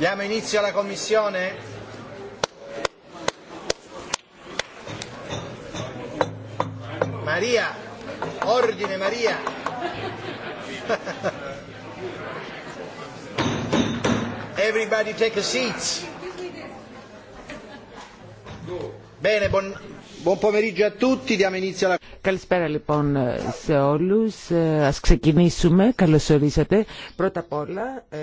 Diamo inizio alla commissione. Maria, ordine Maria. Everybody take a seat. Bene, buon, buon pomeriggio a tutti, diamo inizio alla Καλησπέρα λοιπόν σε όλους. Ε, ας ξεκινήσουμε. Καλώς ορίσατε. Πρώτα απ' όλα, ε,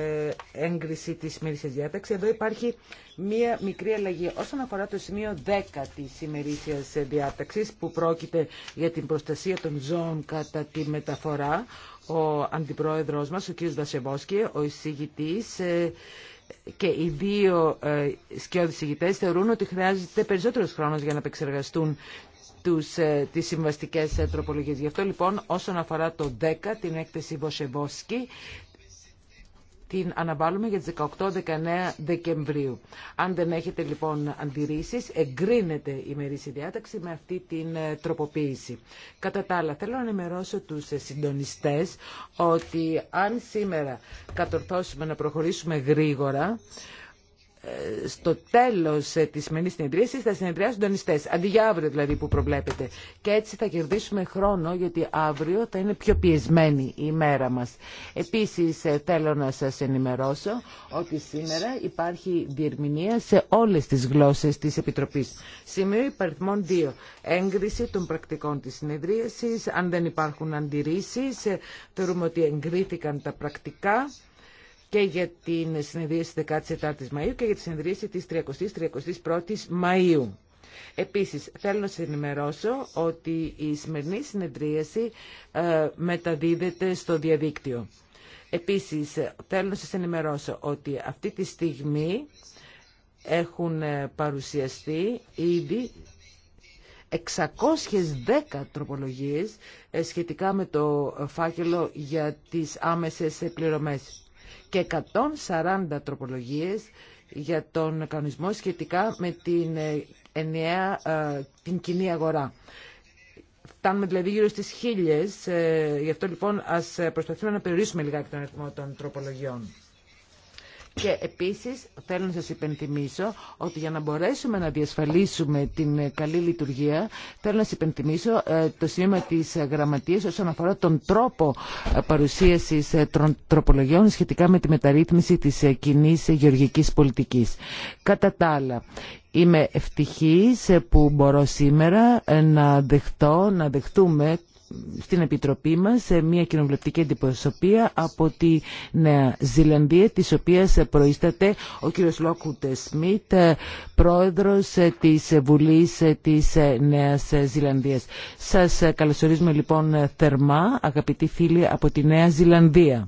έγκριση της ημερήσιας διάταξης. Εδώ υπάρχει μία μικρή αλλαγή όσον αφορά το σημείο 10 της ημερήσιας διάταξης που πρόκειται για την προστασία των ζώων κατά τη μεταφορά. Ο αντιπρόεδρος μας, ο κ. Δασεβόσκη, ο εισηγητής, ε, και οι δύο ε, σκιώδεις θεωρούν ότι χρειάζεται περισσότερος χρόνος για να επεξεργαστούν τους, ε, τις συμβαστικές ε, τροπολογίες. Γι' αυτό λοιπόν όσον αφορά το 10, την έκθεση Βοσεβόσκη, την αναβάλουμε για τις 18-19 Δεκεμβρίου. Αν δεν έχετε λοιπόν αντιρρήσεις, εγκρίνεται η μερίσια διάταξη με αυτή την ε, τροποποίηση. Κατά τα άλλα, θέλω να ενημερώσω τους συντονιστές ότι αν σήμερα κατορθώσουμε να προχωρήσουμε γρήγορα, στο τέλος της σημερινή συνεδρίασης θα συνεδριάσουν τονιστές, αντί για αύριο δηλαδή που προβλέπετε. Και έτσι θα κερδίσουμε χρόνο γιατί αύριο θα είναι πιο πιεσμένη η ημέρα μας. Επίσης ε, θέλω να σας ενημερώσω ότι σήμερα υπάρχει διερμηνία σε όλες τις γλώσσες της Επιτροπής. Σημείο υπαριθμών 2. Έγκριση των πρακτικών τη συνεδρίαση. Αν δεν υπάρχουν αντιρρήσει, ε, θεωρούμε ότι εγκρίθηκαν τα πρακτικά και για την συνεδρίαση 14η Μαΐου και για τη συνεδρίαση της 30η-31η Μαου. Επίσης, θέλω να σας ενημερώσω ότι η σημερινή συνεδρίαση ε, μεταδίδεται στο διαδίκτυο. Επίσης, θέλω να σας ενημερώσω ότι αυτή τη στιγμή έχουν ε, παρουσιαστεί ήδη 610 τροπολογίες ε, σχετικά με το φάκελο για τις άμεσες πληρωμές και 140 τροπολογίες για τον κανονισμό σχετικά με την ε, ενιαία, ε, την κοινή αγορά. Φτάνουμε δηλαδή γύρω στις χίλιες, ε, γι' αυτό λοιπόν ας προσπαθούμε να περιορίσουμε λιγάκι τον αριθμό των τροπολογιών. Και επίσης θέλω να σας υπενθυμίσω ότι για να μπορέσουμε να διασφαλίσουμε την καλή λειτουργία θέλω να σας υπενθυμίσω ε, το σημείο της γραμματείας όσον αφορά τον τρόπο ε, παρουσίασης ε, τροπολογιών σχετικά με τη μεταρρύθμιση της κοινή γεωργικής πολιτικής. Κατά τα άλλα, Είμαι ευτυχής που μπορώ σήμερα να δεχτώ, να δεχτούμε στην Επιτροπή μας μια κοινοβουλευτική αντιπροσωπεία από τη Νέα Ζηλανδία της οποίας προείσταται ο κύριος Λόκουτ Σμιτ πρόεδρος της Βουλής της Νέας Ζηλανδίας. Σας καλωσορίζουμε λοιπόν θερμά αγαπητοί φίλοι από τη Νέα Ζηλανδία.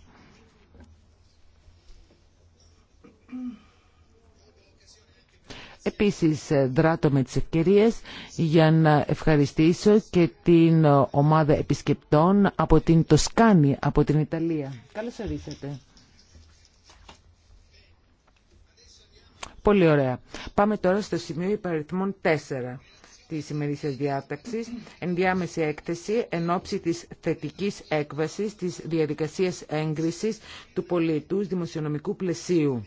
Επίσης ε, δράτω με τις ευκαιρίες για να ευχαριστήσω και την ε, ομάδα επισκεπτών από την Τοσκάνη, από την Ιταλία. Καλώς ορίσατε. Πολύ ωραία. Πάμε τώρα στο σημείο υπαριθμών 4 της ημερήσιας διάταξης, ενδιάμεση έκθεση εν ώψη της θετικής έκβασης της διαδικασίας έγκρισης του πολιτού δημοσιονομικού πλαισίου.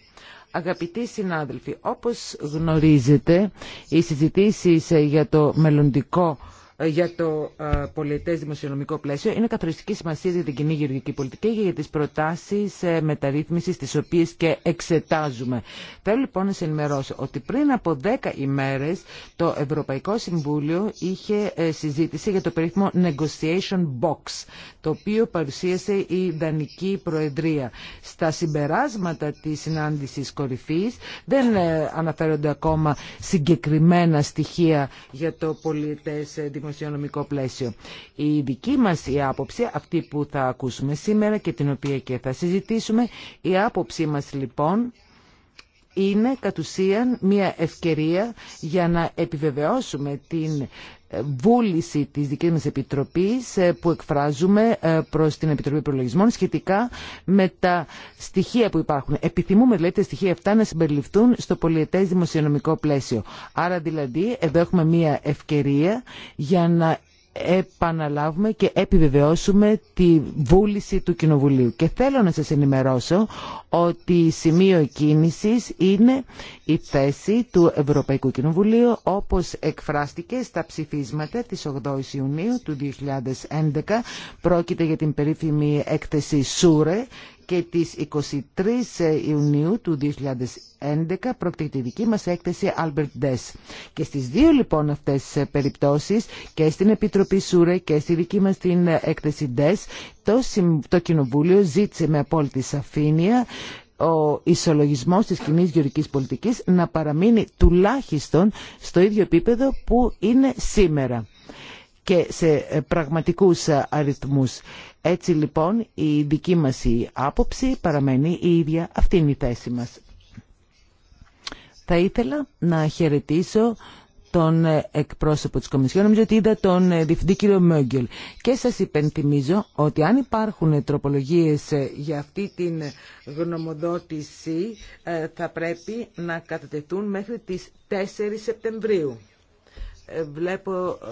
Αγαπητοί συνάδελφοι, όπως γνωρίζετε, οι συζητήσεις ε, για το μελλοντικό για το ε, πολιτές δημοσιονομικό πλαίσιο είναι καθοριστική σημασία για την κοινή γεωργική πολιτική και για τις προτάσεις ε, μεταρρύθμισης τις οποίες και εξετάζουμε. Θέλω λοιπόν να σε ενημερώσω ότι πριν από 10 ημέρες το Ευρωπαϊκό Συμβούλιο είχε ε, συζήτηση για το περίφημο Negotiation Box το οποίο παρουσίασε η Δανική Προεδρία. Στα συμπεράσματα της συνάντησης κορυφής δεν αναφέρονται ακόμα συγκεκριμένα στοιχεία για το πολιτές δημοσιονομικό δημοσιονομικό πλαίσιο. Η δική μας άποψη, αυτή που θα ακούσουμε σήμερα και την οποία και θα συζητήσουμε, η άποψή μας λοιπόν είναι κατ' ουσίαν μια ευκαιρία για να επιβεβαιώσουμε την ε, βούληση της δικής μας Επιτροπής ε, που εκφράζουμε ε, προς την Επιτροπή Προλογισμών σχετικά με τα στοιχεία που υπάρχουν. Επιθυμούμε δηλαδή τα στοιχεία αυτά να συμπεριληφθούν στο πολιετές δημοσιονομικό πλαίσιο. Άρα δηλαδή εδώ έχουμε μία ευκαιρία για να επαναλάβουμε και επιβεβαιώσουμε τη βούληση του Κοινοβουλίου. Και θέλω να σας ενημερώσω ότι σημείο κίνησης είναι η θέση του Ευρωπαϊκού Κοινοβουλίου όπως εκφράστηκε στα ψηφίσματα της 8ης Ιουνίου του 2011. Πρόκειται για την περίφημη έκθεση Σούρε και τις 23 ε, Ιουνίου του 2011 πρόκειται τη δική μας έκθεση Albert Dess. Και στις δύο λοιπόν αυτές τις ε, περιπτώσεις και στην Επιτροπή Σούρε και στη δική μας την ε, έκθεση Dess το, το Κοινοβούλιο ζήτησε με απόλυτη σαφήνεια ο ισολογισμός της κοινή γεωρικής πολιτικής να παραμείνει τουλάχιστον στο ίδιο επίπεδο που είναι σήμερα και σε ε, πραγματικούς ε, αριθμούς. Έτσι λοιπόν η δική μας άποψη παραμένει η ίδια. Αυτή είναι η θέση μας. Θα ήθελα να χαιρετήσω τον ε, εκπρόσωπο της Κομισιόν. Νομίζω ότι είδα τον διευθυντή κύριο Μέγγελ. Και σας υπενθυμίζω ότι αν υπάρχουν τροπολογίες για αυτή την γνωμοδότηση θα πρέπει να κατατεθούν μέχρι τις 4 Σεπτεμβρίου. Ε, βλέπω ε,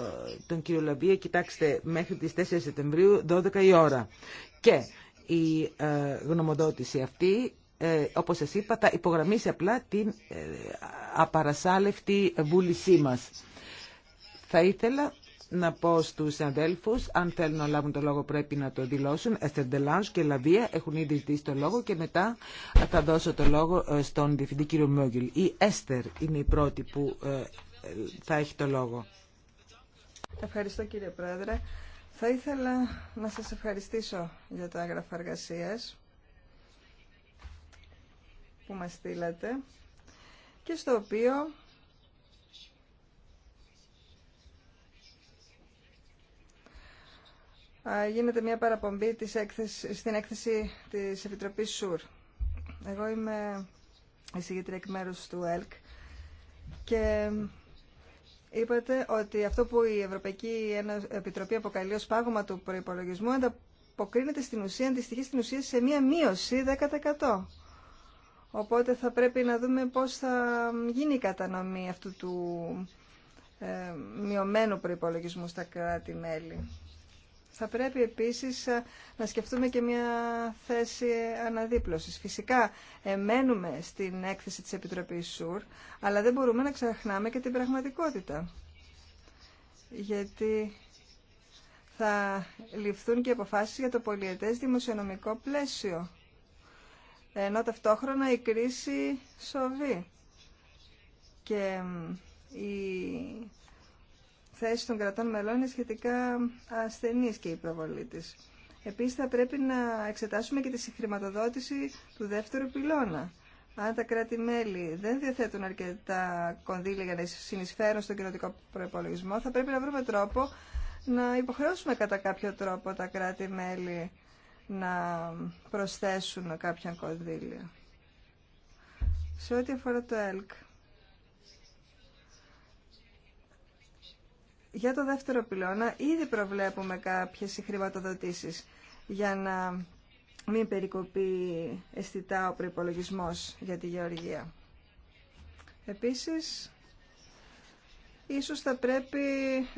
τον κύριο Λαμπία, κοιτάξτε, μέχρι τις 4 Σεπτεμβρίου, 12 η ώρα. Και η ε, γνωμοδότηση αυτή, όπως σας είπα, θα υπογραμμίσει απλά την απαρασάλευτη βούλησή μας. Θα ήθελα να πω στους αδέλφους, αν θέλουν να λάβουν το λόγο πρέπει να το δηλώσουν. Ντελάνς και Λαβία έχουν ήδη δει το λόγο και μετά θα δώσω το λόγο στον Διευθυντή κύριο Μόγγελ. Η Έστερ είναι η πρώτη που θα έχει το λόγο. Ευχαριστώ κύριε Πρόεδρε. Θα ήθελα να σας ευχαριστήσω για το έγγραφα εργασία που μας στείλατε και στο οποίο γίνεται μια παραπομπή της στην έκθεση της Επιτροπής ΣΟΥΡ. Εγώ είμαι εισηγήτρια εκ μέρους του ΕΛΚ και Είπατε ότι αυτό που η Ευρωπαϊκή Επιτροπή αποκαλεί ως πάγωμα του προϋπολογισμού ανταποκρίνεται στην ουσία, αντιστοιχεί στην ουσία σε μία μείωση 10%. Οπότε θα πρέπει να δούμε πώς θα γίνει η κατανομή αυτού του ε, μειωμένου προϋπολογισμού στα κράτη-μέλη. Θα πρέπει επίσης ε, να σκεφτούμε και μια θέση αναδίπλωσης. Φυσικά, ε, μένουμε στην έκθεση της Επιτροπής ΣΟΥΡ, αλλά δεν μπορούμε να ξεχνάμε και την πραγματικότητα. Γιατί θα ληφθούν και αποφάσεις για το πολιετές δημοσιονομικό πλαίσιο. Ενώ ταυτόχρονα η κρίση σοβεί. Και η θέση των κρατών μελών είναι σχετικά ασθενής και η προβολή της. Επίσης θα πρέπει να εξετάσουμε και τη συγχρηματοδότηση του δεύτερου πυλώνα. Αν τα κράτη-μέλη δεν διαθέτουν αρκετά κονδύλια για να συνεισφέρουν στον κοινοτικό προπολογισμό, θα πρέπει να βρούμε τρόπο να υποχρεώσουμε κατά κάποιο τρόπο τα κράτη-μέλη να προσθέσουν κάποια κονδύλια. Σε ό,τι αφορά το ΕΛΚ, για το δεύτερο πυλώνα ήδη προβλέπουμε κάποιες χρηματοδοτήσεις για να μην περικοπεί αισθητά ο προπολογισμό για τη γεωργία. Επίσης, ίσως θα πρέπει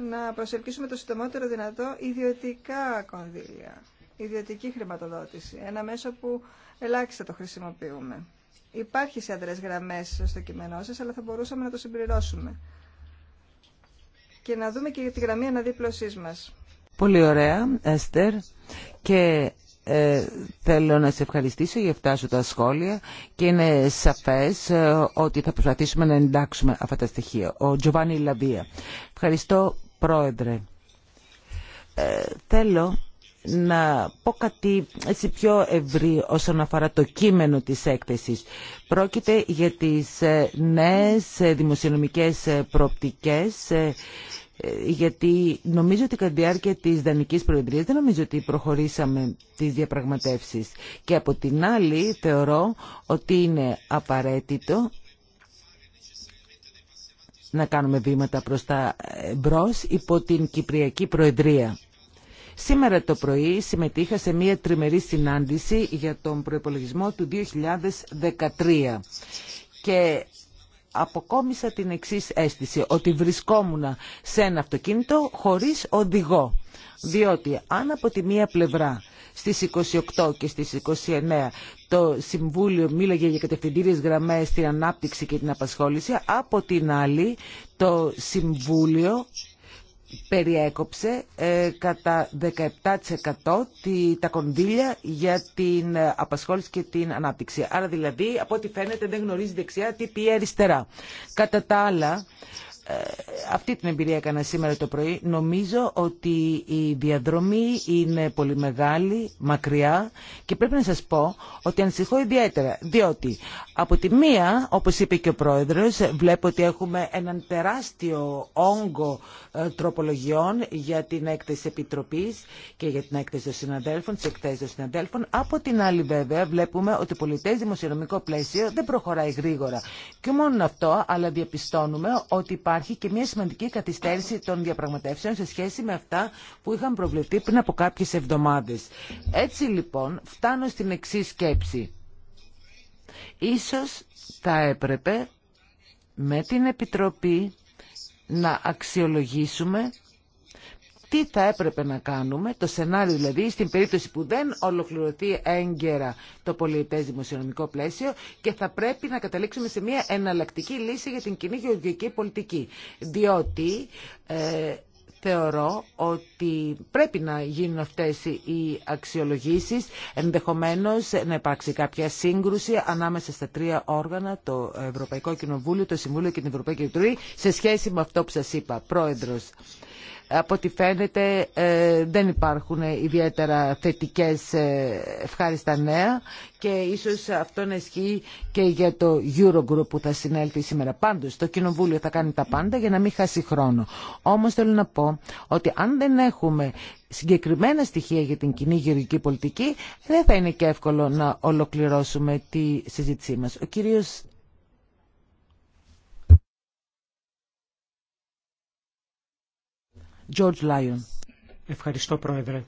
να προσελκύσουμε το συντομότερο δυνατό ιδιωτικά κονδύλια, ιδιωτική χρηματοδότηση, ένα μέσο που ελάχιστα το χρησιμοποιούμε. Υπάρχει σε αδρές γραμμές στο κείμενό σας, αλλά θα μπορούσαμε να το συμπληρώσουμε και να δούμε και τη γραμμή αναδίπλωσή μα. Πολύ ωραία, Έστερ. Και ε, θέλω να σε ευχαριστήσω για αυτά σου τα σχόλια και είναι σαφές ε, ότι θα προσπαθήσουμε να εντάξουμε αυτά τα στοιχεία. Ο Τζοβάνι Λαβία. Ευχαριστώ, Πρόεδρε. Ε, θέλω να πω κάτι έτσι πιο ευρύ όσον αφορά το κείμενο της έκθεσης. Πρόκειται για τις ε, νέες ε, δημοσιονομικές ε, προοπτικές γιατί νομίζω ότι κατά τη διάρκεια της Δανικής Προεδρίας δεν νομίζω ότι προχωρήσαμε τις διαπραγματεύσεις. Και από την άλλη θεωρώ ότι είναι απαραίτητο να κάνουμε βήματα προς τα μπρος υπό την Κυπριακή Προεδρία. Σήμερα το πρωί συμμετείχα σε μία τριμερή συνάντηση για τον προπολογισμό του 2013 και αποκόμισα την εξής αίσθηση, ότι βρισκόμουν σε ένα αυτοκίνητο χωρίς οδηγό. Διότι αν από τη μία πλευρά στις 28 και στις 29 το Συμβούλιο μίλαγε για κατευθυντήριες γραμμές στην ανάπτυξη και την απασχόληση, από την άλλη το Συμβούλιο περιέκοψε ε, κατά 17% τη, τα κονδύλια για την ε, απασχόληση και την ανάπτυξη. Άρα δηλαδή, από ό,τι φαίνεται, δεν γνωρίζει δεξιά τι πει αριστερά. Κατά τα άλλα, ε, αυτή την εμπειρία έκανα σήμερα το πρωί. Νομίζω ότι η διαδρομή είναι πολύ μεγάλη, μακριά και πρέπει να σας πω ότι ανησυχώ ιδιαίτερα. Διότι από τη μία, όπως είπε και ο Πρόεδρος, βλέπω ότι έχουμε έναν τεράστιο όγκο ε, τροπολογιών για την έκθεση Επιτροπής και για την έκθεση των συναδέλφων, τις εκθέσεις των συναδέλφων. Από την άλλη βέβαια βλέπουμε ότι το πολιτές δημοσιονομικό πλαίσιο δεν προχωράει γρήγορα. Και μόνο αυτό, αλλά διαπιστώνουμε ότι υπάρχει και μια σημαντική καθυστέρηση των διαπραγματεύσεων σε σχέση με αυτά που είχαν προβλεφτεί πριν από κάποιες εβδομάδες. Έτσι λοιπόν φτάνω στην εξή σκέψη. Ίσως θα έπρεπε με την Επιτροπή να αξιολογήσουμε τι θα έπρεπε να κάνουμε, το σενάριο δηλαδή, στην περίπτωση που δεν ολοκληρωθεί έγκαιρα το πολιετές δημοσιονομικό πλαίσιο και θα πρέπει να καταλήξουμε σε μια εναλλακτική λύση για την κοινή γεωργική πολιτική. Διότι ε, θεωρώ ότι πρέπει να γίνουν αυτές οι αξιολογήσεις, ενδεχομένως να υπάρξει κάποια σύγκρουση ανάμεσα στα τρία όργανα, το Ευρωπαϊκό Κοινοβούλιο, το Συμβούλιο και την Ευρωπαϊκή Επιτροπή, σε σχέση με αυτό που σας είπα, Πρόεδρος από ό,τι φαίνεται ε, δεν υπάρχουν ιδιαίτερα θετικές ε, ευχάριστα νέα και ίσως αυτό να ισχύει και για το Eurogroup που θα συνέλθει σήμερα. Πάντως το Κοινοβούλιο θα κάνει τα πάντα για να μην χάσει χρόνο. Όμως θέλω να πω ότι αν δεν έχουμε συγκεκριμένα στοιχεία για την κοινή γεωργική πολιτική δεν θα είναι και εύκολο να ολοκληρώσουμε τη συζήτησή μας. Ο κύριος George Lyon. Ευχαριστώ, Πρόεδρε.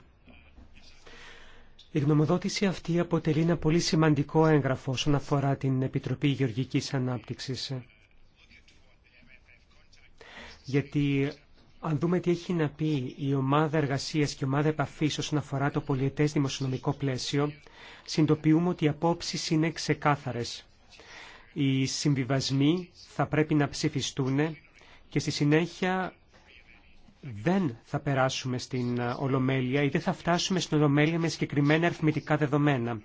Η γνωμοδότηση αυτή αποτελεί ένα πολύ σημαντικό έγγραφο όσον αφορά την Επιτροπή Γεωργικής Ανάπτυξης. Γιατί αν δούμε τι έχει να πει η ομάδα εργασίας και η ομάδα επαφής όσον αφορά το πολιετές δημοσιονομικό πλαίσιο, συντοποιούμε ότι οι απόψει είναι ξεκάθαρες. Οι συμβιβασμοί θα πρέπει να ψηφιστούν και στη συνέχεια δεν θα περάσουμε στην ε, Ολομέλεια ή δεν θα φτάσουμε στην Ολομέλεια με συγκεκριμένα αριθμητικά δεδομένα.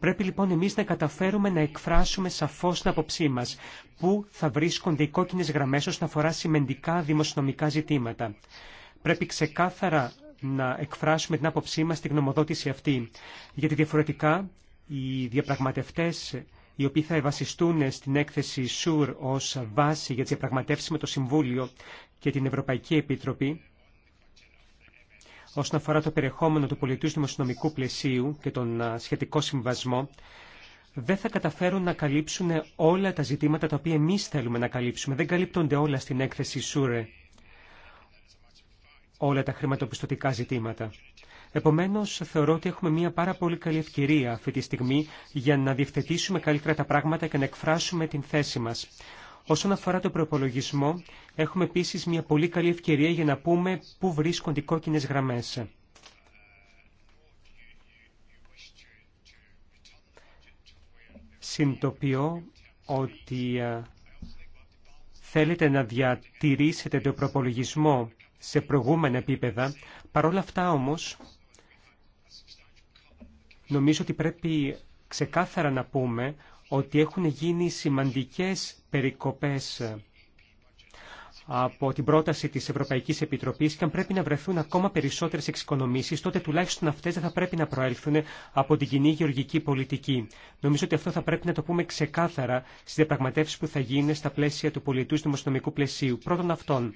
Πρέπει λοιπόν εμείς να καταφέρουμε να εκφράσουμε σαφώς την απόψή μας πού θα βρίσκονται οι κόκκινες γραμμές όσον αφορά σημαντικά δημοσιονομικά ζητήματα. Πρέπει ξεκάθαρα να εκφράσουμε την άποψή μας στην γνωμοδότηση αυτή, γιατί διαφορετικά οι διαπραγματευτές οι οποίοι θα ευασιστούν στην έκθεση ΣΟΥΡ ως βάση για τις διαπραγματεύσεις με το Συμβούλιο και την Ευρωπαϊκή Επιτροπή όσον αφορά το περιεχόμενο του πολιτού δημοσιονομικού πλαισίου και τον σχετικό συμβασμό, δεν θα καταφέρουν να καλύψουν όλα τα ζητήματα τα οποία εμεί θέλουμε να καλύψουμε. Δεν καλύπτονται όλα στην έκθεση ΣΟΥΡΕ, όλα τα χρηματοπιστωτικά ζητήματα. Επομένω, θεωρώ ότι έχουμε μια πάρα πολύ καλή ευκαιρία αυτή τη στιγμή για να διευθετήσουμε καλύτερα τα πράγματα και να εκφράσουμε την θέση μα. Όσον αφορά το προπολογισμό, έχουμε επίση μια πολύ καλή ευκαιρία για να πούμε πού βρίσκονται οι κόκκινες γραμμές. Συντοπιώ ότι ε, θέλετε να διατηρήσετε το προπολογισμό σε προηγούμενα επίπεδα. Παρ' όλα αυτά όμως, νομίζω ότι πρέπει ξεκάθαρα να πούμε ότι έχουν γίνει σημαντικές περικοπές ε, από την πρόταση της Ευρωπαϊκής Επιτροπής και αν πρέπει να βρεθούν ακόμα περισσότερες εξοικονομήσεις, τότε τουλάχιστον αυτές δεν θα πρέπει να προέλθουν από την κοινή γεωργική πολιτική. Νομίζω ότι αυτό θα πρέπει να το πούμε ξεκάθαρα στις διαπραγματεύσεις που θα γίνουν στα πλαίσια του πολιτού πλαισίου. Πρώτον αυτόν,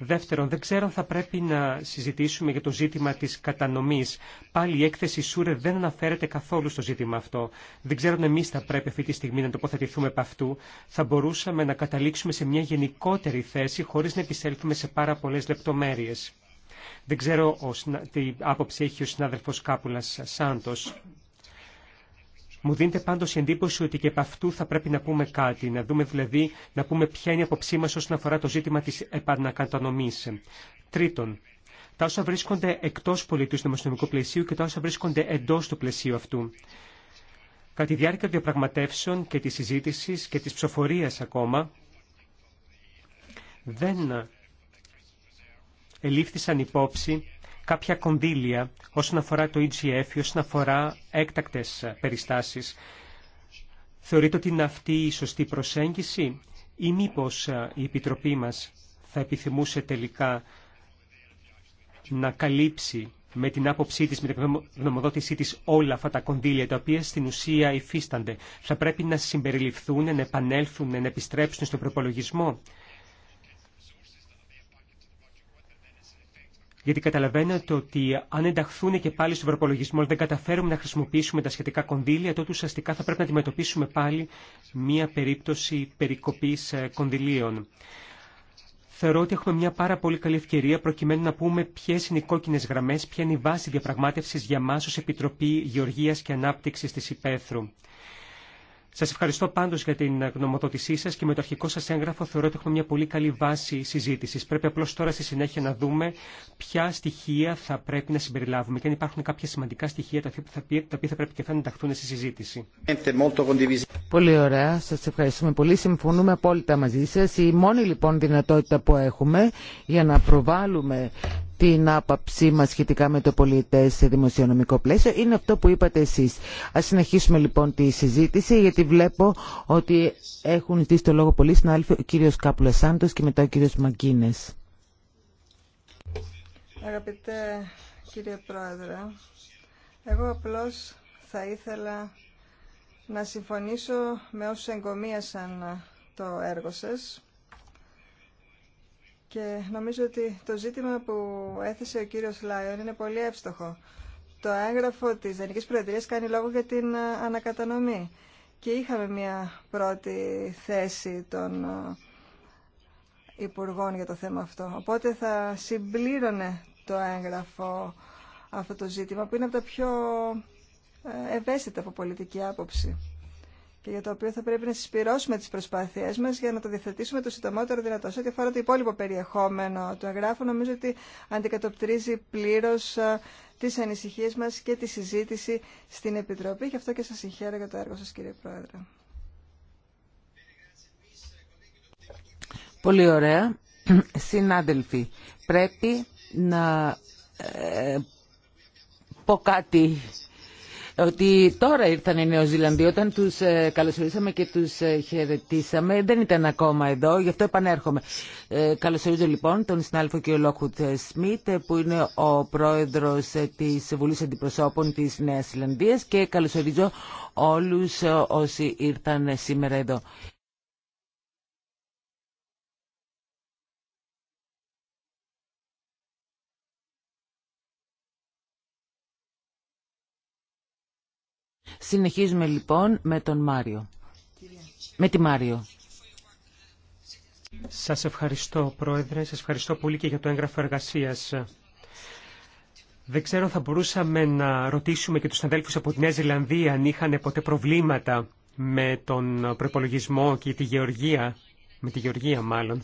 Δεύτερον, δεν ξέρω αν θα πρέπει να συζητήσουμε για το ζήτημα της κατανομής. Πάλι η έκθεση Σούρε δεν αναφέρεται καθόλου στο ζήτημα αυτό. Δεν ξέρω αν εμείς θα πρέπει αυτή τη στιγμή να τοποθετηθούμε επ' αυτού. Θα μπορούσαμε να καταλήξουμε σε μια γενικότερη θέση χωρίς να επισέλθουμε σε πάρα πολλές λεπτομέρειες. Δεν ξέρω τι άποψη έχει ο συνάδελφος Κάπουλας Σάντος. Μου δίνεται πάντω η εντύπωση ότι και από αυτού θα πρέπει να πούμε κάτι, να δούμε δηλαδή, να πούμε ποια είναι η απόψή μα όσον αφορά το ζήτημα τη επανακατανομή. Τρίτον, τα όσα βρίσκονται εκτό πολιτού του δημοσιονομικού πλαισίου και τα όσα βρίσκονται εντό του πλαισίου αυτού. Κατά τη διάρκεια των διαπραγματεύσεων και τη συζήτηση και τη ψηφορία ακόμα, δεν ελήφθησαν υπόψη κάποια κονδύλια όσον αφορά το EGF ή όσον αφορά έκτακτες περιστάσεις. Θεωρείτε ότι είναι αυτή η σωστή προσέγγιση ή μήπως ε, η Επιτροπή μας θα επιθυμούσε τελικά να καλύψει με την άποψή της, με την γνωμοδότησή της όλα αυτά τα κονδύλια τα οποία στην ουσία υφίστανται. Θα πρέπει να συμπεριληφθούν, να επανέλθουν, να επιστρέψουν στον προπολογισμό. γιατί καταλαβαίνετε ότι αν ενταχθούν και πάλι στον προπολογισμό, δεν καταφέρουμε να χρησιμοποιήσουμε τα σχετικά κονδύλια, τότε ουσιαστικά θα πρέπει να αντιμετωπίσουμε πάλι μία περίπτωση περικοπής ε, κονδυλίων. Θεωρώ ότι έχουμε μια πάρα πολύ καλή ευκαιρία προκειμένου να πούμε ποιε είναι οι κόκκινε γραμμέ, ποια είναι η βάση διαπραγμάτευση για μα ω Επιτροπή Γεωργία και Ανάπτυξη τη Υπαίθρου. Σα ευχαριστώ πάντω για την γνωμοδότησή σα και με το αρχικό σα έγγραφο θεωρώ ότι έχουμε μια πολύ καλή βάση συζήτηση. Πρέπει απλώ τώρα στη συνέχεια να δούμε ποια στοιχεία θα πρέπει να συμπεριλάβουμε και αν υπάρχουν κάποια σημαντικά στοιχεία τα οποία θα πρέπει και θα ενταχθούν στη συζήτηση. Πολύ ωραία. Σα ευχαριστούμε πολύ. Συμφωνούμε απόλυτα μαζί σα. Η μόνη λοιπόν δυνατότητα που έχουμε για να προβάλλουμε την άποψή μα σχετικά με το πολιτέ σε δημοσιονομικό πλαίσιο είναι αυτό που είπατε εσεί. Ας συνεχίσουμε λοιπόν τη συζήτηση γιατί βλέπω ότι έχουν ζητήσει το λόγο πολλοί συνάδελφοι ο κύριος Κάπουλα Σάντο και μετά ο κύριο Μαγκίνε. Αγαπητέ κύριε Πρόεδρε, εγώ απλώς θα ήθελα να συμφωνήσω με όσους εγκομίασαν το έργο σας και νομίζω ότι το ζήτημα που έθεσε ο κύριος Λάιον είναι πολύ εύστοχο. Το έγγραφο της Δανικής Προεδρίας κάνει λόγο για την ε, ανακατανομή. Και είχαμε μια πρώτη θέση των ε, Υπουργών για το θέμα αυτό. Οπότε θα συμπλήρωνε το έγγραφο αυτό το ζήτημα που είναι από τα πιο ε, ευαίσθητα από πολιτική άποψη για το οποίο θα πρέπει να συσπυρώσουμε τις προσπάθειές μας για να το διαθετήσουμε το συντομότερο δυνατό. Σε ό,τι αφορά το υπόλοιπο περιεχόμενο του εγγράφου, νομίζω ότι αντικατοπτρίζει πλήρω τις ανησυχίες μας και τη συζήτηση στην Επιτροπή. Γι' αυτό και σας συγχαίρω για το έργο σας, κύριε Πρόεδρε. Πολύ ωραία. Συνάδελφοι, πρέπει να ε, πω κάτι ότι τώρα ήρθαν οι Νεοζηλανδοί. Όταν τους ε, καλωσορίσαμε και τους ε, χαιρετήσαμε, δεν ήταν ακόμα εδώ, γι' αυτό επανέρχομαι. Ε, καλωσορίζω λοιπόν τον συνάδελφο κ. Λόχουτ Σμιτ, που είναι ο πρόεδρος της Βουλής Αντιπροσώπων της Νέα Ζηλανδίας και καλωσορίζω όλους όσοι ήρθαν σήμερα εδώ. Συνεχίζουμε λοιπόν με τον Μάριο. Με τη Μάριο. Σας ευχαριστώ Πρόεδρε, σας ευχαριστώ πολύ και για το έγγραφο εργασίας. Δεν ξέρω θα μπορούσαμε να ρωτήσουμε και τους αδέλφους από τη Νέα Ζηλανδία αν είχαν ποτέ προβλήματα με τον προπολογισμό και τη γεωργία, με τη γεωργία μάλλον.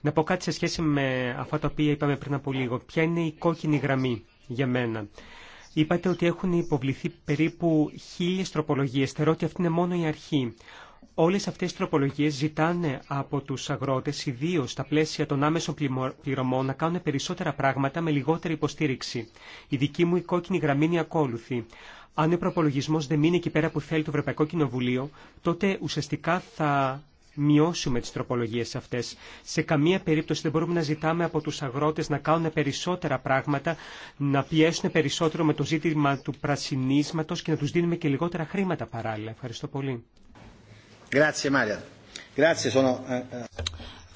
Να πω κάτι σε σχέση με αυτά τα οποία είπαμε πριν από λίγο. Ποια είναι η κόκκινη γραμμή για μένα. Είπατε ότι έχουν υποβληθεί περίπου χίλιες τροπολογίες. Θεωρώ ότι αυτή είναι μόνο η αρχή. Όλες αυτές οι τροπολογίες ζητάνε από τους αγρότες, ιδίω στα πλαίσια των άμεσων πληρωμών, να κάνουν περισσότερα πράγματα με λιγότερη υποστήριξη. Η δική μου κόκκινη γραμμή είναι ακόλουθη. Αν ο προπολογισμό δεν μείνει εκεί πέρα που θέλει το Ευρωπαϊκό Κοινοβουλίο, τότε ουσιαστικά θα μειώσουμε τις τροπολογίες αυτές. Σε καμία περίπτωση δεν μπορούμε να ζητάμε από τους αγρότες να κάνουν περισσότερα πράγματα, να πιέσουν περισσότερο με το ζήτημα του πρασινίσματος και να τους δίνουμε και λιγότερα χρήματα παράλληλα. Ευχαριστώ πολύ. Ε, ε.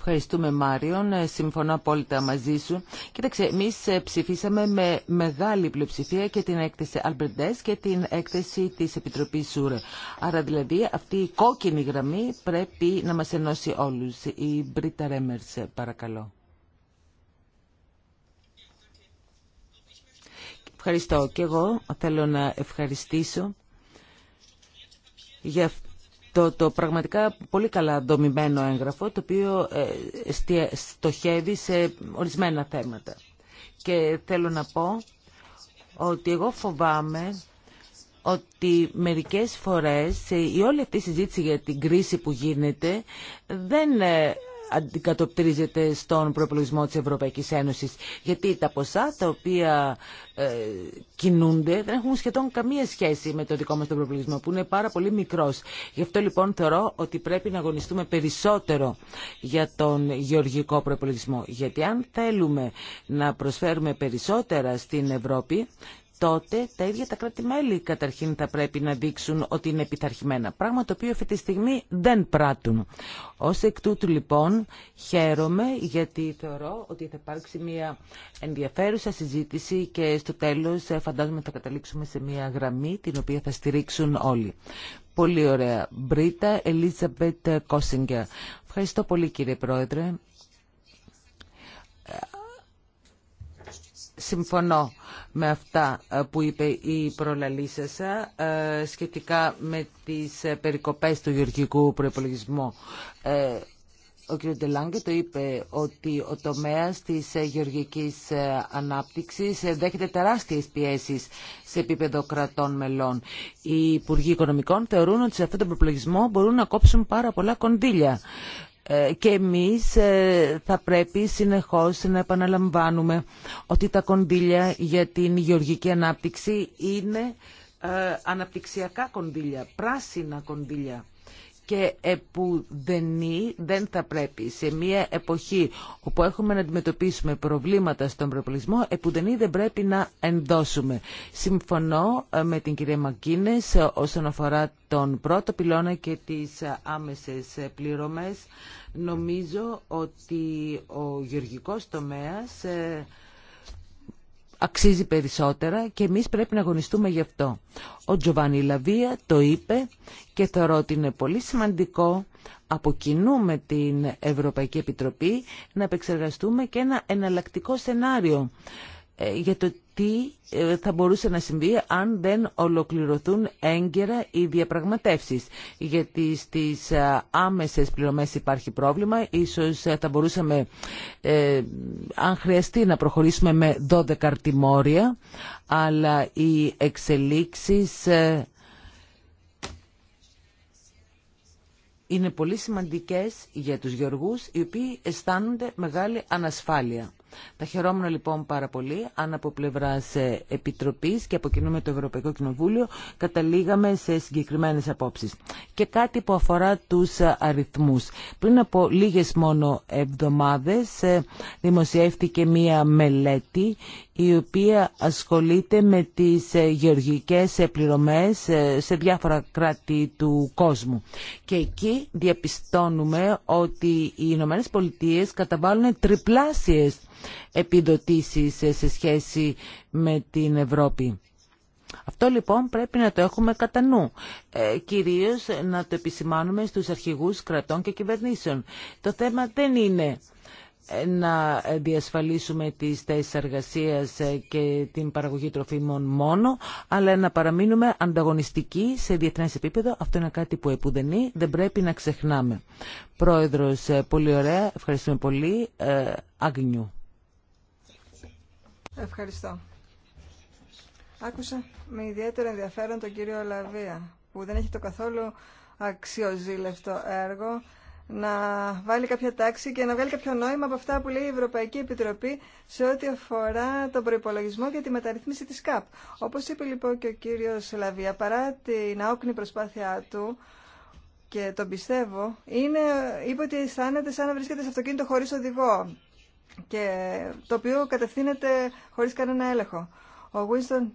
Ευχαριστούμε Μάριον, ε, συμφωνώ απόλυτα μαζί σου. Κοίταξε, εμεί ε, ψηφίσαμε με μεγάλη πλειοψηφία και την έκθεση Αλμπερντές και την έκθεση της Επιτροπής Σούρε. Άρα δηλαδή αυτή η κόκκινη γραμμή πρέπει να μας ενώσει όλους. Η Μπρίτα Ρέμερς, ε, παρακαλώ. Ευχαριστώ και εγώ θέλω να ευχαριστήσω για το, το πραγματικά πολύ καλά δομημένο έγγραφο το οποίο ε, στοχεύει σε ορισμένα θέματα. Και θέλω να πω ότι εγώ φοβάμαι ότι μερικές φορές ε, η όλη αυτή η συζήτηση για την κρίση που γίνεται δεν ε, αντικατοπτρίζεται στον προπολογισμό της Ευρωπαϊκής Ένωσης. Γιατί τα ποσά τα οποία ε, κινούνται δεν έχουν σχεδόν καμία σχέση με το δικό μας τον προπολογισμό που είναι πάρα πολύ μικρός. Γι' αυτό λοιπόν θεωρώ ότι πρέπει να αγωνιστούμε περισσότερο για τον γεωργικό προπολογισμό. Γιατί αν θέλουμε να προσφέρουμε περισσότερα στην Ευρώπη τότε τα ίδια τα κράτη-μέλη καταρχήν θα πρέπει να δείξουν ότι είναι επιθαρχημένα. Πράγμα το οποίο αυτή τη στιγμή δεν πράττουν. Ω εκ τούτου λοιπόν χαίρομαι γιατί θεωρώ ότι θα υπάρξει μια ενδιαφέρουσα συζήτηση και στο τέλο ε, φαντάζομαι θα καταλήξουμε σε μια γραμμή την οποία θα στηρίξουν όλοι. Πολύ ωραία. Μπρίτα Ελίζαμπετ Κόσιγκερ. Ευχαριστώ πολύ κύριε Πρόεδρε. Συμφωνώ με αυτά ε, που είπε η προλαλήσασα ε, σχετικά με τις ε, περικοπές του γεωργικού προϋπολογισμού. Ο κ. Ντελάγκε το είπε ότι ο τομέας της γεωργικής ανάπτυξης δέχεται τεράστιες πιέσεις σε επίπεδο κρατών μελών. Οι Υπουργοί Οικονομικών θεωρούν ότι σε αυτόν τον προϋπολογισμό μπορούν να κόψουν πάρα πολλά κονδύλια. Ε, και εμείς ε, θα πρέπει συνεχώς να επαναλαμβάνουμε ότι τα κονδύλια για την γεωργική ανάπτυξη είναι ε, αναπτυξιακά κονδύλια, πράσινα κονδύλια και επουδενή δεν θα πρέπει σε μια εποχή όπου έχουμε να αντιμετωπίσουμε προβλήματα στον προπολισμό επουδενή δεν πρέπει να ενδώσουμε. Συμφωνώ ε, με την κυρία Μακίνες ε, όσον αφορά τον πρώτο πυλώνα και τις ε, άμεσες πληρωμές. Νομίζω ότι ο γεωργικός τομέας αξίζει περισσότερα και εμείς πρέπει να αγωνιστούμε γι' αυτό. Ο Τζοβάνι Λαβία το είπε και θεωρώ ότι είναι πολύ σημαντικό από κοινού με την Ευρωπαϊκή Επιτροπή να επεξεργαστούμε και ένα εναλλακτικό σενάριο ε, για το τι ε, θα μπορούσε να συμβεί αν δεν ολοκληρωθούν έγκαιρα οι διαπραγματεύσεις. Γιατί στις ε, άμεσες πληρωμές υπάρχει πρόβλημα. Ίσως ε, θα μπορούσαμε, αν χρειαστεί, να προχωρήσουμε με 12 αρτημόρια. Αλλά οι εξελίξεις... είναι πολύ σημαντικές για τους γεωργούς οι οποίοι αισθάνονται μεγάλη ανασφάλεια. Τα χαιρόμουν λοιπόν πάρα πολύ αν από πλευρά ε, Επιτροπή και από κοινού με το Ευρωπαϊκό Κοινοβούλιο καταλήγαμε σε συγκεκριμένε απόψει. Και κάτι που αφορά του ε, αριθμού. Πριν από λίγε μόνο εβδομάδε ε, δημοσιεύτηκε μία μελέτη η οποία ασχολείται με τις ε, γεωργικές πληρωμές ε, σε διάφορα κράτη του κόσμου. Και εκεί διαπιστώνουμε ότι οι Ηνωμένες Πολιτείες καταβάλουν τριπλάσιες επιδοτήσεις ε, σε σχέση με την Ευρώπη. Αυτό λοιπόν πρέπει να το έχουμε κατά νου, κυρίως να το επισημάνουμε στους αρχηγούς κρατών και κυβερνήσεων. Το θέμα δεν είναι να διασφαλίσουμε τις θέσεις εργασίας ε, και την παραγωγή τροφίμων μόνο, αλλά να παραμείνουμε ανταγωνιστικοί σε διεθνές επίπεδο. Αυτό είναι κάτι που επουδενεί. δεν πρέπει να ξεχνάμε. Πρόεδρος, ε, πολύ ωραία. Ευχαριστούμε πολύ. Αγνιού. Ε, Ευχαριστώ. Άκουσα με ιδιαίτερο ενδιαφέρον τον κύριο Λαβία, που δεν έχει το καθόλου αξιοζήλευτο έργο να βάλει κάποια τάξη και να βγάλει κάποιο νόημα από αυτά που λέει η Ευρωπαϊκή Επιτροπή σε ό,τι αφορά τον προπολογισμό για τη μεταρρύθμιση τη ΚΑΠ. Όπω είπε λοιπόν και ο κύριο Λαβία, παρά την άοκνη προσπάθειά του, και τον πιστεύω, είναι, είπε ότι αισθάνεται σαν να βρίσκεται σε αυτοκίνητο Χωρί οδηγό και το οποίο κατευθύνεται χωρί κανένα έλεγχο. Ο Winston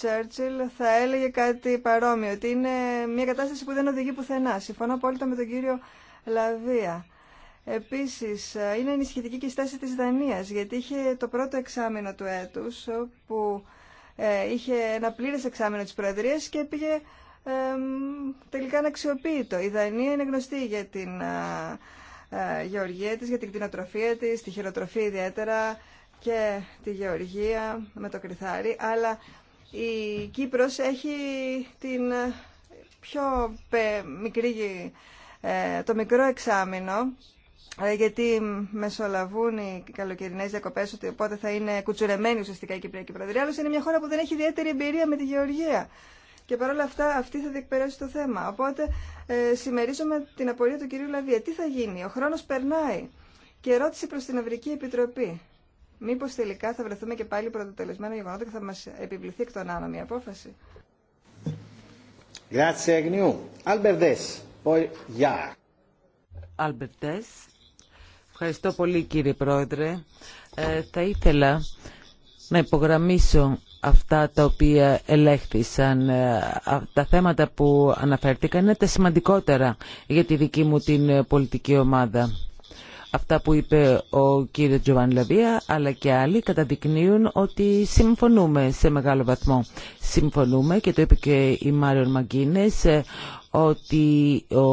Churchill θα έλεγε κάτι παρόμοιο, ότι είναι μια κατάσταση που δεν οδηγεί πουθενά. Συμφωνώ απόλυτα με τον κύριο Λαβία. Επίσης, ε, είναι ενισχυτική και η στάση της Δανία, γιατί είχε το πρώτο εξάμεινο του έτους, που ε, είχε ένα πλήρε εξάμεινο τη Προεδρία και πήγε ε, τελικά το. Η Δανία είναι γνωστή για την ε, γεωργία της, για την κτηνοτροφία τη, τη χειροτροφία ιδιαίτερα και τη γεωργία με το κρυθάρι, αλλά η Κύπρος έχει την πιο μικρή ε, το μικρό εξάμεινο, ε, γιατί μεσολαβούν οι καλοκαιρινέ διακοπέ, οπότε θα είναι κουτσουρεμένη ουσιαστικά η Κυπριακή Προεδρία. Άλλωστε, είναι μια χώρα που δεν έχει ιδιαίτερη εμπειρία με τη Γεωργία. Και παρόλα αυτά, αυτή θα διεκπαιρέσει το θέμα. Οπότε, ε, συμμερίζομαι την απορία του κυρίου Λαβία. Τι θα γίνει, ο χρόνο περνάει. Και ερώτηση προ την Ευρική Επιτροπή. Μήπω τελικά θα βρεθούμε και πάλι πρωτοτελεσμένο γεγονότα και θα μα επιβληθεί εκ των άνω μια απόφαση. Ευχαριστώ πολύ κύριε Πρόεδρε. Ε, θα ήθελα να υπογραμμίσω αυτά τα οποία ελέγχθησαν. Ε, τα θέματα που αναφέρθηκαν είναι τα σημαντικότερα για τη δική μου την πολιτική ομάδα. Αυτά που είπε ο κύριος Τζοβάν Λαβία αλλά και άλλοι καταδεικνύουν ότι συμφωνούμε σε μεγάλο βαθμό. Συμφωνούμε και το είπε και η Μάριον Μαγκίνες ε, ότι ο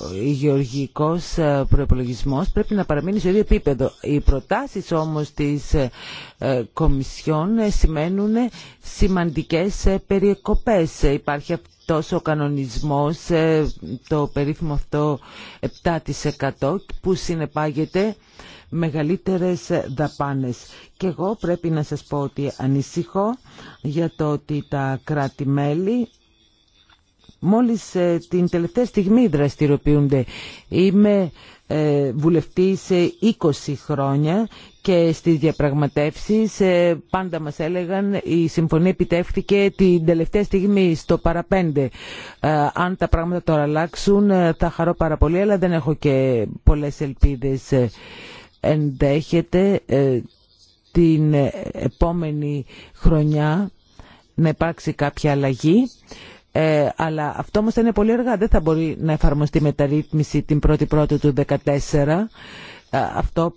ο γεωργικός ε, προϋπολογισμός πρέπει να παραμείνει σε ίδιο επίπεδο. Οι προτάσεις όμως της ε, ε, Κομισιόν σημαίνουν σημαντικές περιεκοπές. Υπάρχει αυτός ο κανονισμός, το περίφημο αυτό 7% που συνεπάγεται μεγαλύτερες δαπάνες. Και εγώ πρέπει να σας πω ότι ανησυχώ για το ότι τα κράτη-μέλη μόλις ε, την τελευταία στιγμή δραστηριοποιούνται. Είμαι ε, βουλευτή σε 20 χρόνια και στις διαπραγματεύσεις ε, πάντα μας έλεγαν η συμφωνία επιτεύχθηκε την τελευταία στιγμή στο παραπέντε. Αν τα πράγματα τώρα αλλάξουν θα χαρώ πάρα πολύ αλλά δεν έχω και πολλές ελπίδες. Ενδέχεται την επόμενη χρονιά να υπάρξει κάποια αλλαγή ε, αλλά αυτό όμως θα είναι πολύ αργά. Δεν θα μπορεί να εφαρμοστεί μεταρρύθμιση την 1η 1 η του 2014. Ε, αυτό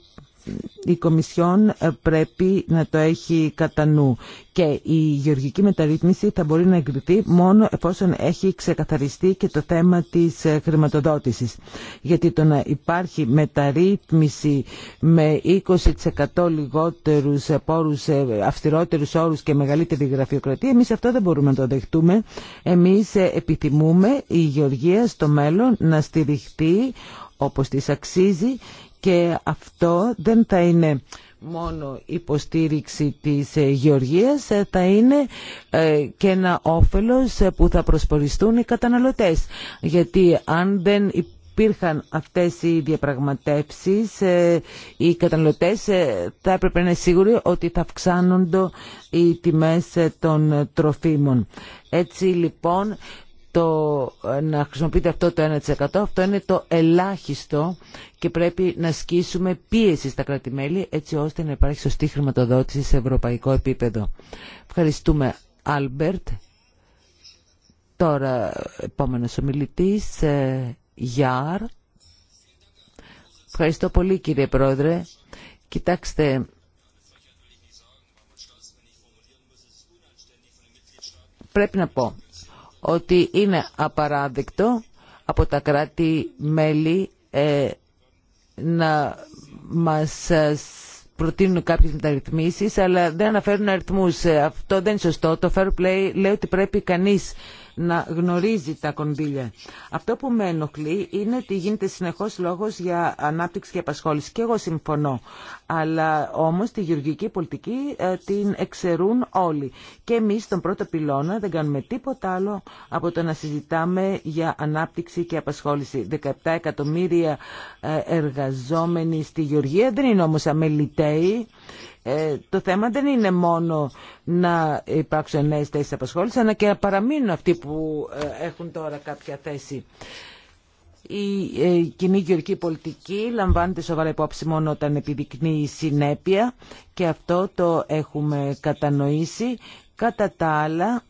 η Κομισιόν ε, πρέπει να το έχει κατά νου και η γεωργική μεταρρύθμιση θα μπορεί να εγκριθεί μόνο εφόσον έχει ξεκαθαριστεί και το θέμα της ε, χρηματοδότησης. Γιατί το να υπάρχει μεταρρύθμιση με 20% λιγότερους ε, πόρους, αυστηρότερους όρους και μεγαλύτερη γραφειοκρατία, εμείς αυτό δεν μπορούμε να το δεχτούμε. Εμείς επιθυμούμε η γεωργία στο μέλλον να στηριχτεί όπως της αξίζει και αυτό δεν θα είναι μόνο υποστήριξη της ε, γεωργίας, ε, θα είναι ε, και ένα όφελος που θα προσποριστούν οι καταναλωτές. Γιατί αν δεν υπήρχαν αυτές οι διαπραγματεύσεις, οι καταναλωτές θα έπρεπε να είναι σίγουροι ότι θα αυξάνονται οι τιμές των τροφίμων. Έτσι λοιπόν το να χρησιμοποιείτε αυτό το 1%. Αυτό είναι το ελάχιστο και πρέπει να σκίσουμε πίεση στα κρατημέλη έτσι ώστε να υπάρχει σωστή χρηματοδότηση σε ευρωπαϊκό επίπεδο. Ευχαριστούμε, Άλμπερτ. Τώρα, επόμενος ομιλητής, ε, Γιάρ. Ευχαριστώ πολύ, κύριε Πρόεδρε. Κοιτάξτε, πρέπει να πω ότι είναι απαράδεκτο από τα κράτη-μέλη ε, να μας ε, προτείνουν κάποιες μεταρρυθμίσεις αλλά δεν αναφέρουν αριθμούς. Ε, αυτό δεν είναι σωστό. Το fair play λέει ότι πρέπει κανείς να γνωρίζει τα κονδύλια. Αυτό που με ενοχλεί είναι ότι γίνεται συνεχώς λόγος για ανάπτυξη και απασχόληση. Και εγώ συμφωνώ αλλά όμως τη γεωργική πολιτική ε, την εξαιρούν όλοι. Και εμείς στον πρώτο πυλώνα δεν κάνουμε τίποτα άλλο από το να συζητάμε για ανάπτυξη και απασχόληση. 17 εκατομμύρια ε, εργαζόμενοι στη γεωργία δεν είναι όμως αμεληταίοι. Ε, το θέμα δεν είναι μόνο να υπάρξουν νέες θέσεις απασχόλησης, αλλά και να παραμείνουν αυτοί που έχουν τώρα κάποια θέση. Η ε, κοινή γεωργική πολιτική λαμβάνεται σοβαρά υπόψη μόνο όταν επιδεικνύει συνέπεια και αυτό το έχουμε κατανοήσει. Κατά τα άλλα,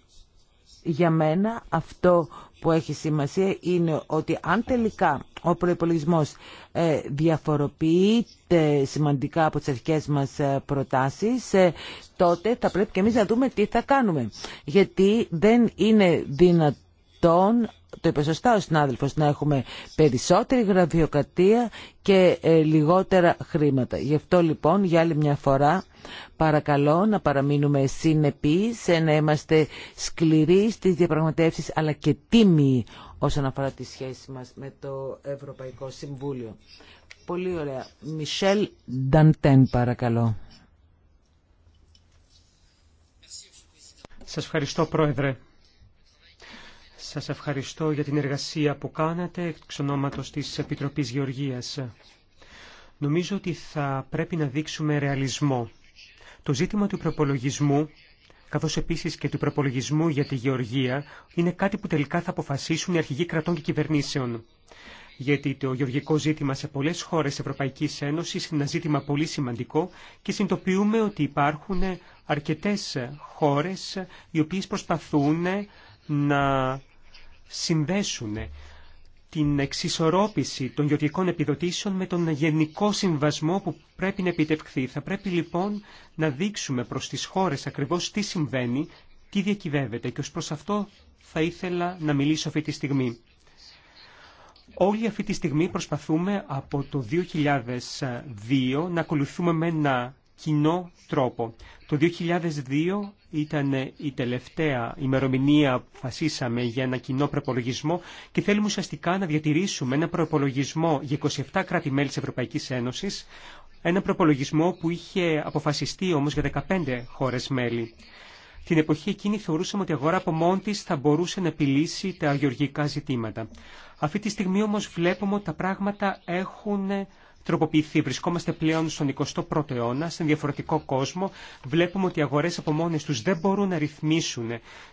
για μένα αυτό που έχει σημασία είναι ότι αν τελικά ο προϋπολογισμός ε, διαφοροποιείται σημαντικά από τις αρχικές μας ε, προτάσεις, τότε θα πρέπει και εμείς να δούμε τι θα κάνουμε. Γιατί δεν είναι δυνατό το είπε ο συνάδελφος, να έχουμε περισσότερη γραφειοκρατία και ε, λιγότερα χρήματα. Γι' αυτό λοιπόν για άλλη μια φορά παρακαλώ να παραμείνουμε συνεπείς, να είμαστε σκληροί στις διαπραγματεύσεις αλλά και τίμιοι όσον αφορά τη σχέση μας με το Ευρωπαϊκό Συμβούλιο. Πολύ ωραία. Μισελ Νταντέν παρακαλώ. Σας ευχαριστώ Πρόεδρε. Σας ευχαριστώ για την εργασία που κάνατε εξ ονόματος της Επιτροπής Γεωργίας. Νομίζω ότι θα πρέπει να δείξουμε ρεαλισμό. Το ζήτημα του προπολογισμού, καθώς επίσης και του προπολογισμού για τη Γεωργία, είναι κάτι που τελικά θα αποφασίσουν οι αρχηγοί κρατών και κυβερνήσεων. Γιατί το γεωργικό ζήτημα σε πολλές χώρες Ευρωπαϊκής Ένωσης είναι ένα ζήτημα πολύ σημαντικό και συνειδητοποιούμε ότι υπάρχουν αρκετές χώρες οι οποίες προσπαθούν να συνδέσουν την εξισορρόπηση των γεωργικών επιδοτήσεων με τον γενικό συμβασμό που πρέπει να επιτευχθεί. Θα πρέπει λοιπόν να δείξουμε προς τις χώρες ακριβώς τι συμβαίνει, τι διακυβεύεται και ως προς αυτό θα ήθελα να μιλήσω αυτή τη στιγμή. Όλη αυτή τη στιγμή προσπαθούμε από το 2002 να ακολουθούμε με ένα κοινό τρόπο. Το 2002 ήταν η τελευταία ημερομηνία που φασίσαμε για ένα κοινό προπολογισμό και θέλουμε ουσιαστικά να διατηρήσουμε ένα προπολογισμό για 27 κράτη-μέλη της Ευρωπαϊκής Ένωσης, ένα προπολογισμό που είχε αποφασιστεί όμως για 15 χώρες μέλη. Την εποχή εκείνη θεωρούσαμε ότι η αγορά από μόνη της θα μπορούσε να επιλύσει τα γεωργικά ζητήματα. Αυτή τη στιγμή όμως βλέπουμε ότι τα πράγματα έχουν τροποποιηθεί. Βρισκόμαστε πλέον στον 21ο αιώνα, σε διαφορετικό κόσμο. Βλέπουμε ότι οι αγορές από μόνες τους δεν μπορούν να ρυθμίσουν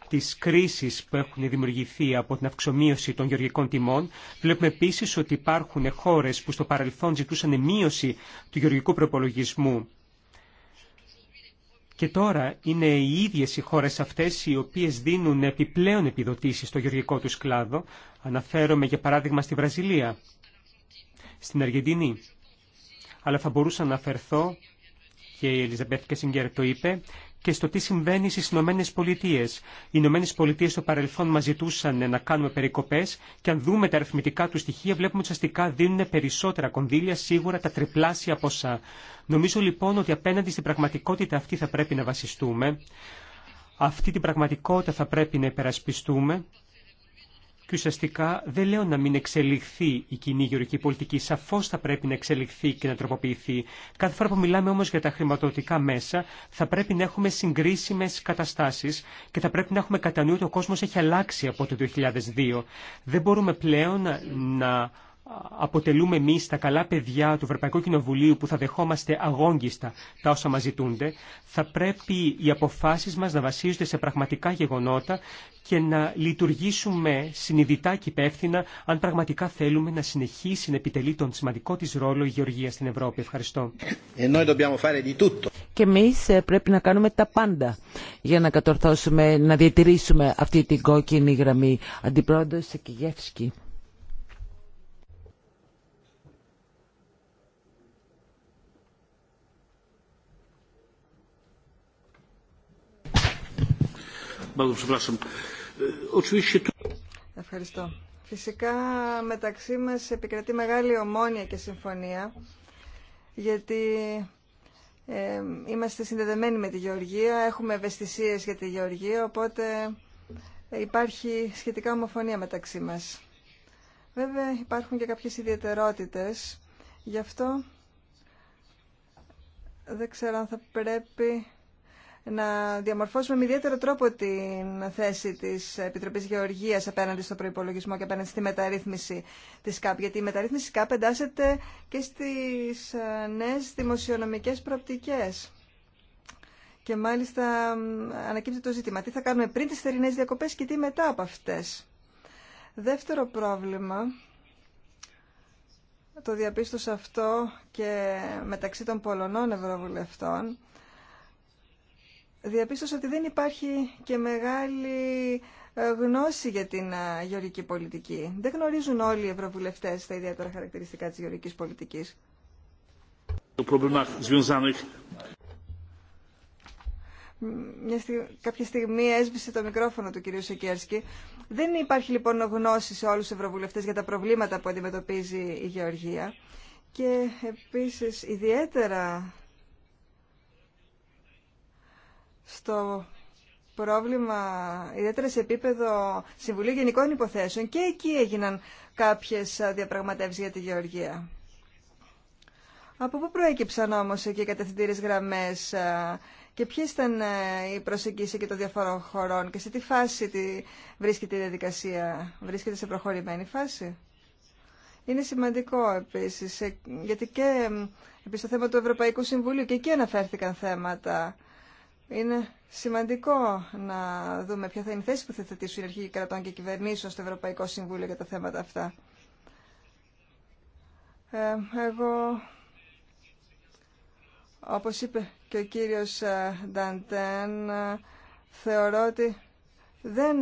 τις κρίσεις που έχουν δημιουργηθεί από την αυξομοίωση των γεωργικών τιμών. Βλέπουμε επίσης ότι υπάρχουν χώρες που στο παρελθόν ζητούσαν μείωση του γεωργικού προπολογισμού και τώρα είναι οι ίδιες οι χώρες αυτές οι οποίες δίνουν επιπλέον επιδοτήσεις στο γεωργικό τους κλάδο. Αναφέρομαι για παράδειγμα στη Βραζιλία, στην Αργεντινή αλλά θα μπορούσα να αφαιρθώ και η Ελιζαμπέθ Κεσιγκέρ το είπε, και στο τι συμβαίνει στι Ηνωμένε Πολιτείε. Οι Ηνωμένε Πολιτείε στο παρελθόν μα ζητούσαν να κάνουμε περικοπέ και αν δούμε τα αριθμητικά του στοιχεία, βλέπουμε ότι ουσιαστικά δίνουν περισσότερα κονδύλια, σίγουρα τα τριπλάσια ποσά. Νομίζω λοιπόν ότι απέναντι στην πραγματικότητα αυτή θα πρέπει να βασιστούμε. Αυτή την πραγματικότητα θα πρέπει να υπερασπιστούμε και ουσιαστικά δεν λέω να μην εξελιχθεί η κοινή γεωργική πολιτική. Σαφώ θα πρέπει να εξελιχθεί και να τροποποιηθεί. Κάθε φορά που μιλάμε όμω για τα χρηματοδοτικά μέσα, θα πρέπει να έχουμε συγκρίσιμε καταστάσει και θα πρέπει να έχουμε κατά νου ότι ο κόσμο έχει αλλάξει από το 2002. Δεν μπορούμε πλέον να αποτελούμε εμεί τα καλά παιδιά του Ευρωπαϊκού Κοινοβουλίου που θα δεχόμαστε αγόγγιστα τα όσα μα ζητούνται, θα πρέπει οι αποφάσει μα να βασίζονται σε πραγματικά γεγονότα και να λειτουργήσουμε συνειδητά και υπεύθυνα αν πραγματικά θέλουμε να συνεχίσει να επιτελεί τον σημαντικό της ρόλο η γεωργία στην Ευρώπη. Ευχαριστώ. Ε, και εμεί ε, πρέπει να κάνουμε τα πάντα για να κατορθώσουμε, να διατηρήσουμε αυτή την κόκκινη γραμμή. Αντιπρόεδρος Σεκηγεύσκη. bardzo przepraszam. Ευχαριστώ. Φυσικά μεταξύ μας επικρατεί μεγάλη ομόνοια και συμφωνία γιατί ε, είμαστε συνδεδεμένοι με τη γεωργία, έχουμε ευαισθησίες για τη γεωργία, οπότε ε, υπάρχει σχετικά ομοφωνία μεταξύ μας. Βέβαια υπάρχουν και κάποιες ιδιαιτερότητες, γι' αυτό δεν ξέρω αν θα πρέπει να διαμορφώσουμε με ιδιαίτερο τρόπο την θέση της Επιτροπής γεωργία απέναντι στο προϋπολογισμό και απέναντι στη μεταρρύθμιση της ΚΑΠ, γιατί η μεταρρύθμιση ΚΑΠ εντάσσεται και στις ε, νέε δημοσιονομικές προοπτικέ. Και μάλιστα ανακύπτει το ζήτημα. Τι θα κάνουμε πριν τι θερινέ διακοπές και τι μετά από αυτέ. Δεύτερο πρόβλημα, το διαπίστωσα αυτό και μεταξύ των Πολωνών Ευρωβουλευτών, διαπίστωσα ότι δεν υπάρχει και μεγάλη ε, γνώση για την ε, γεωργική πολιτική. Δεν γνωρίζουν όλοι οι ευρωβουλευτές τα ιδιαίτερα χαρακτηριστικά της γεωργικής πολιτικής. Μια κάποια στιγμή έσβησε το μικρόφωνο του κυρίου Σεκέρσκη. Δεν υπάρχει λοιπόν γνώση σε όλους τους ευρωβουλευτές για τα προβλήματα που αντιμετωπίζει η Γεωργία. Και επίσης ιδιαίτερα στο πρόβλημα, ιδιαίτερα σε επίπεδο Συμβουλίου Γενικών Υποθέσεων και εκεί έγιναν κάποιες διαπραγματεύσεις για τη Γεωργία. Από πού προέκυψαν όμως εκεί οι κατευθυντήρες γραμμές και ποιες ήταν η ε, προσεγγίση και των διαφορών χωρών και σε τι φάση τη βρίσκεται η διαδικασία, βρίσκεται σε προχωρημένη φάση. Είναι σημαντικό επίσης, ε, γιατί και επίσης, το θέμα του Ευρωπαϊκού Συμβουλίου και εκεί αναφέρθηκαν θέματα είναι σημαντικό να δούμε ποια θα είναι η θέση που θα θετήσουν οι αρχηγοί κρατών και κυβερνήσεων στο Ευρωπαϊκό Συμβούλιο για τα θέματα αυτά. Ε, εγώ, όπως είπε και ο κύριος ε, Νταντέν, ε, θεωρώ ότι δεν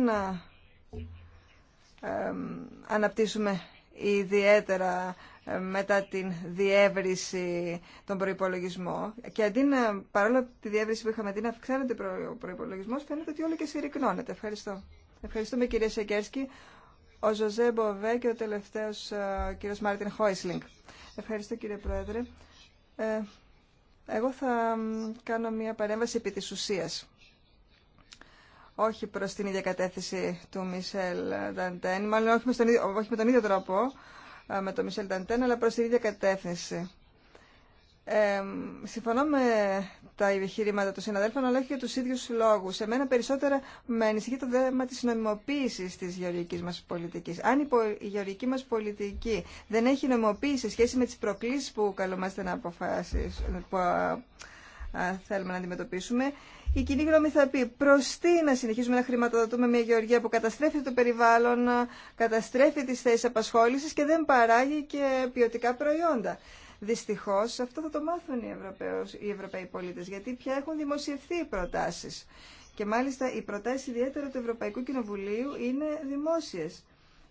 αναπτύσσουμε ιδιαίτερα μετά την διεύρυνση των προϋπολογισμών και αντί να, παρόλο τη διεύρυνση που είχαμε αντί να αυξάνεται ο προπολογισμό, φαίνεται ότι όλο και συρρυκνώνεται. Ευχαριστώ. Ευχαριστούμε κυρία Σεκέρσκι, ο Ζωζέ Μποβέ και ο τελευταίος κύριο ε, κύριος Μάρτιν Χόισλινγκ. Ευχαριστώ κύριε Πρόεδρε. Ε, εγώ θα κάνω μια παρέμβαση επί της ουσίας όχι προς την ίδια κατεύθυνση του Μισελ Δαντέν, μάλλον όχι με, τον, όχι με τον ίδιο τρόπο, ε, με τον Μισελ Ταντέν, αλλά προς την ίδια κατεύθυνση. Ε, συμφωνώ με τα επιχειρήματα των συναδέλφων, αλλά όχι για τους ίδιους λόγους. Εμένα περισσότερα με ανησυχεί το θέμα τη νομιμοποίηση τη γεωργικής μα πολιτική. Αν η, γεωργική μα πολιτική δεν έχει νομιμοποίηση σε σχέση με τι προκλήσει που καλούμαστε να αποφάσεις, που, θέλουμε να αντιμετωπίσουμε, η κοινή γνώμη θα πει προ τι να συνεχίζουμε να χρηματοδοτούμε μια γεωργία που καταστρέφει το περιβάλλον, καταστρέφει τι θέσει απασχόληση και δεν παράγει και ποιοτικά προϊόντα. Δυστυχώ, αυτό θα το μάθουν οι, οι Ευρωπαίοι πολίτε, γιατί πια έχουν δημοσιευθεί οι προτάσει. Και μάλιστα οι προτάσει ιδιαίτερα του Ευρωπαϊκού Κοινοβουλίου είναι δημόσιε.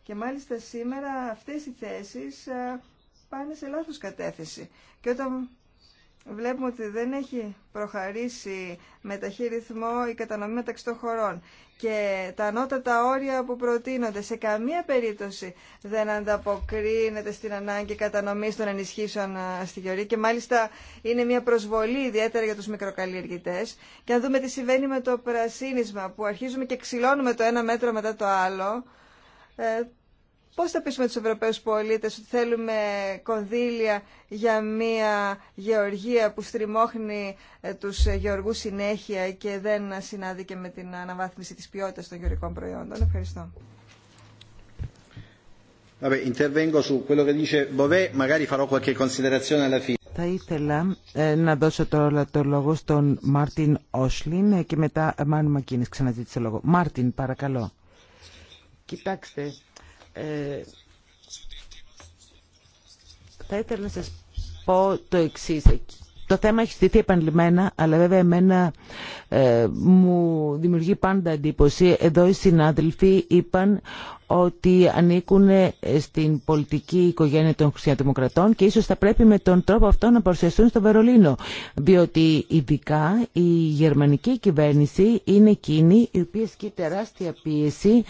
Και μάλιστα σήμερα αυτέ οι θέσει ε, πάνε σε λάθος κατεύθυνση. Και όταν βλέπουμε ότι δεν έχει προχαρήσει με ταχύ ρυθμό η κατανομή μεταξύ των χωρών και τα ανώτατα όρια που προτείνονται σε καμία περίπτωση δεν ανταποκρίνεται στην ανάγκη κατανομής των ενισχύσεων ε, στη γεωρία και μάλιστα είναι μια προσβολή ιδιαίτερα για τους μικροκαλλιεργητές και αν δούμε τι συμβαίνει με το πρασίνισμα που αρχίζουμε και ξυλώνουμε το ένα μέτρο μετά το άλλο ε, Πώς θα πείσουμε τους Ευρωπαίους πολίτες ότι θέλουμε κονδύλια για μια γεωργία που στριμώχνει ε, τους γεωργούς συνέχεια και δεν συνάδει και με την αναβάθμιση της ποιότητας των γεωργικών προϊόντων. Ευχαριστώ. Θα ήθελα ε, να δώσω τώρα το λόγο στον Μάρτιν Όσλιν και μετά Μάνου Μακίνης ξαναζήτησε λόγο. Μάρτιν, παρακαλώ. Κοιτάξτε, ε, θα ήθελα να σας πω το εξής. Το θέμα έχει στηθεί επανειλημμένα, αλλά βέβαια εμένα ε, μου δημιουργεί πάντα εντύπωση. Εδώ οι συνάδελφοι είπαν ότι ανήκουν στην πολιτική οικογένεια των χριστιανοδημοκρατών και ίσως θα πρέπει με τον τρόπο αυτό να παρουσιαστούν στο Βερολίνο. Διότι ειδικά η γερμανική κυβέρνηση είναι εκείνη η οποία ασκεί τεράστια πίεση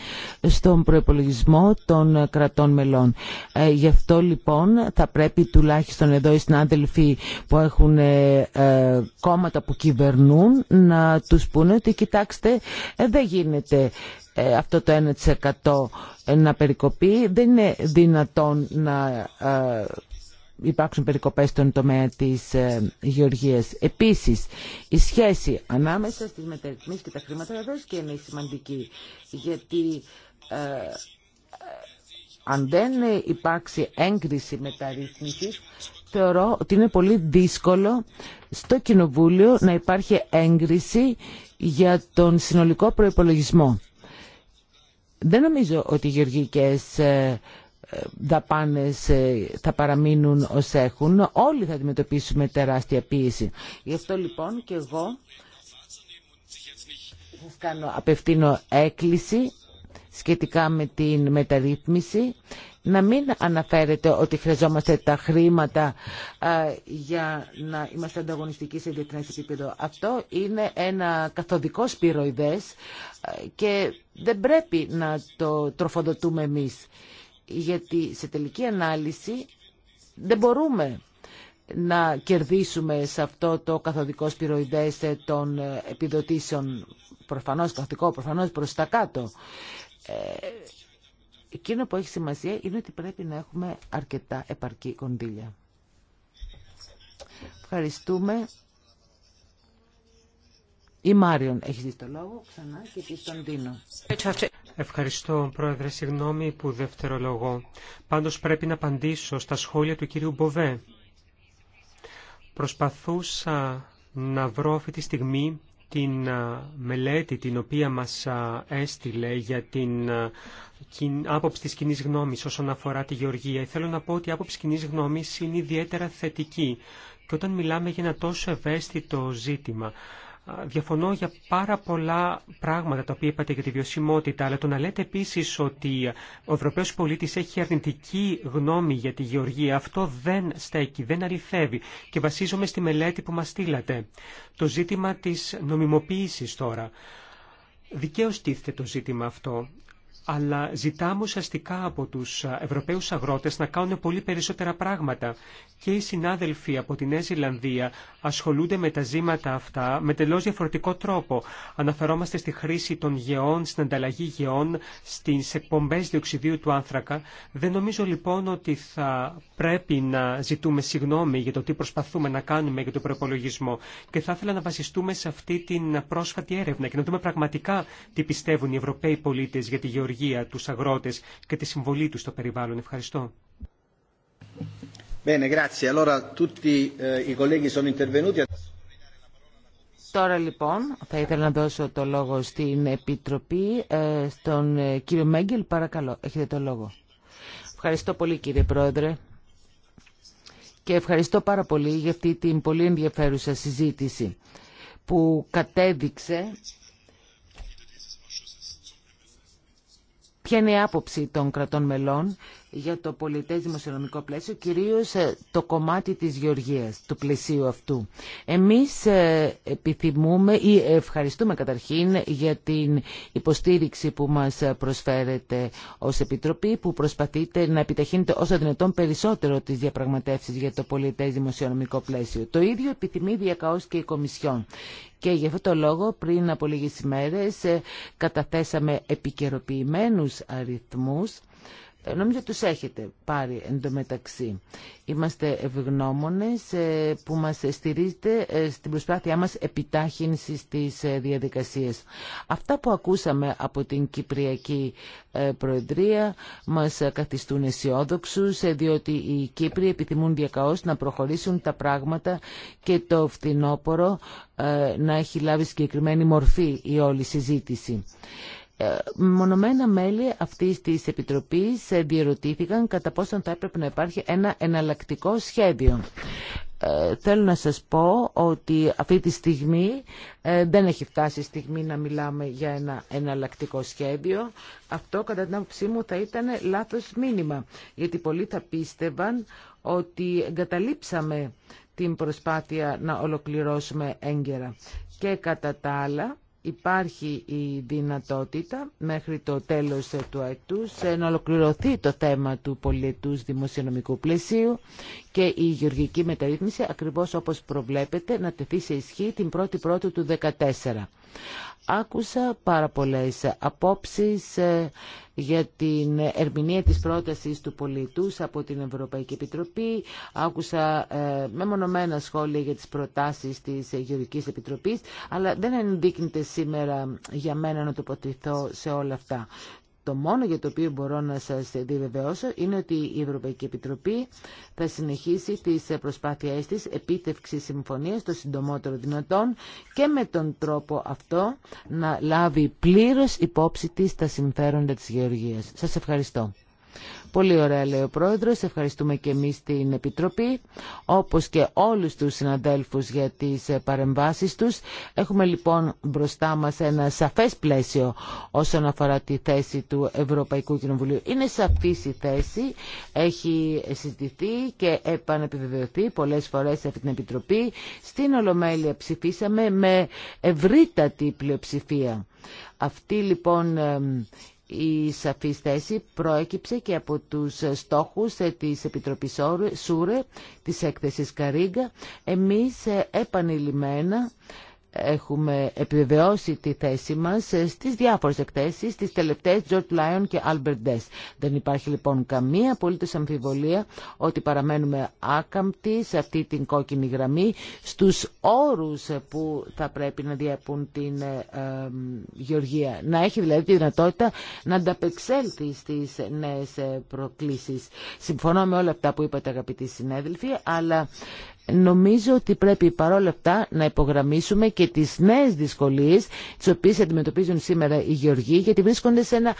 στον προπολογισμό των κρατών μελών. Ε, γι' αυτό λοιπόν θα πρέπει τουλάχιστον εδώ οι συνάδελφοι που έχουν ε, ε, κόμματα που κυβερνούν να τους πούνε ότι κοιτάξτε δεν γίνεται ε, αυτό το 1% να περικοπεί. Δεν είναι δυνατόν να ε, υπάρξουν περικοπές στον τομέα της ε, γεωργίας. Επίσης, η σχέση ανάμεσα στις μεταρρυθμίσεις και τα χρήματα εδώ και είναι σημαντική, γιατί αν δεν υπάρξει έγκριση μεταρρύθμισης, θεωρώ ότι είναι πολύ δύσκολο στο Κοινοβούλιο να υπάρχει έγκριση για τον συνολικό προϋπολογισμό. Δεν νομίζω ότι οι γεωργικές ε, ε, δαπάνες ε, θα παραμείνουν ως έχουν. Όλοι θα αντιμετωπίσουμε τεράστια πίεση. Γι' αυτό λοιπόν και εγώ σας κάνω απευθύνω έκκληση σχετικά με την μεταρρύθμιση να μην αναφέρετε ότι χρειαζόμαστε τα χρήματα για να είμαστε ανταγωνιστικοί σε διεθνέ επίπεδο. Αυτό είναι ένα καθοδικό σπυροειδές και δεν πρέπει να το τροφοδοτούμε εμείς. Γιατί σε τελική ανάλυση δεν μπορούμε να κερδίσουμε σε αυτό το καθοδικό σπυροειδές των επιδοτήσεων προφανώ, καθοδικό, προφανώς προς τα κάτω. Ε, εκείνο που έχει σημασία είναι ότι πρέπει να έχουμε αρκετά επαρκή κοντήλια. Ευχαριστούμε. Η Μάριον έχει δει το λόγο ξανά και τη στον δίνω. Ευχαριστώ, Πρόεδρε. Συγγνώμη που δευτερολογώ. Πάντως πρέπει να απαντήσω στα σχόλια του κυρίου Μποβέ. Προσπαθούσα να βρω αυτή τη στιγμή την μελέτη την οποία μας έστειλε για την άποψη της κοινή γνώμης όσον αφορά τη γεωργία. Ε, θέλω να πω ότι η άποψη κοινή γνώμης είναι ιδιαίτερα θετική. Και όταν μιλάμε για ένα τόσο ευαίσθητο ζήτημα, Διαφωνώ για πάρα πολλά πράγματα τα οποία είπατε για τη βιωσιμότητα, αλλά το να λέτε επίση ότι ο Ευρωπαίος πολίτη έχει αρνητική γνώμη για τη γεωργία, αυτό δεν στέκει, δεν αληθεύει και βασίζομαι στη μελέτη που μας στείλατε. Το ζήτημα της νομιμοποίησης τώρα. Δικαίω τίθεται το ζήτημα αυτό αλλά ζητάμε ουσιαστικά από τους Ευρωπαίους αγρότες να κάνουν πολύ περισσότερα πράγματα. Και οι συνάδελφοι από τη Νέα Ζηλανδία ασχολούνται με τα ζήματα αυτά με τελώς διαφορετικό τρόπο. Αναφερόμαστε στη χρήση των γεών, στην ανταλλαγή γεών, στις εκπομπές διοξιδίου του άνθρακα. Δεν νομίζω λοιπόν ότι θα πρέπει να ζητούμε συγγνώμη για το τι προσπαθούμε να κάνουμε για τον προπολογισμό. Και θα ήθελα να βασιστούμε σε αυτή την πρόσφατη έρευνα και να δούμε πραγματικά τι πιστεύουν οι Ευρωπαίοι πολίτες για τη γεωργία γεωργία, τους αγρότες και τη συμβολή του στο περιβάλλον. Ευχαριστώ. Bene, grazie. Allora, tutti eh, i colleghi sono intervenuti. Τώρα λοιπόν θα ήθελα να δώσω το λόγο στην Επιτροπή, ε, στον ε, κύριο Μέγκελ. Παρακαλώ, έχετε το λόγο. Ευχαριστώ πολύ κύριε Πρόεδρε και ευχαριστώ πάρα πολύ για αυτή την πολύ ενδιαφέρουσα συζήτηση που κατέδειξε Ποια είναι η άποψη των κρατών μελών για το πολιτές δημοσιονομικό πλαίσιο, κυρίως ε, το κομμάτι της γεωργίας, του πλαισίου αυτού. Εμείς ε, επιθυμούμε ή ευχαριστούμε καταρχήν για την υποστήριξη που μας προσφέρετε ως Επιτροπή, που προσπαθείτε να επιταχύνετε όσο δυνατόν περισσότερο τις διαπραγματεύσεις για το πολιτές δημοσιονομικό πλαίσιο. Το ίδιο επιθυμεί διακαώς και η Κομισιόν. Και γι' αυτό το λόγο πριν από λίγες ημέρες ε, καταθέσαμε επικαιροποιημένους αριθμούς Νομίζω τους έχετε πάρει εντωμεταξύ. Είμαστε ευγνώμονες ε, που μας στηρίζετε ε, στην προσπάθειά μας επιτάχυνσης της ε, διαδικασίας. Αυτά που ακούσαμε από την Κυπριακή Προεδρία μας καθιστούν αισιόδοξου, διότι οι Κύπροι επιθυμούν διακαώς να προχωρήσουν τα πράγματα και το φθινόπωρο να έχει λάβει συγκεκριμένη μορφή η όλη συζήτηση. Ε, μονομένα μέλη αυτής της Επιτροπής ε, διερωτήθηκαν κατά πόσον θα έπρεπε να υπάρχει ένα εναλλακτικό σχέδιο. Ε, θέλω να σας πω ότι αυτή τη στιγμή δεν έχει φτάσει η στιγμή να μιλάμε για ένα εναλλακτικό σχέδιο. Αυτό κατά την άποψή μου θα ήταν λάθος μήνυμα, γιατί πολλοί θα πίστευαν ότι εγκαταλείψαμε την προσπάθεια να ολοκληρώσουμε έγκαιρα. Και κατά τα άλλα, υπάρχει η δυνατότητα μέχρι το τέλος του σε να ολοκληρωθεί το θέμα του πολιετούς δημοσιονομικού πλαισίου και η γεωργική μεταρρύθμιση ακριβώς όπως προβλέπεται να τεθεί σε ισχύ την 1η Πρώτου του 2014. Άκουσα πάρα πολλές απόψεις ε, για την ερμηνεία της πρότασης του πολιτούς από την Ευρωπαϊκή Επιτροπή. Άκουσα ε, μεμονωμένα σχόλια για τις προτάσεις της Γεωργικής Επιτροπής, αλλά δεν ενδείκνυται σήμερα για μένα να τοποθετηθώ σε όλα αυτά. Το μόνο για το οποίο μπορώ να σας διαβεβαιώσω είναι ότι η Ευρωπαϊκή Επιτροπή θα συνεχίσει τις προσπάθειές της επίτευξης συμφωνίας το συντομότερο δυνατόν και με τον τρόπο αυτό να λάβει πλήρως υπόψη της τα συμφέροντα της Γεωργίας. Σας ευχαριστώ. Πολύ ωραία λέει ο Πρόεδρος, ευχαριστούμε και εμείς την Επιτροπή, όπως και όλους τους συναδέλφους για τις ε, παρεμβάσεις τους. Έχουμε λοιπόν μπροστά μας ένα σαφές πλαίσιο όσον αφορά τη θέση του Ευρωπαϊκού Κοινοβουλίου. Είναι σαφής η θέση, έχει συζητηθεί και επανεπιβεβαιωθεί πολλές φορές αυτή την Επιτροπή. Στην Ολομέλεια ψηφίσαμε με ευρύτατη πλειοψηφία. Αυτή λοιπόν ε, η σαφή θέση προέκυψε και από τους στόχους της Επιτροπής Σούρε, της έκθεσης Καρίγκα. Εμείς ε, επανειλημμένα έχουμε επιβεβαιώσει τη θέση μας στις διάφορες εκθέσεις, τις τελευταίες George Lyon και Albert Dess. Δεν υπάρχει λοιπόν καμία απολύτως αμφιβολία ότι παραμένουμε άκαμπτοι σε αυτή την κόκκινη γραμμή, στους όρους που θα πρέπει να διαπούν την ε, γεωργία. Να έχει δηλαδή τη δυνατότητα να ανταπεξέλθει στις νέες ε, προκλήσεις. Συμφωνώ με όλα αυτά που είπατε αγαπητοί συνέδελφοι, αλλά Νομίζω ότι πρέπει παρόλα αυτά να υπογραμμίσουμε και τις νέες δυσκολίες τις οποίες αντιμετωπίζουν σήμερα οι γεωργοί γιατί βρίσκονται σε ένα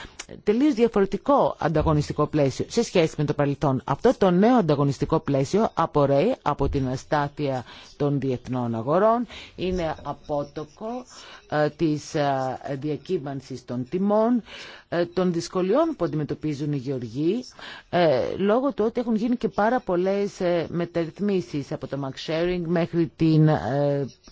τελείως διαφορετικό ανταγωνιστικό πλαίσιο σε σχέση με το παρελθόν. Αυτό το νέο ανταγωνιστικό πλαίσιο απορρέει από την αστάθεια των διεθνών αγορών, είναι απότοκο ε, της ε, διακύμανση των τιμών, ε, των δυσκολιών που αντιμετωπίζουν οι γεωργοί ε, λόγω του ότι έχουν γίνει και πάρα πολλές ε, μεταρρυθμίσεις από το Max Sharing μέχρι την,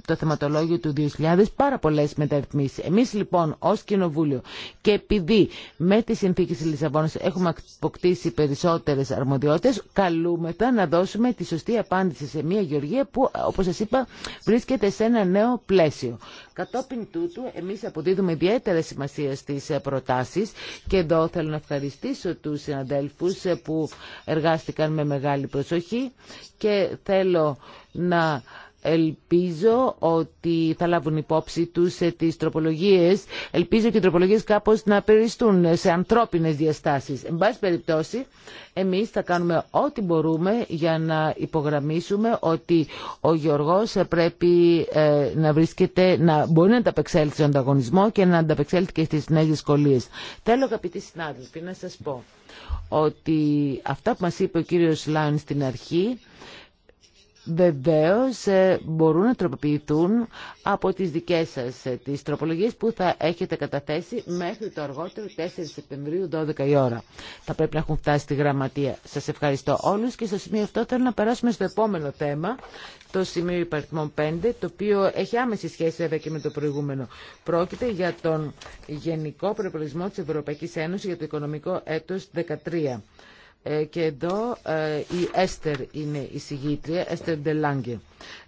το θεματολόγιο του 2000 πάρα πολλές μεταρρυθμίσεις. Εμείς λοιπόν ως Κοινοβούλιο και επειδή με τις συνθήκες της Λισαβόνας έχουμε αποκτήσει περισσότερες αρμοδιότητες καλούμεθα να δώσουμε τη σωστή απάντηση σε μια γεωργία που όπως σας είπα βρίσκεται σε ένα νέο πλαίσιο. Κατόπιν τούτου, εμείς αποδίδουμε ιδιαίτερη σημασία στις ε, προτάσεις και εδώ θέλω να ευχαριστήσω τους συναδέλφους ε, που εργάστηκαν με μεγάλη προσοχή και θέλω να Ελπίζω ότι θα λάβουν υπόψη τους ε, τις τροπολογίες. Ελπίζω και οι τροπολογίες κάπως να περιστούν σε ανθρώπινες διαστάσεις. Εν πάση περιπτώσει, εμείς θα κάνουμε ό,τι μπορούμε για να υπογραμμίσουμε ότι ο Γιωργός πρέπει ε, να βρίσκεται, να μπορεί να ανταπεξέλθει στον ανταγωνισμό και να ανταπεξέλθει και στις νέες δυσκολίε. Θέλω, αγαπητοί συνάδελφοι, να σας πω ότι αυτά που μας είπε ο κύριος Λάιν στην αρχή βεβαίως ε, μπορούν να τροποποιηθούν από τις δικές σας ε, τι τροπολογίες που θα έχετε καταθέσει μέχρι το αργότερο 4 Σεπτεμβρίου 12 η ώρα. Θα πρέπει να έχουν φτάσει στη γραμματεία. Σας ευχαριστώ όλους και στο σημείο αυτό θέλω να περάσουμε στο επόμενο θέμα, το σημείο υπαριθμών 5, το οποίο έχει άμεση σχέση βέβαια και με το προηγούμενο. Πρόκειται για τον Γενικό Προπολογισμό της Ευρωπαϊκής Ένωσης για το Οικονομικό Έτος 13. Ε, και εδώ ε, η Έστερ είναι η συγγήτρια, Έστερ Ντελάγκε.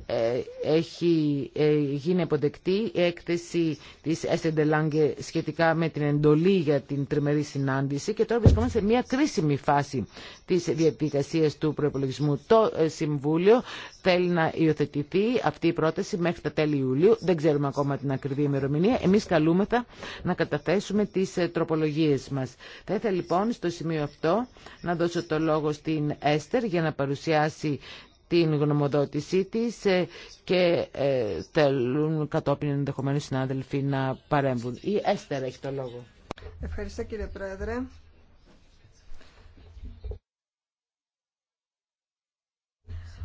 Ε, έχει ε, γίνει αποδεκτή η έκθεση της Έσεντε Λάγκε σχετικά με την εντολή για την τριμερή συνάντηση και τώρα βρισκόμαστε σε μια κρίσιμη φάση της διαδικασίας του προπολογισμού. Το ε, Συμβούλιο θέλει να υιοθετηθεί αυτή η πρόταση μέχρι τα τέλη Ιουλίου. Δεν ξέρουμε ακόμα την ακριβή ημερομηνία. Εμείς καλούμεθα να καταθέσουμε τις τροπολογίες μας. Θα ήθελα λοιπόν στο σημείο αυτό να δώσω το λόγο στην Έστερ για να παρουσιάσει την γνωμοδότησή της ε, και ε, θέλουν κατόπιν ενδεχομένω συνάδελφοι να παρέμβουν. Η Έστερ έχει το λόγο. Ευχαριστώ κύριε Πρόεδρε.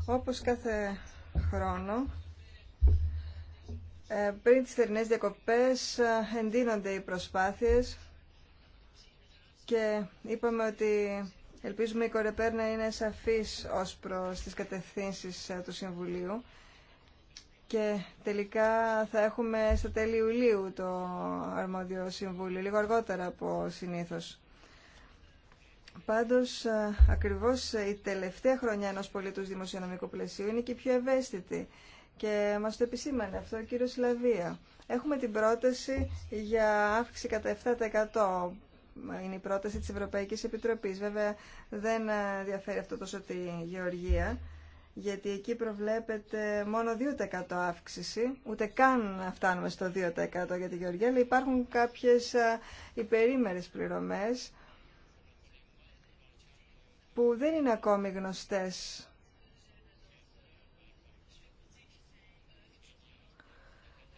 Όπως κάθε χρόνο, ε, πριν τις θερινές διακοπές εντείνονται οι προσπάθειες και είπαμε ότι Ελπίζουμε η Κορεπέρ να είναι σαφής ως προς τις κατευθύνσεις ε, του Συμβουλίου και τελικά θα έχουμε στα τέλη Ιουλίου το αρμόδιο Συμβούλιο, λίγο αργότερα από συνήθως. Πάντως, ε, ακριβώς ε, η τελευταία χρονιά ενός πολίτους δημοσιονομικού πλαισίου είναι και η πιο ευαίσθητη και μας το επισήμανε αυτό ο κύριος Λαβία. Έχουμε την πρόταση για αύξηση κατά 7% είναι η πρόταση της Ευρωπαϊκής Επιτροπής. Βέβαια δεν ε, διαφέρει αυτό τόσο τη γεωργία, γιατί εκεί προβλέπεται μόνο 2% αύξηση, ούτε καν φτάνουμε στο 2% για τη γεωργία, αλλά υπάρχουν κάποιες ε, υπερήμερες πληρωμές που δεν είναι ακόμη γνωστές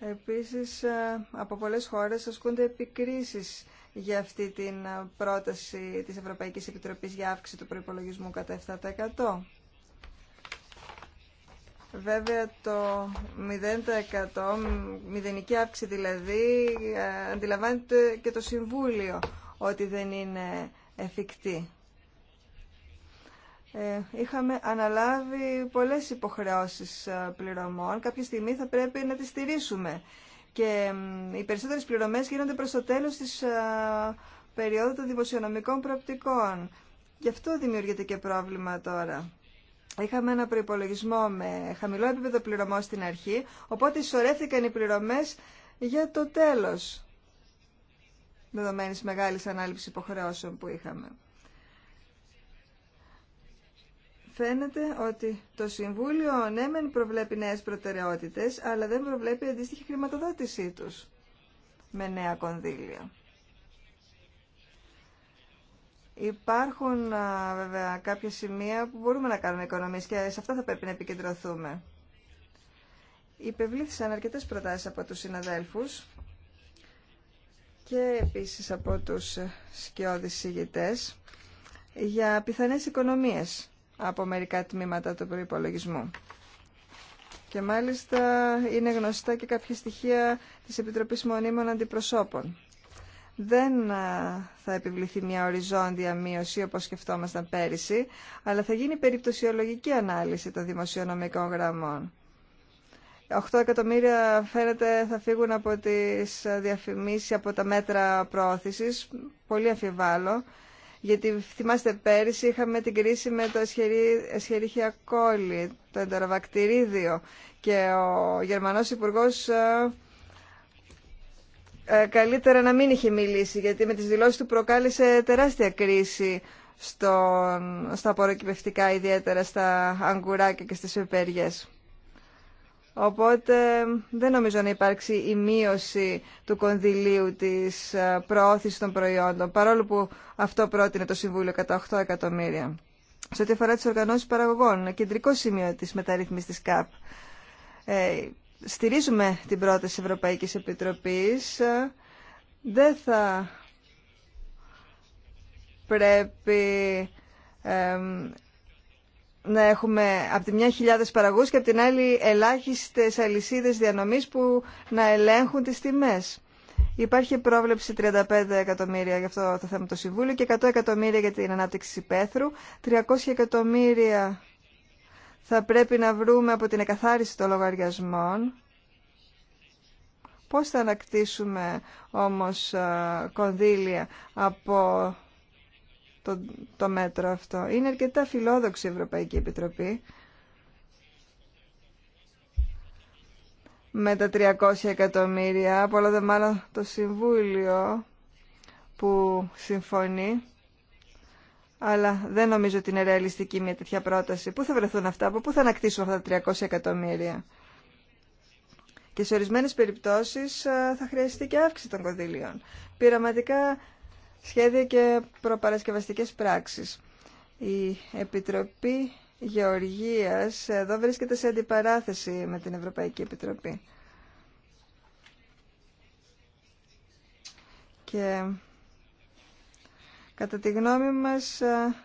Επίσης, ε, από πολλές χώρες ασκούνται επικρίσεις για αυτή την ε, πρόταση της Ευρωπαϊκής Επιτροπής για αύξηση του προϋπολογισμού κατά 7%. Βέβαια το 0%, μηδενική αύξηση δηλαδή, ε, αντιλαμβάνεται και το Συμβούλιο ότι δεν είναι εφικτή. Ε, είχαμε αναλάβει πολλές υποχρεώσεις πληρωμών. Κάποια στιγμή θα πρέπει να τις στηρίσουμε και οι περισσότερες πληρωμές γίνονται προς το τέλος της περίοδου των δημοσιονομικών προοπτικών. Γι' αυτό δημιουργείται και πρόβλημα τώρα. Είχαμε ένα προπολογισμό με χαμηλό επίπεδο πληρωμών στην αρχή, οπότε ισορρέθηκαν οι πληρωμές για το τέλος, δεδομένης μεγάλης ανάληψης υποχρεώσεων που είχαμε φαίνεται ότι το Συμβούλιο ναι μεν προβλέπει νέες προτεραιότητες, αλλά δεν προβλέπει αντίστοιχη χρηματοδότησή τους με νέα κονδύλια. Υπάρχουν βέβαια κάποια σημεία που μπορούμε να κάνουμε οικονομίες και σε αυτά θα πρέπει να επικεντρωθούμε. Υπευλήθησαν αρκετές προτάσεις από τους συναδέλφους και επίσης από τους σκιώδεις συγητές για πιθανές οικονομίες από μερικά τμήματα του προϋπολογισμού. Και μάλιστα είναι γνωστά και κάποια στοιχεία της Επιτροπής Μονίμων Αντιπροσώπων. Δεν θα επιβληθεί μια οριζόντια μείωση όπως σκεφτόμασταν πέρυσι, αλλά θα γίνει περιπτωσιολογική ανάλυση των δημοσιονομικών γραμμών. 8 εκατομμύρια φαίνεται θα φύγουν από τις διαφημίσεις, από τα μέτρα προώθησης, πολύ αφιβάλλω, γιατί θυμάστε πέρυσι είχαμε την κρίση με το ασχερίχια κόλλη, το εντεροβακτηρίδιο και ο Γερμανός Υπουργός ε, ε, καλύτερα να μην είχε μιλήσει γιατί με τις δηλώσεις του προκάλεσε τεράστια κρίση στον, στα απορροκυπευτικά ιδιαίτερα στα αγκουράκια και στις επέργειες. Οπότε δεν νομίζω να υπάρξει η μείωση του κονδυλίου της ε, προώθησης των προϊόντων, παρόλο που αυτό πρότεινε το Συμβούλιο κατά 8 εκατομμύρια. Σε ό,τι αφορά τις οργανώσεις παραγωγών, κεντρικό σημείο της μεταρρύθμισης της ΚΑΠ. Ε, στηρίζουμε την πρόταση Ευρωπαϊκής Επιτροπής. Ε, δεν θα πρέπει... Ε, να έχουμε από τη μια χιλιάδες παραγούς και από την άλλη ελάχιστες αλυσίδες διανομής που να ελέγχουν τις τιμές. Υπάρχει πρόβλεψη 35 εκατομμύρια για αυτό το θέμα το Συμβούλιο και 100 εκατομμύρια για την ανάπτυξη πέθρου. 300 εκατομμύρια θα πρέπει να βρούμε από την εκαθάριση των λογαριασμών. Πώς θα ανακτήσουμε όμως κονδύλια από το, το μέτρο αυτό. Είναι αρκετά φιλόδοξη η Ευρωπαϊκή Επιτροπή. με τα 300 εκατομμύρια, όλα δε μάλλον το Συμβούλιο που συμφωνεί. Αλλά δεν νομίζω ότι είναι ρεαλιστική μια τέτοια πρόταση. Πού θα βρεθούν αυτά, από πού θα ανακτήσουν αυτά τα 300 εκατομμύρια. Και σε ορισμένες περιπτώσεις ε, θα χρειαστεί και αύξηση των κονδυλίων. Πειραματικά σχέδια και προπαρασκευαστικές πράξεις. Η Επιτροπή Γεωργίας εδώ βρίσκεται σε αντιπαράθεση με την Ευρωπαϊκή Επιτροπή. Και κατά τη γνώμη μας ε,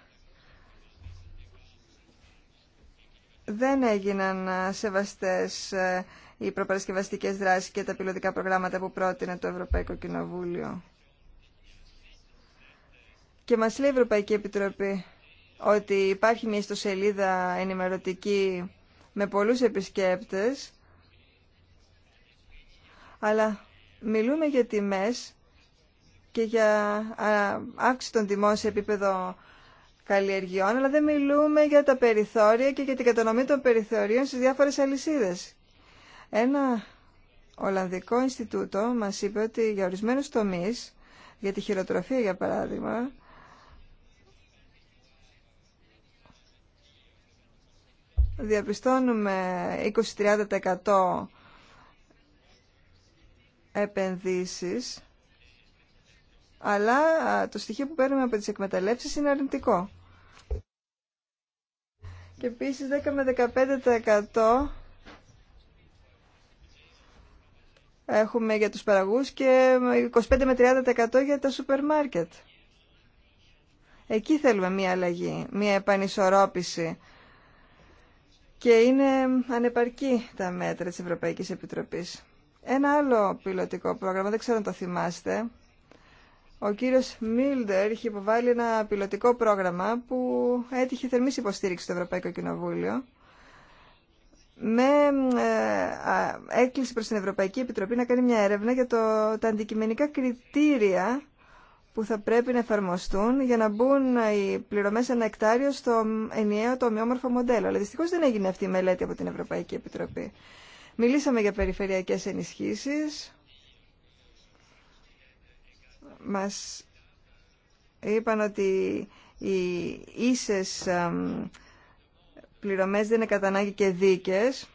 δεν έγιναν ε, σεβαστές ε, οι προπαρασκευαστικές δράσεις και τα πιλωτικά προγράμματα που πρότεινε το Ευρωπαϊκό Κοινοβούλιο. Και μας λέει η Ευρωπαϊκή Επιτροπή ότι υπάρχει μια ιστοσελίδα ενημερωτική με πολλούς επισκέπτες, αλλά μιλούμε για τιμές και για αύξηση των τιμών σε επίπεδο καλλιεργιών, αλλά δεν μιλούμε για τα περιθώρια και για την κατανομή των περιθωρίων στις διάφορες αλυσίδες. Ένα Ολλανδικό Ινστιτούτο μας είπε ότι για ορισμένους τομείς, για τη χειροτροφία για παράδειγμα, διαπιστώνουμε 20-30% επενδύσεις, αλλά το στοιχείο που παίρνουμε από τις εκμεταλλεύσεις είναι αρνητικό. Και επίσης 10 με 15% έχουμε για τους παραγούς και 25 με 30% για τα σούπερ μάρκετ. Εκεί θέλουμε μία αλλαγή, μία επανισορρόπηση και είναι ανεπαρκή τα μέτρα της Ευρωπαϊκής Επιτροπής. Ένα άλλο πιλωτικό πρόγραμμα, δεν ξέρω αν το θυμάστε, ο κύριος Μίλντερ είχε υποβάλει ένα πιλωτικό πρόγραμμα που έτυχε θερμής υποστήριξη στο Ευρωπαϊκό Κοινοβούλιο με ε, έκκληση προς την Ευρωπαϊκή Επιτροπή να κάνει μια έρευνα για το, τα αντικειμενικά κριτήρια που θα πρέπει να εφαρμοστούν για να μπουν οι πληρωμέ ένα εκτάριο στο ενιαίο το ομοιόμορφο μοντέλο. Αλλά δυστυχώ δεν έγινε αυτή η μελέτη από την Ευρωπαϊκή Επιτροπή. Μιλήσαμε για περιφερειακές ενισχύσεις. Μας είπαν ότι οι ίσες πληρωμές δεν είναι κατά ανάγκη και δίκες,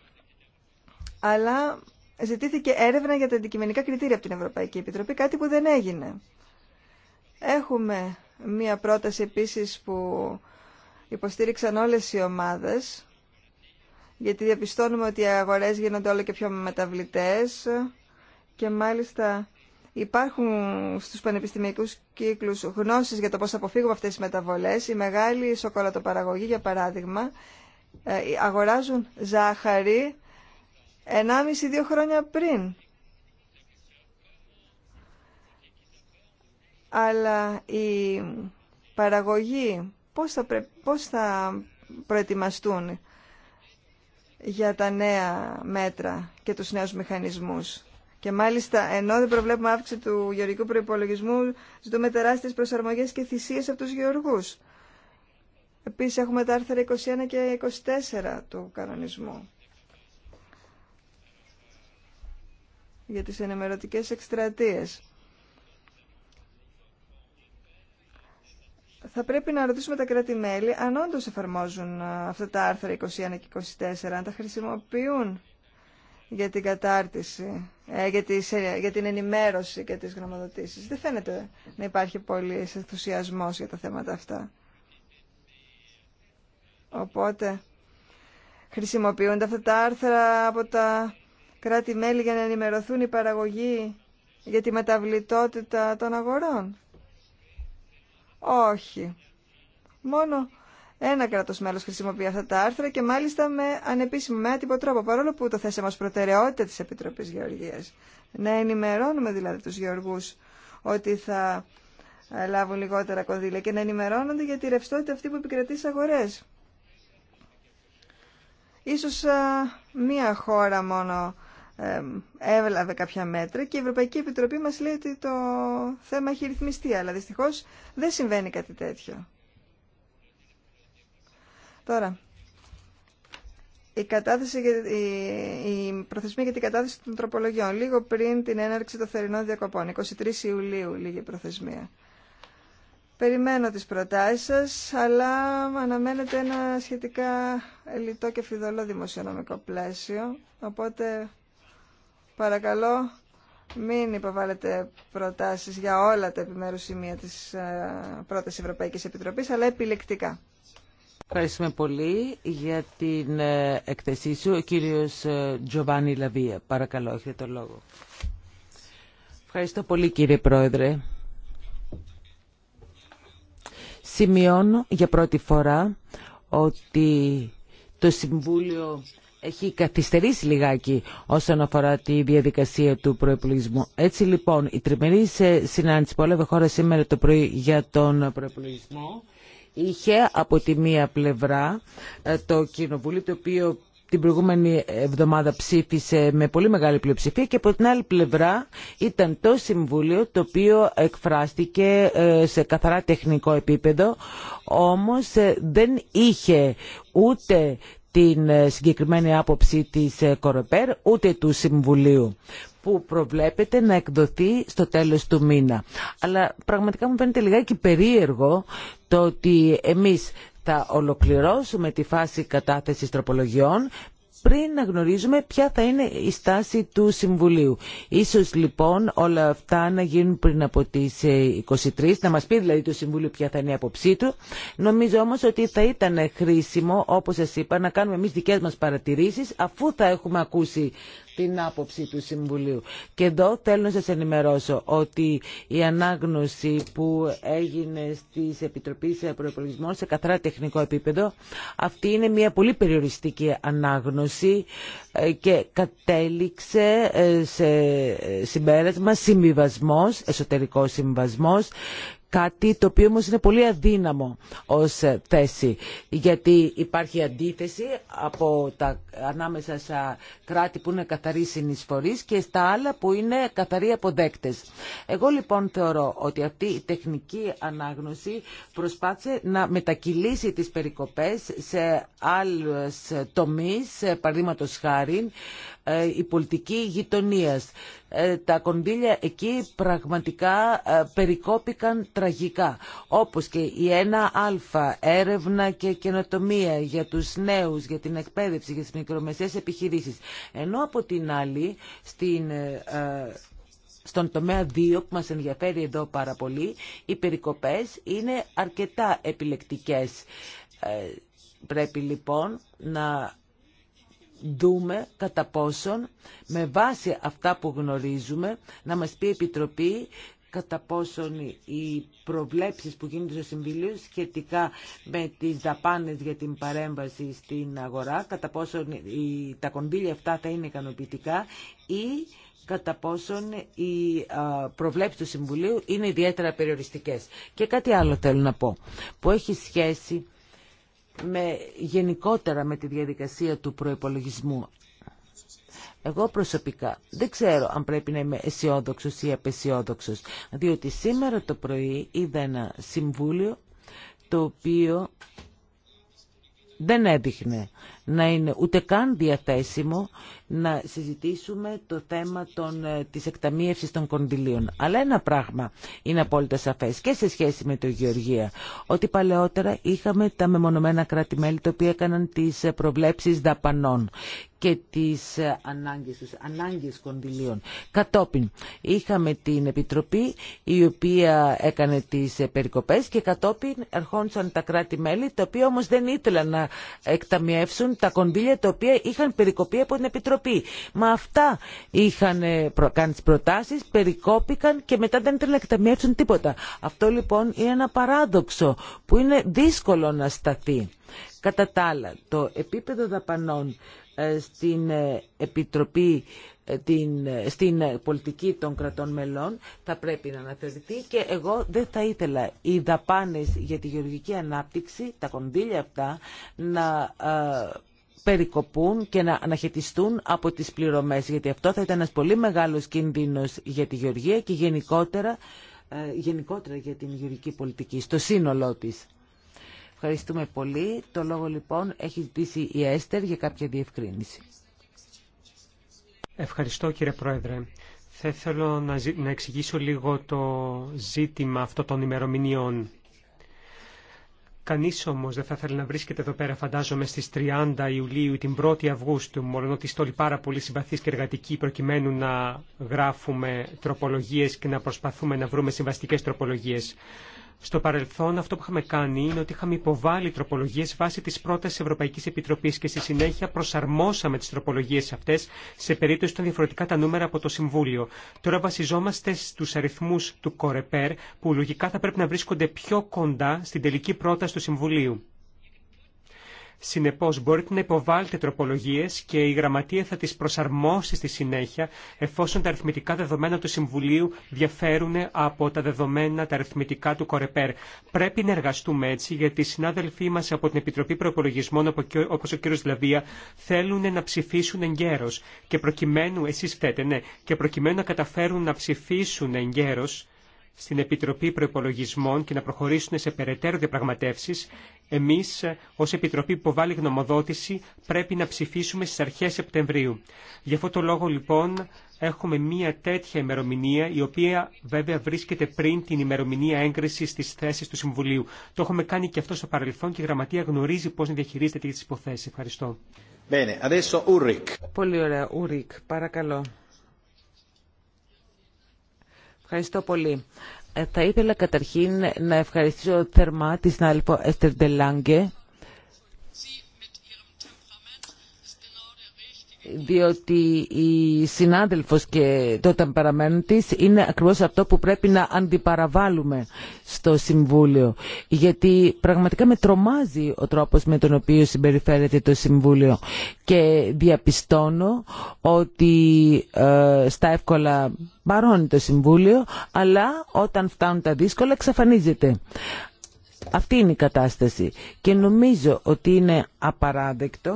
αλλά ζητήθηκε έρευνα για τα αντικειμενικά κριτήρια από την Ευρωπαϊκή Επιτροπή, κάτι που δεν έγινε. Έχουμε μία πρόταση επίσης που υποστήριξαν όλες οι ομάδες, γιατί διαπιστώνουμε ότι οι αγορές γίνονται όλο και πιο μεταβλητές και μάλιστα υπάρχουν στους πανεπιστημιακούς κύκλους γνώσεις για το πώς αποφύγουμε αυτές τις μεταβολές. Οι μεγάλοι σοκολατοπαραγωγοί, για παράδειγμα, ε, αγοράζουν ζάχαρη 1,5-2 χρόνια πριν αλλά η παραγωγή πώς θα, προετοιμαστούν για τα νέα μέτρα και τους νέους μηχανισμούς. Και μάλιστα, ενώ δεν προβλέπουμε αύξηση του γεωργικού προϋπολογισμού, ζητούμε τεράστιες προσαρμογές και θυσίες από τους γεωργούς. Επίσης, έχουμε τα άρθρα 21 και 24 του κανονισμού. Για τις ενημερωτικές εκστρατείες. θα πρέπει να ρωτήσουμε τα κράτη-μέλη αν όντω εφαρμόζουν ε, αυτά τα άρθρα 21 και 24, αν τα χρησιμοποιούν για την κατάρτιση, ε, ε, για, την ενημέρωση και τις γνωμοδοτήσεις. Δεν φαίνεται να υπάρχει πολύ ενθουσιασμός για τα θέματα αυτά. Οπότε χρησιμοποιούνται αυτά τα άρθρα από τα κράτη-μέλη για να ενημερωθούν οι παραγωγοί για τη μεταβλητότητα των αγορών. Όχι. Μόνο ένα κράτο μέλο χρησιμοποιεί αυτά τα άρθρα και μάλιστα με ανεπίσημο, με άτυπο τρόπο, παρόλο που το θέσαμε ω προτεραιότητα τη Επιτροπή Γεωργίας. Να ενημερώνουμε δηλαδή τους γεωργού ότι θα ε, λάβουν λιγότερα κονδύλια και να ενημερώνονται για τη ρευστότητα αυτή που επικρατεί στι αγορές. Ίσως ε, μία χώρα μόνο έβλαβε κάποια μέτρα και η Ευρωπαϊκή Επιτροπή μας λέει ότι το θέμα έχει ρυθμιστεί, αλλά δυστυχώς δεν συμβαίνει κάτι τέτοιο. Τώρα, η, κατάθεση, η προθεσμία για την κατάθεση των τροπολογιών, λίγο πριν την έναρξη των θερινών διακοπών, 23 Ιουλίου λίγη προθεσμία. Περιμένω τις προτάσεις σας, αλλά αναμένεται ένα σχετικά λιτό και φιδωλό δημοσιονομικό πλαίσιο, οπότε Παρακαλώ μην υποβάλλετε προτάσεις για όλα τα επιμέρους σημεία της ε, πρώτης Ευρωπαϊκής Επιτροπής, αλλά επιλεκτικά. Ευχαριστούμε πολύ για την ε, εκθεσή σου. Ο κύριος ε, Τζοβάνι Λαβία, παρακαλώ, έχετε το λόγο. Ευχαριστώ πολύ κύριε Πρόεδρε. Σημειώνω για πρώτη φορά ότι το Συμβούλιο έχει καθυστερήσει λιγάκι όσον αφορά τη διαδικασία του προεπλογισμού. Έτσι λοιπόν, η τριμερή συνάντηση που έλαβε χώρα σήμερα το πρωί για τον προεπλογισμό είχε από τη μία πλευρά ε, το κοινοβούλιο το οποίο την προηγούμενη εβδομάδα ψήφισε με πολύ μεγάλη πλειοψηφία και από την άλλη πλευρά ήταν το Συμβούλιο το οποίο εκφράστηκε ε, σε καθαρά τεχνικό επίπεδο όμως ε, δεν είχε ούτε την ε, συγκεκριμένη άποψη της ε, Κοροπέρ ούτε του Συμβουλίου που προβλέπεται να εκδοθεί στο τέλος του μήνα. Αλλά πραγματικά μου φαίνεται λιγάκι περίεργο το ότι εμείς θα ολοκληρώσουμε τη φάση κατάθεσης τροπολογιών πριν να γνωρίζουμε ποια θα είναι η στάση του Συμβουλίου. Ίσως λοιπόν όλα αυτά να γίνουν πριν από τις 23, ε, να μας πει δηλαδή το Συμβούλιο ποια θα είναι η απόψή του. Νομίζω όμως ότι θα ήταν χρήσιμο, όπως σας είπα, να κάνουμε εμείς δικές μας παρατηρήσεις, αφού θα έχουμε ακούσει την άποψη του Συμβουλίου. Και εδώ θέλω να σας ενημερώσω ότι η ανάγνωση που έγινε στις επιτροπές Προεπολογισμών σε καθαρά τεχνικό επίπεδο, αυτή είναι μια πολύ περιοριστική ανάγνωση ε, και κατέληξε ε, σε ε, συμπέρασμα συμβιβασμός, εσωτερικός συμβασμός κάτι το οποίο όμως είναι πολύ αδύναμο ως θέση γιατί υπάρχει αντίθεση από τα, ανάμεσα στα κράτη που είναι καθαροί συνεισφορείς και στα άλλα που είναι καθαροί αποδέκτες. Εγώ λοιπόν θεωρώ ότι αυτή η τεχνική ανάγνωση προσπάθησε να μετακυλήσει τις περικοπές σε άλλες τομείς, παραδείγματο χάρη ε, η πολιτική γειτονία. Ε, τα κονδύλια εκεί πραγματικά ε, περικόπηκαν τραγικά. Όπως και η 1α, έρευνα και καινοτομία για τους νέους, για την εκπαίδευση, για τις μικρομεσαίες επιχειρήσεις. Ενώ από την άλλη, στην στον τομέα 2 που μας ενδιαφέρει εδώ πάρα πολύ, οι περικοπές είναι αρκετά επιλεκτικές. πρέπει λοιπόν να δούμε κατά πόσον με βάση αυτά που γνωρίζουμε να μας πει η Επιτροπή κατά πόσον οι προβλέψεις που γίνονται στο Συμβουλίο σχετικά με τις δαπάνες για την παρέμβαση στην αγορά, κατά πόσον τα κονδύλια αυτά θα είναι ικανοποιητικά ή κατά πόσον οι προβλέψεις του Συμβουλίου είναι ιδιαίτερα περιοριστικές. Και κάτι άλλο θέλω να πω, που έχει σχέση με, γενικότερα με τη διαδικασία του προϋπολογισμού. Εγώ προσωπικά δεν ξέρω αν πρέπει να είμαι αισιόδοξο ή απεσιόδοξο, διότι σήμερα το πρωί είδα ένα συμβούλιο το οποίο δεν έδειχνε να είναι ούτε καν διαθέσιμο να συζητήσουμε το θέμα των, ε, της εκταμίευσης των κονδυλίων. Αλλά ένα πράγμα είναι απόλυτα σαφές και σε σχέση με το Γεωργία, ότι παλαιότερα είχαμε τα μεμονωμένα κράτη-μέλη τα οποία έκαναν τις προβλέψεις δαπανών και τις ε, ανάγκες τους, ανάγκες κονδυλίων. Κατόπιν είχαμε την Επιτροπή η οποία έκανε τις ε, περικοπές και κατόπιν ερχόντουσαν τα κράτη-μέλη τα οποία όμως δεν ήθελαν να εκταμιεύσουν τα κονδύλια τα οποία είχαν περικοπεί από την Επιτροπή. Μα αυτά είχαν ε, κάνει τι προτάσει, περικόπηκαν και μετά δεν ήθελαν να εκταμιεύσουν τίποτα. Αυτό λοιπόν είναι ένα παράδοξο που είναι δύσκολο να σταθεί. Κατά τα άλλα, το επίπεδο δαπανών ε, στην ε, Επιτροπή την, στην πολιτική των κρατών μελών θα πρέπει να αναθεωρηθεί και εγώ δεν θα ήθελα οι δαπάνες για τη γεωργική ανάπτυξη, τα κονδύλια αυτά, να περικοπούν και να αναχαιτιστούν από τις πληρωμές. Γιατί αυτό θα ήταν ένας πολύ μεγάλος κίνδυνος για τη Γεωργία και γενικότερα, ε, γενικότερα για την γεωργική πολιτική, στο σύνολό της. Ευχαριστούμε πολύ. Το λόγο λοιπόν έχει ζητήσει η Έστερ για κάποια διευκρίνηση. Ευχαριστώ κύριε Πρόεδρε. Θα ήθελα να εξηγήσω λίγο το ζήτημα αυτών των ημερομηνιών. Κανείς όμως δεν θα θέλει να βρίσκεται εδώ πέρα φαντάζομαι στι 30 Ιουλίου ή την 1η Αυγούστου μόνο ότι είστε όλοι πάρα πολύ συμπαθεί και εργατικοί προκειμένου να γράφουμε τροπολογίες και να προσπαθούμε να βρούμε συμβαστικέ τροπολογίες. Στο παρελθόν αυτό που είχαμε κάνει είναι ότι είχαμε υποβάλει τροπολογίε βάσει τη πρόταση Ευρωπαϊκή Επιτροπή και στη συνέχεια προσαρμόσαμε τι τροπολογίε αυτέ σε περίπτωση των διαφορετικά τα νούμερα από το Συμβούλιο. Τώρα βασιζόμαστε στου αριθμού του Κορεπέρ που λογικά θα πρέπει να βρίσκονται πιο κοντά στην τελική πρόταση του Συμβουλίου. Συνεπώς μπορείτε να υποβάλλετε τροπολογίες και η Γραμματεία θα τις προσαρμόσει στη συνέχεια εφόσον τα αριθμητικά δεδομένα του Συμβουλίου διαφέρουν από τα δεδομένα τα αριθμητικά του Κορεπέρ. Πρέπει να εργαστούμε έτσι γιατί οι συνάδελφοί μας από την Επιτροπή Προπολογισμών όπως ο κ. Λαβία θέλουν να ψηφίσουν εγκαίρως και προκειμένου, εσείς φταίτε, ναι, και προκειμένου να καταφέρουν να ψηφίσουν εγκαίρως στην Επιτροπή Προπολογισμών και να προχωρήσουν σε περαιτέρω διαπραγματεύσει, εμείς ως Επιτροπή που βάλει γνωμοδότηση πρέπει να ψηφίσουμε στις αρχές Σεπτεμβρίου. Γι' αυτό το λόγο λοιπόν έχουμε μία τέτοια ημερομηνία η οποία βέβαια βρίσκεται πριν την ημερομηνία έγκριση της θέση του Συμβουλίου. Το έχουμε κάνει και αυτό στο παρελθόν και η Γραμματεία γνωρίζει πώς να διαχειρίζεται τις υποθέσεις. Ευχαριστώ. Bene, adesso Ulrich. Ευχαριστώ θα ήθελα καταρχήν να ευχαριστήσω θερμά τη συνάδελφο Έστερ Ντελάγκε διότι η συνάδελφος και το ταμπεραμένο της είναι ακριβώς αυτό που πρέπει να αντιπαραβάλουμε στο Συμβούλιο. Γιατί πραγματικά με τρομάζει ο τρόπος με τον οποίο συμπεριφέρεται το Συμβούλιο. Και διαπιστώνω ότι ε, στα εύκολα παρώνει το Συμβούλιο, αλλά όταν φτάνουν τα δύσκολα εξαφανίζεται. Αυτή είναι η κατάσταση. Και νομίζω ότι είναι απαράδεκτο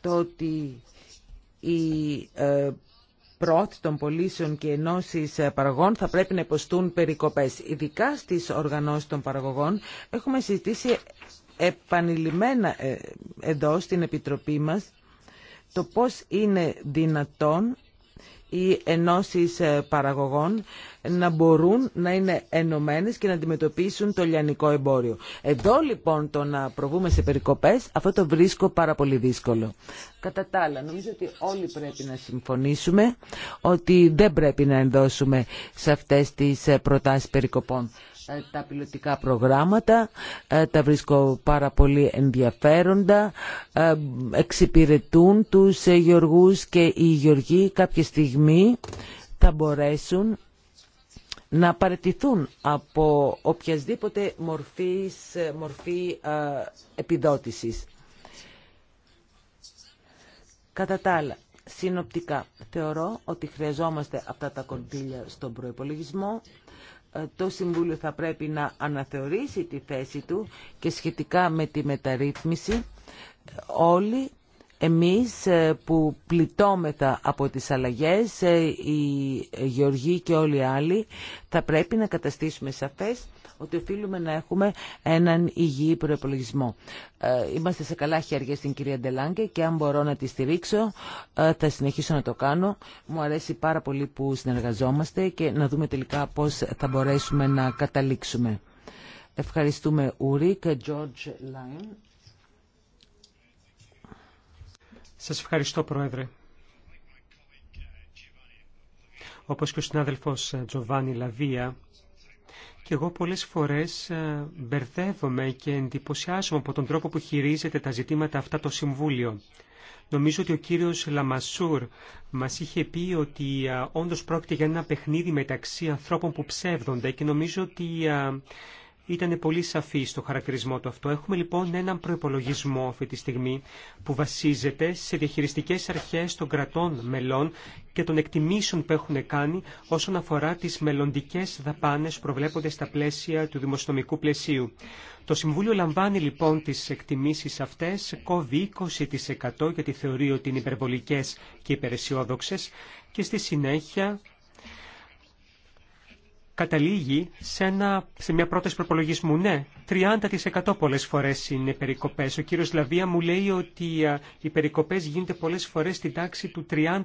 το ότι οι ε, πρόοδοι των πωλήσεων και ενώσει ε, παραγωγών θα πρέπει να υποστούν περικοπές. Ειδικά στις οργανώσεις των παραγωγών έχουμε συζητήσει επανειλημμένα ε, εδώ στην Επιτροπή μας το πώς είναι δυνατόν οι ενώσεις ε, παραγωγών να μπορούν να είναι ενωμένες και να αντιμετωπίσουν το λιανικό εμπόριο. Εδώ λοιπόν το να προβούμε σε περικοπές, αυτό το βρίσκω πάρα πολύ δύσκολο. Κατά τα άλλα, νομίζω ότι όλοι πρέπει να συμφωνήσουμε ότι δεν πρέπει να ενδώσουμε σε αυτές τις ε, προτάσεις περικοπών. Ε, τα πιλωτικά προγράμματα, ε, τα βρίσκω πάρα πολύ ενδιαφέροντα, ε, εξυπηρετούν τους γεωργούς και οι γεωργοί κάποια στιγμή θα μπορέσουν να παραιτηθούν από οποιασδήποτε μορφής, μορφή επιδότησης. Κατά τα άλλα, συνοπτικά θεωρώ ότι χρειαζόμαστε αυτά τα κοντήλια στον προϋπολογισμό ε, το Συμβούλιο θα πρέπει να αναθεωρήσει τη θέση του και σχετικά με τη μεταρρύθμιση όλοι εμείς ε, που πληττόμεθα από τις αλλαγές, η ε, Γεωργοί και όλοι οι άλλοι, θα πρέπει να καταστήσουμε σαφές ότι οφείλουμε να έχουμε έναν υγιή προπολογισμό. Ε, είμαστε σε καλά χέρια στην κυρία Ντελάνκε και αν μπορώ να τη στηρίξω ε, θα συνεχίσω να το κάνω. Μου αρέσει πάρα πολύ που συνεργαζόμαστε και να δούμε τελικά πώς θα μπορέσουμε να καταλήξουμε. Ευχαριστούμε Ουρίκ, George Λάιν. Σας ευχαριστώ Πρόεδρε. Όπως και ο συνάδελφος Τζοβάνι ε, Λαβία, και εγώ πολλές φορές ε, μπερδεύομαι και εντυπωσιάζομαι από τον τρόπο που χειρίζεται τα ζητήματα αυτά το Συμβούλιο. Νομίζω ότι ο κύριος Λαμασούρ μας είχε πει ότι α, ε, όντως πρόκειται για ένα παιχνίδι μεταξύ ανθρώπων που ψεύδονται και νομίζω ότι α, ε, ήταν πολύ σαφή στο χαρακτηρισμό του αυτό. Έχουμε λοιπόν έναν προπολογισμό αυτή τη στιγμή που βασίζεται σε διαχειριστικέ αρχέ των κρατών μελών και των εκτιμήσεων που έχουν κάνει όσον αφορά τι μελλοντικέ δαπάνε που προβλέπονται στα πλαίσια του δημοσιονομικού πλαισίου. Το Συμβούλιο λαμβάνει λοιπόν τι εκτιμήσει αυτέ, κόβει 20% γιατί θεωρεί ότι είναι υπερβολικέ και υπεραισιόδοξε και στη συνέχεια καταλήγει σε, ένα, σε μια πρόταση προπολογισμού. Ναι, 30% πολλέ φορέ είναι περικοπέ. Ο κύριο Λαβία μου λέει ότι οι περικοπές γίνονται πολλέ φορέ στην τάξη του 30%.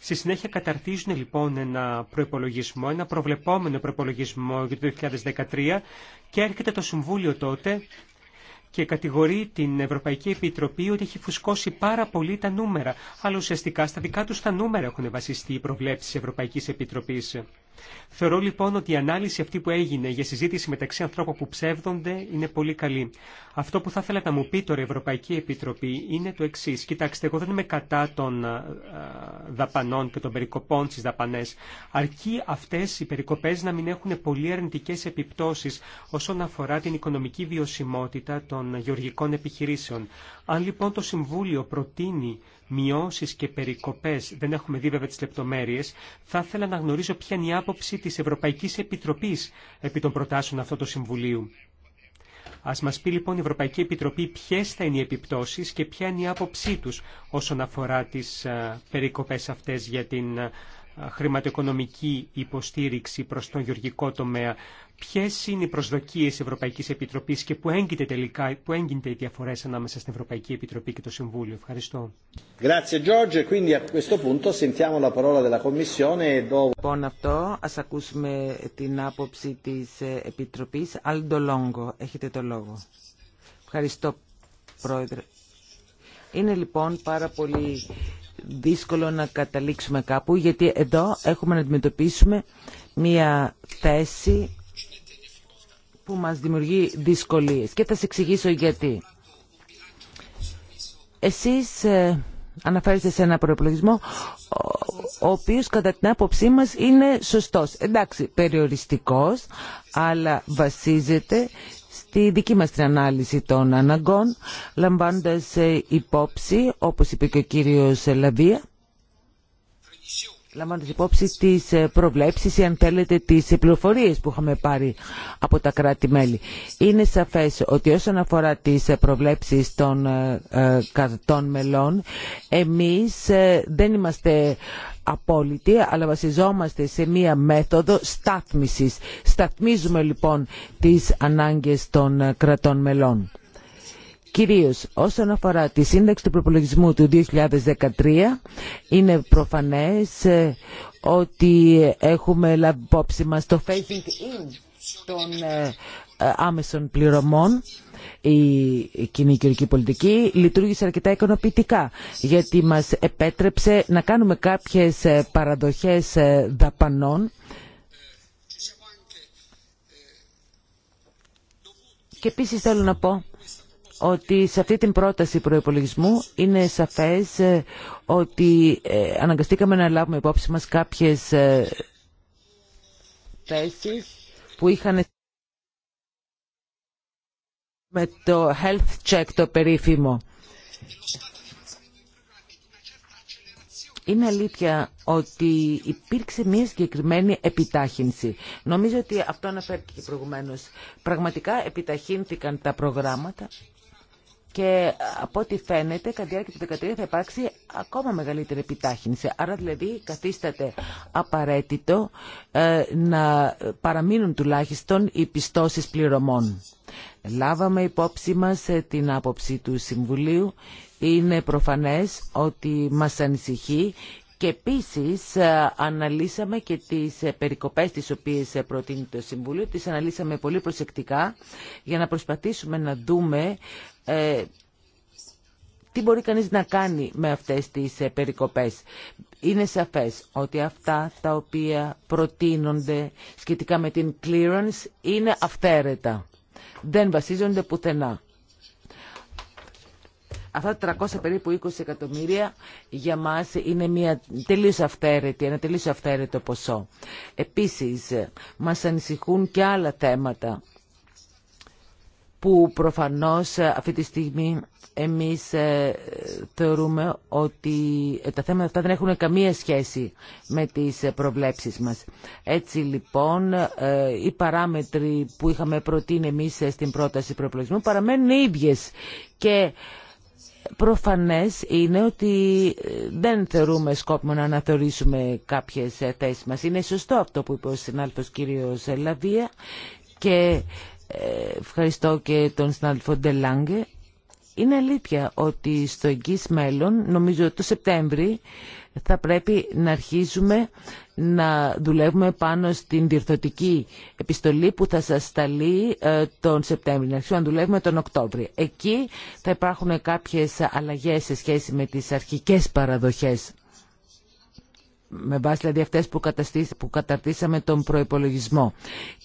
Στη συνέχεια καταρτίζουν λοιπόν ένα προπολογισμό, ένα προβλεπόμενο προπολογισμό για το 2013 και έρχεται το Συμβούλιο τότε και κατηγορεί την Ευρωπαϊκή Επιτροπή ότι έχει φουσκώσει πάρα πολύ τα νούμερα. Αλλά ουσιαστικά στα δικά του τα νούμερα έχουν βασιστεί οι προβλέψει τη Ευρωπαϊκή Επιτροπή. Θεωρώ λοιπόν ότι η ανάλυση αυτή που έγινε για συζήτηση μεταξύ ανθρώπων που ψεύδονται είναι πολύ καλή. Αυτό που θα ήθελα να μου πει τώρα η Ευρωπαϊκή Επιτροπή είναι το εξή. Κοιτάξτε, εγώ δεν είμαι κατά των ε, δαπανών και των περικοπών στι δαπανέ. Αρκεί αυτέ οι περικοπέ να μην έχουν πολύ αρνητικέ επιπτώσει όσον αφορά την οικονομική βιωσιμότητα των γεωργικών επιχειρήσεων. Αν λοιπόν το Συμβούλιο προτείνει μειώσεις και περικοπές, δεν έχουμε δει βέβαια τις λεπτομέρειες, θα ήθελα να γνωρίζω ποια είναι η άποψη της Ευρωπαϊκής Επιτροπής επί των προτάσεων αυτού του Συμβουλίου. Ας μας πει λοιπόν η Ευρωπαϊκή Επιτροπή ποιες θα είναι οι επιπτώσεις και ποια είναι η άποψή τους όσον αφορά τις ε, περικοπές αυτές για την ε, χρηματοοικονομική υποστήριξη προς τον γεωργικό τομέα. Ποιε είναι οι προσδοκίε Ευρωπαϊκής Ευρωπαϊκή Επιτροπή και πού έγκυται τελικά που έγκυνται οι διαφορέ ανάμεσα στην Ευρωπαϊκή Επιτροπή και το Συμβούλιο. Ευχαριστώ. Λοιπόν, αυτό α ακούσουμε την άποψη τη ε, Επιτροπή. Αλντολόγκο, έχετε το λόγο. Ευχαριστώ, Πρόεδρε. Είναι λοιπόν πάρα πολύ δύσκολο να καταλήξουμε κάπου, γιατί εδώ έχουμε να αντιμετωπίσουμε μία θέση που μας δημιουργεί δυσκολίες και θα σε εξηγήσω γιατί. Εσείς ε, αναφέρεστε σε ένα προεπλογισμό ο οποίος κατά την άποψή μας είναι σωστός. Εντάξει, περιοριστικός, αλλά βασίζεται στη δική μας την ανάλυση των αναγκών, λαμβάνοντας ε, υπόψη, όπως είπε και ο κύριος Λαβία, λαμβάνοντας υπόψη τις ε, προβλέψεις ή αν θέλετε τις ε, πληροφορίες που είχαμε πάρει από τα κράτη-μέλη. Είναι σαφές ότι όσον αφορά τις ε, προβλέψεις των κρατών μελών, εμείς δεν είμαστε απόλυτοι, αλλά βασιζόμαστε σε μία μέθοδο στάθμισης. Σταθμίζουμε λοιπόν τις ανάγκες των κρατών μελών. Κυρίως όσον αφορά τη σύνταξη του προπολογισμού του 2013 είναι προφανές ε, ότι έχουμε λάβει υπόψη μας το phasing in των ε, ε, άμεσων πληρωμών η κοινή κυρική πολιτική λειτουργήσε αρκετά ικανοποιητικά γιατί μας επέτρεψε να κάνουμε κάποιες παραδοχές δαπανών και επίσης θέλω να πω ότι σε αυτή την πρόταση προϋπολογισμού είναι σαφές ε, ότι ε, αναγκαστήκαμε να λάβουμε υπόψη μας κάποιες ε, θέσεις που είχαν με το health check το περίφημο. Είναι αλήθεια ότι υπήρξε μια συγκεκριμένη επιτάχυνση. Νομίζω ότι αυτό αναφέρθηκε προηγουμένως. Πραγματικά επιταχύνθηκαν τα προγράμματα και από ό,τι φαίνεται, κατά τη διάρκεια του 2013 θα υπάρξει ακόμα μεγαλύτερη επιτάχυνση. Άρα δηλαδή καθίσταται απαραίτητο ε, να παραμείνουν τουλάχιστον οι πιστώσεις πληρωμών. Λάβαμε υπόψη μας ε, την άποψη του Συμβουλίου. Είναι προφανές ότι μας ανησυχεί και επίσης ε, αναλύσαμε και τις περικοπές τις οποίες προτείνει το Συμβούλιο, τις αναλύσαμε πολύ προσεκτικά για να προσπαθήσουμε να δούμε ε, τι μπορεί κανείς να κάνει με αυτές τις ε, περικοπές. Είναι σαφές ότι αυτά τα οποία προτείνονται σχετικά με την clearance είναι αυθαίρετα. Δεν βασίζονται πουθενά. Αυτά τα 300 περίπου 20 εκατομμύρια για μας είναι μια τελείως αυθαίρετη, ένα τελείως αυθαίρετο ποσό. Επίσης, μας ανησυχούν και άλλα θέματα που προφανώς ε, αυτή τη στιγμή εμείς ε, θεωρούμε ότι ε, τα θέματα αυτά δεν έχουν καμία σχέση με τις προβλέψεις μας. Έτσι λοιπόν οι παράμετροι που είχαμε προτείνει εμείς στην πρόταση προπολογισμού παραμένουν οι ίδιες και προφανές είναι ότι δεν θεωρούμε σκόπιμο να αναθεωρήσουμε κάποιες θέσεις μας. Είναι σωστό αυτό που είπε ο συνάδελφος κύριος Λαβία και ευχαριστώ και τον συνάδελφο Ντελάγκε. Είναι αλήθεια ότι στο εγγύς μέλλον, νομίζω το Σεπτέμβρη, θα πρέπει να αρχίσουμε να δουλεύουμε πάνω στην διορθωτική επιστολή που θα σας σταλεί ε, τον Σεπτέμβριο. Να αρχίσουμε να δουλεύουμε τον Οκτώβριο. Εκεί θα υπάρχουν κάποιες αλλαγές σε σχέση με τις αρχικές παραδοχές με βάση δηλαδή αυτές που, που καταρτήσαμε τον προϋπολογισμό.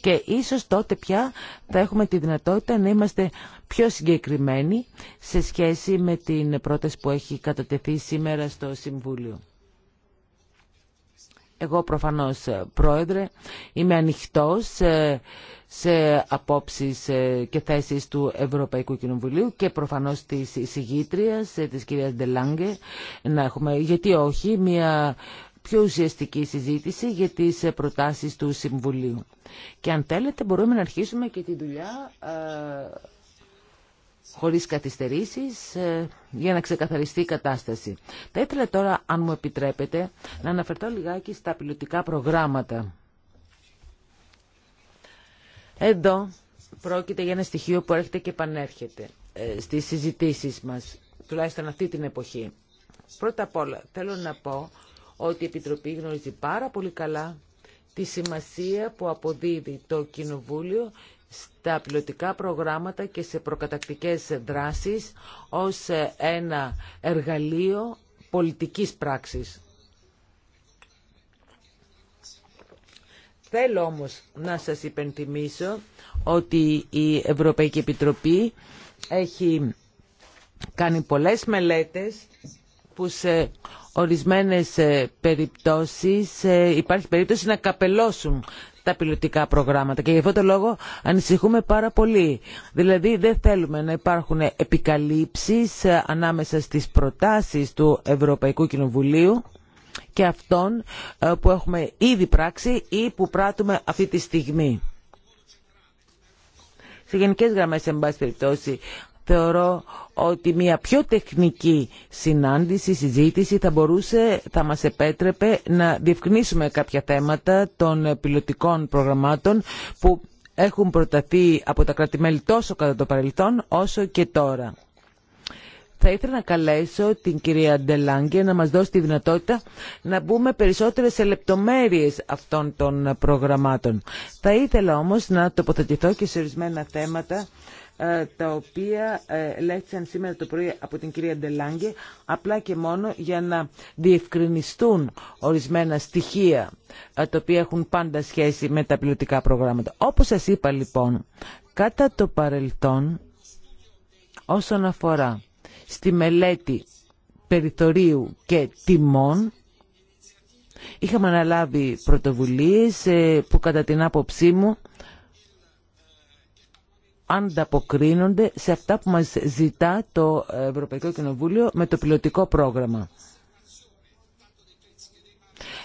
Και ίσως τότε πια θα έχουμε τη δυνατότητα να είμαστε πιο συγκεκριμένοι σε σχέση με την πρόταση που έχει κατατεθεί σήμερα στο Συμβούλιο. Εγώ προφανώς ε, πρόεδρε είμαι ανοιχτό σε, σε απόψεις ε, και θέσεις του Ευρωπαϊκού Κοινοβουλίου και προφανώς της εισηγήτριας, ε, της κυρίας Ντελάνγκε, να έχουμε, γιατί όχι, μια πιο ουσιαστική συζήτηση για τις ε, προτάσεις του Συμβουλίου. Και αν θέλετε μπορούμε να αρχίσουμε και τη δουλειά ε, χωρίς καθυστερήσεις ε, για να ξεκαθαριστεί η κατάσταση. Θα ήθελα τώρα, αν μου επιτρέπετε, να αναφερθώ λιγάκι στα πιλωτικά προγράμματα. Εδώ πρόκειται για ένα στοιχείο που έρχεται και επανέρχεται ε, στις συζητήσεις μας, τουλάχιστον αυτή την εποχή. Πρώτα απ' όλα θέλω να πω ότι η Επιτροπή γνωρίζει πάρα πολύ καλά τη σημασία που αποδίδει το Κοινοβούλιο στα πιλωτικά προγράμματα και σε προκατακτικές δράσεις ως ένα εργαλείο πολιτικής πράξης. Θέλω όμως να σας υπενθυμίσω ότι η Ευρωπαϊκή Επιτροπή έχει κάνει πολλές μελέτες που σε ορισμένες ε, περιπτώσεις ε, υπάρχει περίπτωση να καπελώσουν τα πιλωτικά προγράμματα και γι' αυτό το λόγο ανησυχούμε πάρα πολύ. Δηλαδή δεν θέλουμε να υπάρχουν επικαλύψεις ε, ανάμεσα στις προτάσεις του Ευρωπαϊκού Κοινοβουλίου και αυτών που έχουμε ήδη πράξει ή που πράττουμε αυτή τη στιγμή. Σε γενικέ γραμμές, εν πάση περιπτώσει, θεωρώ ότι μια πιο τεχνική συνάντηση, συζήτηση θα μπορούσε, θα μας επέτρεπε να διευκρινίσουμε κάποια θέματα των πιλωτικών προγραμμάτων που έχουν προταθεί από τα κρατημέλη τόσο κατά το παρελθόν όσο και τώρα. Θα ήθελα να καλέσω την κυρία Ντελάγκε να μας δώσει τη δυνατότητα να μπούμε περισσότερες σε λεπτομέρειες αυτών των προγραμμάτων. Θα ήθελα όμως να τοποθετηθώ και σε ορισμένα θέματα ε, τα οποία ε, λέχθησαν σήμερα το πρωί από την κυρία Ντελάγκε απλά και μόνο για να διευκρινιστούν ορισμένα στοιχεία ε, τα οποία έχουν πάντα σχέση με τα πιλωτικά προγράμματα. Όπως σας είπα λοιπόν, κατά το παρελθόν όσον αφορά στη μελέτη περιθωρίου και τιμών Είχαμε αναλάβει πρωτοβουλίες που κατά την άποψή μου ανταποκρίνονται σε αυτά που μας ζητά το Ευρωπαϊκό Κοινοβούλιο με το πιλωτικό πρόγραμμα.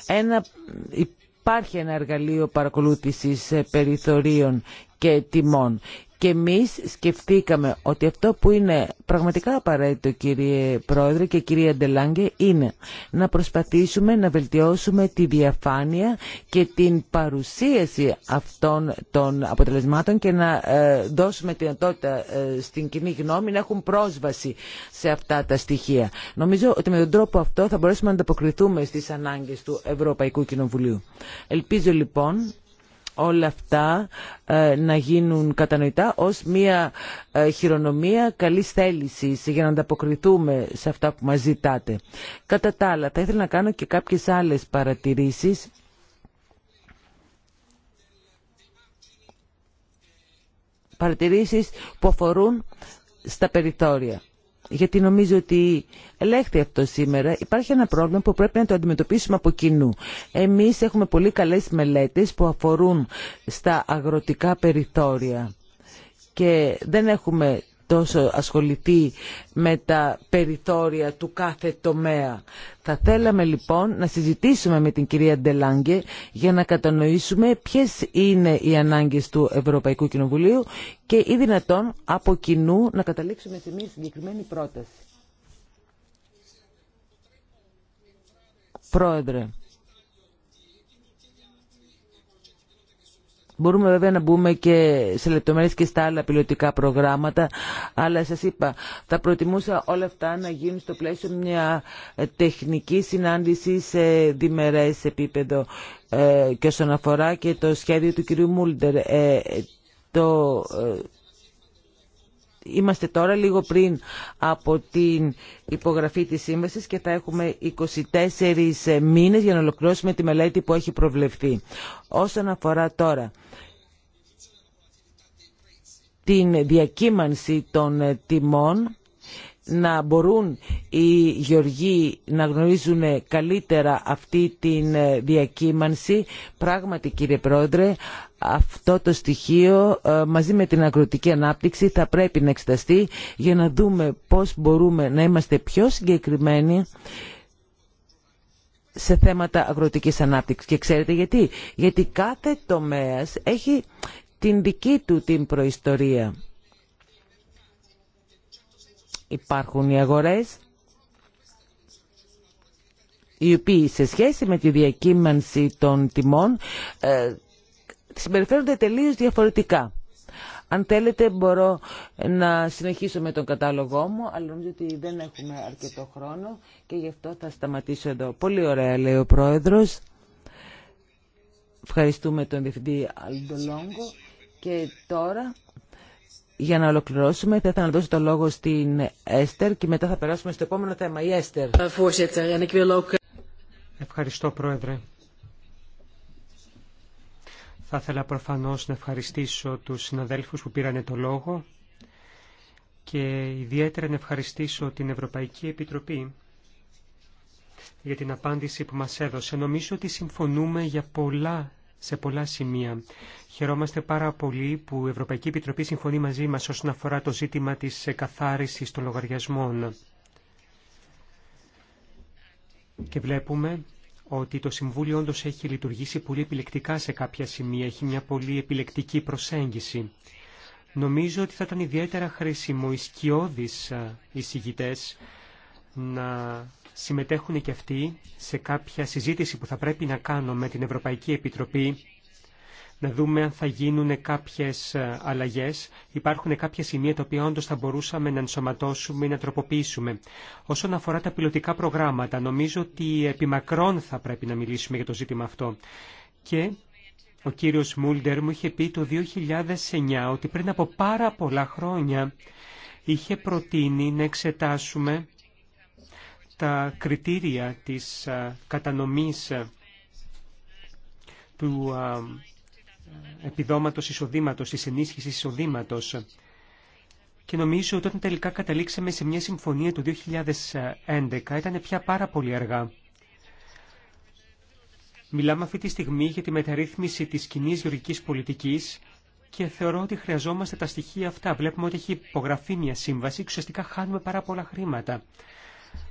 Ένα, υπάρχει ένα εργαλείο παρακολούθησης ε, περιθωρίων και τιμών και εμείς σκεφτήκαμε ότι αυτό που είναι πραγματικά απαραίτητο κύριε Πρόεδρε και κυρία Ντελάνγκε, είναι να προσπαθήσουμε να βελτιώσουμε τη διαφάνεια και την παρουσίαση αυτών των αποτελεσμάτων και να ε, δώσουμε τη δυνατότητα ε, στην κοινή γνώμη να έχουν πρόσβαση σε αυτά τα στοιχεία. Νομίζω ότι με τον τρόπο αυτό θα μπορέσουμε να ανταποκριθούμε στις ανάγκες του Ευρωπαϊκού Κοινοβουλίου. Ελπίζω λοιπόν όλα αυτά ε, να γίνουν κατανοητά ως μια ε, χειρονομία καλής θέλησης για να ανταποκριθούμε σε αυτά που μας ζητάτε. Κατά τα άλλα, θα ήθελα να κάνω και κάποιες άλλες παρατηρήσεις. Παρατηρήσεις που αφορούν στα περιθώρια γιατί νομίζω ότι ελέγχθη αυτό σήμερα, υπάρχει ένα πρόβλημα που πρέπει να το αντιμετωπίσουμε από κοινού. Εμείς έχουμε πολύ καλές μελέτες που αφορούν στα αγροτικά περιθώρια και δεν έχουμε τόσο ασχοληθεί με τα περιθώρια του κάθε τομέα. Θα θέλαμε λοιπόν να συζητήσουμε με την κυρία Ντελάνγκε για να κατανοήσουμε ποιες είναι οι ανάγκες του Ευρωπαϊκού Κοινοβουλίου και ή δυνατόν από κοινού να καταλήξουμε σε μια συγκεκριμένη πρόταση. Πρόεδρε, Μπορούμε βέβαια να μπούμε και σε λεπτομέρειες και στα άλλα πιλωτικά προγράμματα, αλλά σας είπα, θα προτιμούσα όλα αυτά να γίνουν στο πλαίσιο μια τεχνική συνάντηση σε διμερές επίπεδο ε, και όσον αφορά και το σχέδιο του κυρίου Μούλντερ. Ε, ε, το Είμαστε τώρα λίγο πριν από την υπογραφή της σύμβασης και θα έχουμε 24 μήνες για να ολοκληρώσουμε τη μελέτη που έχει προβλεφθεί. Όσον αφορά τώρα την διακύμανση των τιμών, να μπορούν οι γεωργοί να γνωρίζουν καλύτερα αυτή την διακύμανση. Πράγματι κύριε Πρόεδρε, αυτό το στοιχείο ε, μαζί με την αγροτική ανάπτυξη θα πρέπει να εξεταστεί για να δούμε πώς μπορούμε να είμαστε πιο συγκεκριμένοι σε θέματα αγροτικής ανάπτυξης. Και ξέρετε γιατί. Γιατί κάθε τομέας έχει την δική του την προϊστορία. Υπάρχουν οι αγορές οι οποίοι σε σχέση με τη διακύμανση των τιμών ε, συμπεριφέρονται τελείως διαφορετικά. Αν θέλετε μπορώ να συνεχίσω με τον κατάλογό μου, αλλά νομίζω ότι δεν έχουμε αρκετό χρόνο και γι' αυτό θα σταματήσω εδώ. Πολύ ωραία λέει ο Πρόεδρος. Ευχαριστούμε τον Διευθυντή Αλντολόγκο και τώρα... Για να ολοκληρώσουμε, θα ήθελα να δώσω το λόγο στην Έστερ και μετά θα περάσουμε στο επόμενο θέμα. Η Έστερ. Ευχαριστώ, Πρόεδρε. Θα ήθελα προφανώς να ευχαριστήσω τους συναδέλφους που πήραν το λόγο και ιδιαίτερα να ευχαριστήσω την Ευρωπαϊκή Επιτροπή για την απάντηση που μας έδωσε. Νομίζω ότι συμφωνούμε για πολλά, σε πολλά σημεία. Χαιρόμαστε πάρα πολύ που η Ευρωπαϊκή Επιτροπή συμφωνεί μαζί μας όσον αφορά το ζήτημα της καθάρισης των λογαριασμών. Και βλέπουμε ότι το Συμβούλιο όντω έχει λειτουργήσει πολύ επιλεκτικά σε κάποια σημεία, έχει μια πολύ επιλεκτική προσέγγιση. Νομίζω ότι θα ήταν ιδιαίτερα χρήσιμο οι σκιώδεις ε, εισηγητές να συμμετέχουν και αυτοί σε κάποια συζήτηση που θα πρέπει να κάνω με την Ευρωπαϊκή Επιτροπή να δούμε αν θα γίνουν κάποιες ε, αλλαγές. Υπάρχουν κάποια σημεία τα οποία όντως θα μπορούσαμε να ενσωματώσουμε ή να τροποποιήσουμε. Όσον αφορά τα πιλωτικά προγράμματα, νομίζω ότι επιμακρών θα πρέπει να μιλήσουμε για το ζήτημα αυτό. Και ο κύριος Μούλντερ μου είχε πει το 2009 ότι πριν από πάρα πολλά χρόνια είχε προτείνει να εξετάσουμε τα κριτήρια της ε, κατανομής ε, του επιδόματος εισοδήματος, της ενίσχυσης εισοδήματος. Και νομίζω ότι όταν τελικά καταλήξαμε σε μια συμφωνία το 2011 ήταν πια πάρα πολύ αργά. Μιλάμε αυτή τη στιγμή για τη μεταρρύθμιση της κοινή γεωργικής πολιτικής και θεωρώ ότι χρειαζόμαστε τα στοιχεία αυτά. Βλέπουμε ότι έχει υπογραφεί μια σύμβαση και ουσιαστικά χάνουμε πάρα πολλά χρήματα.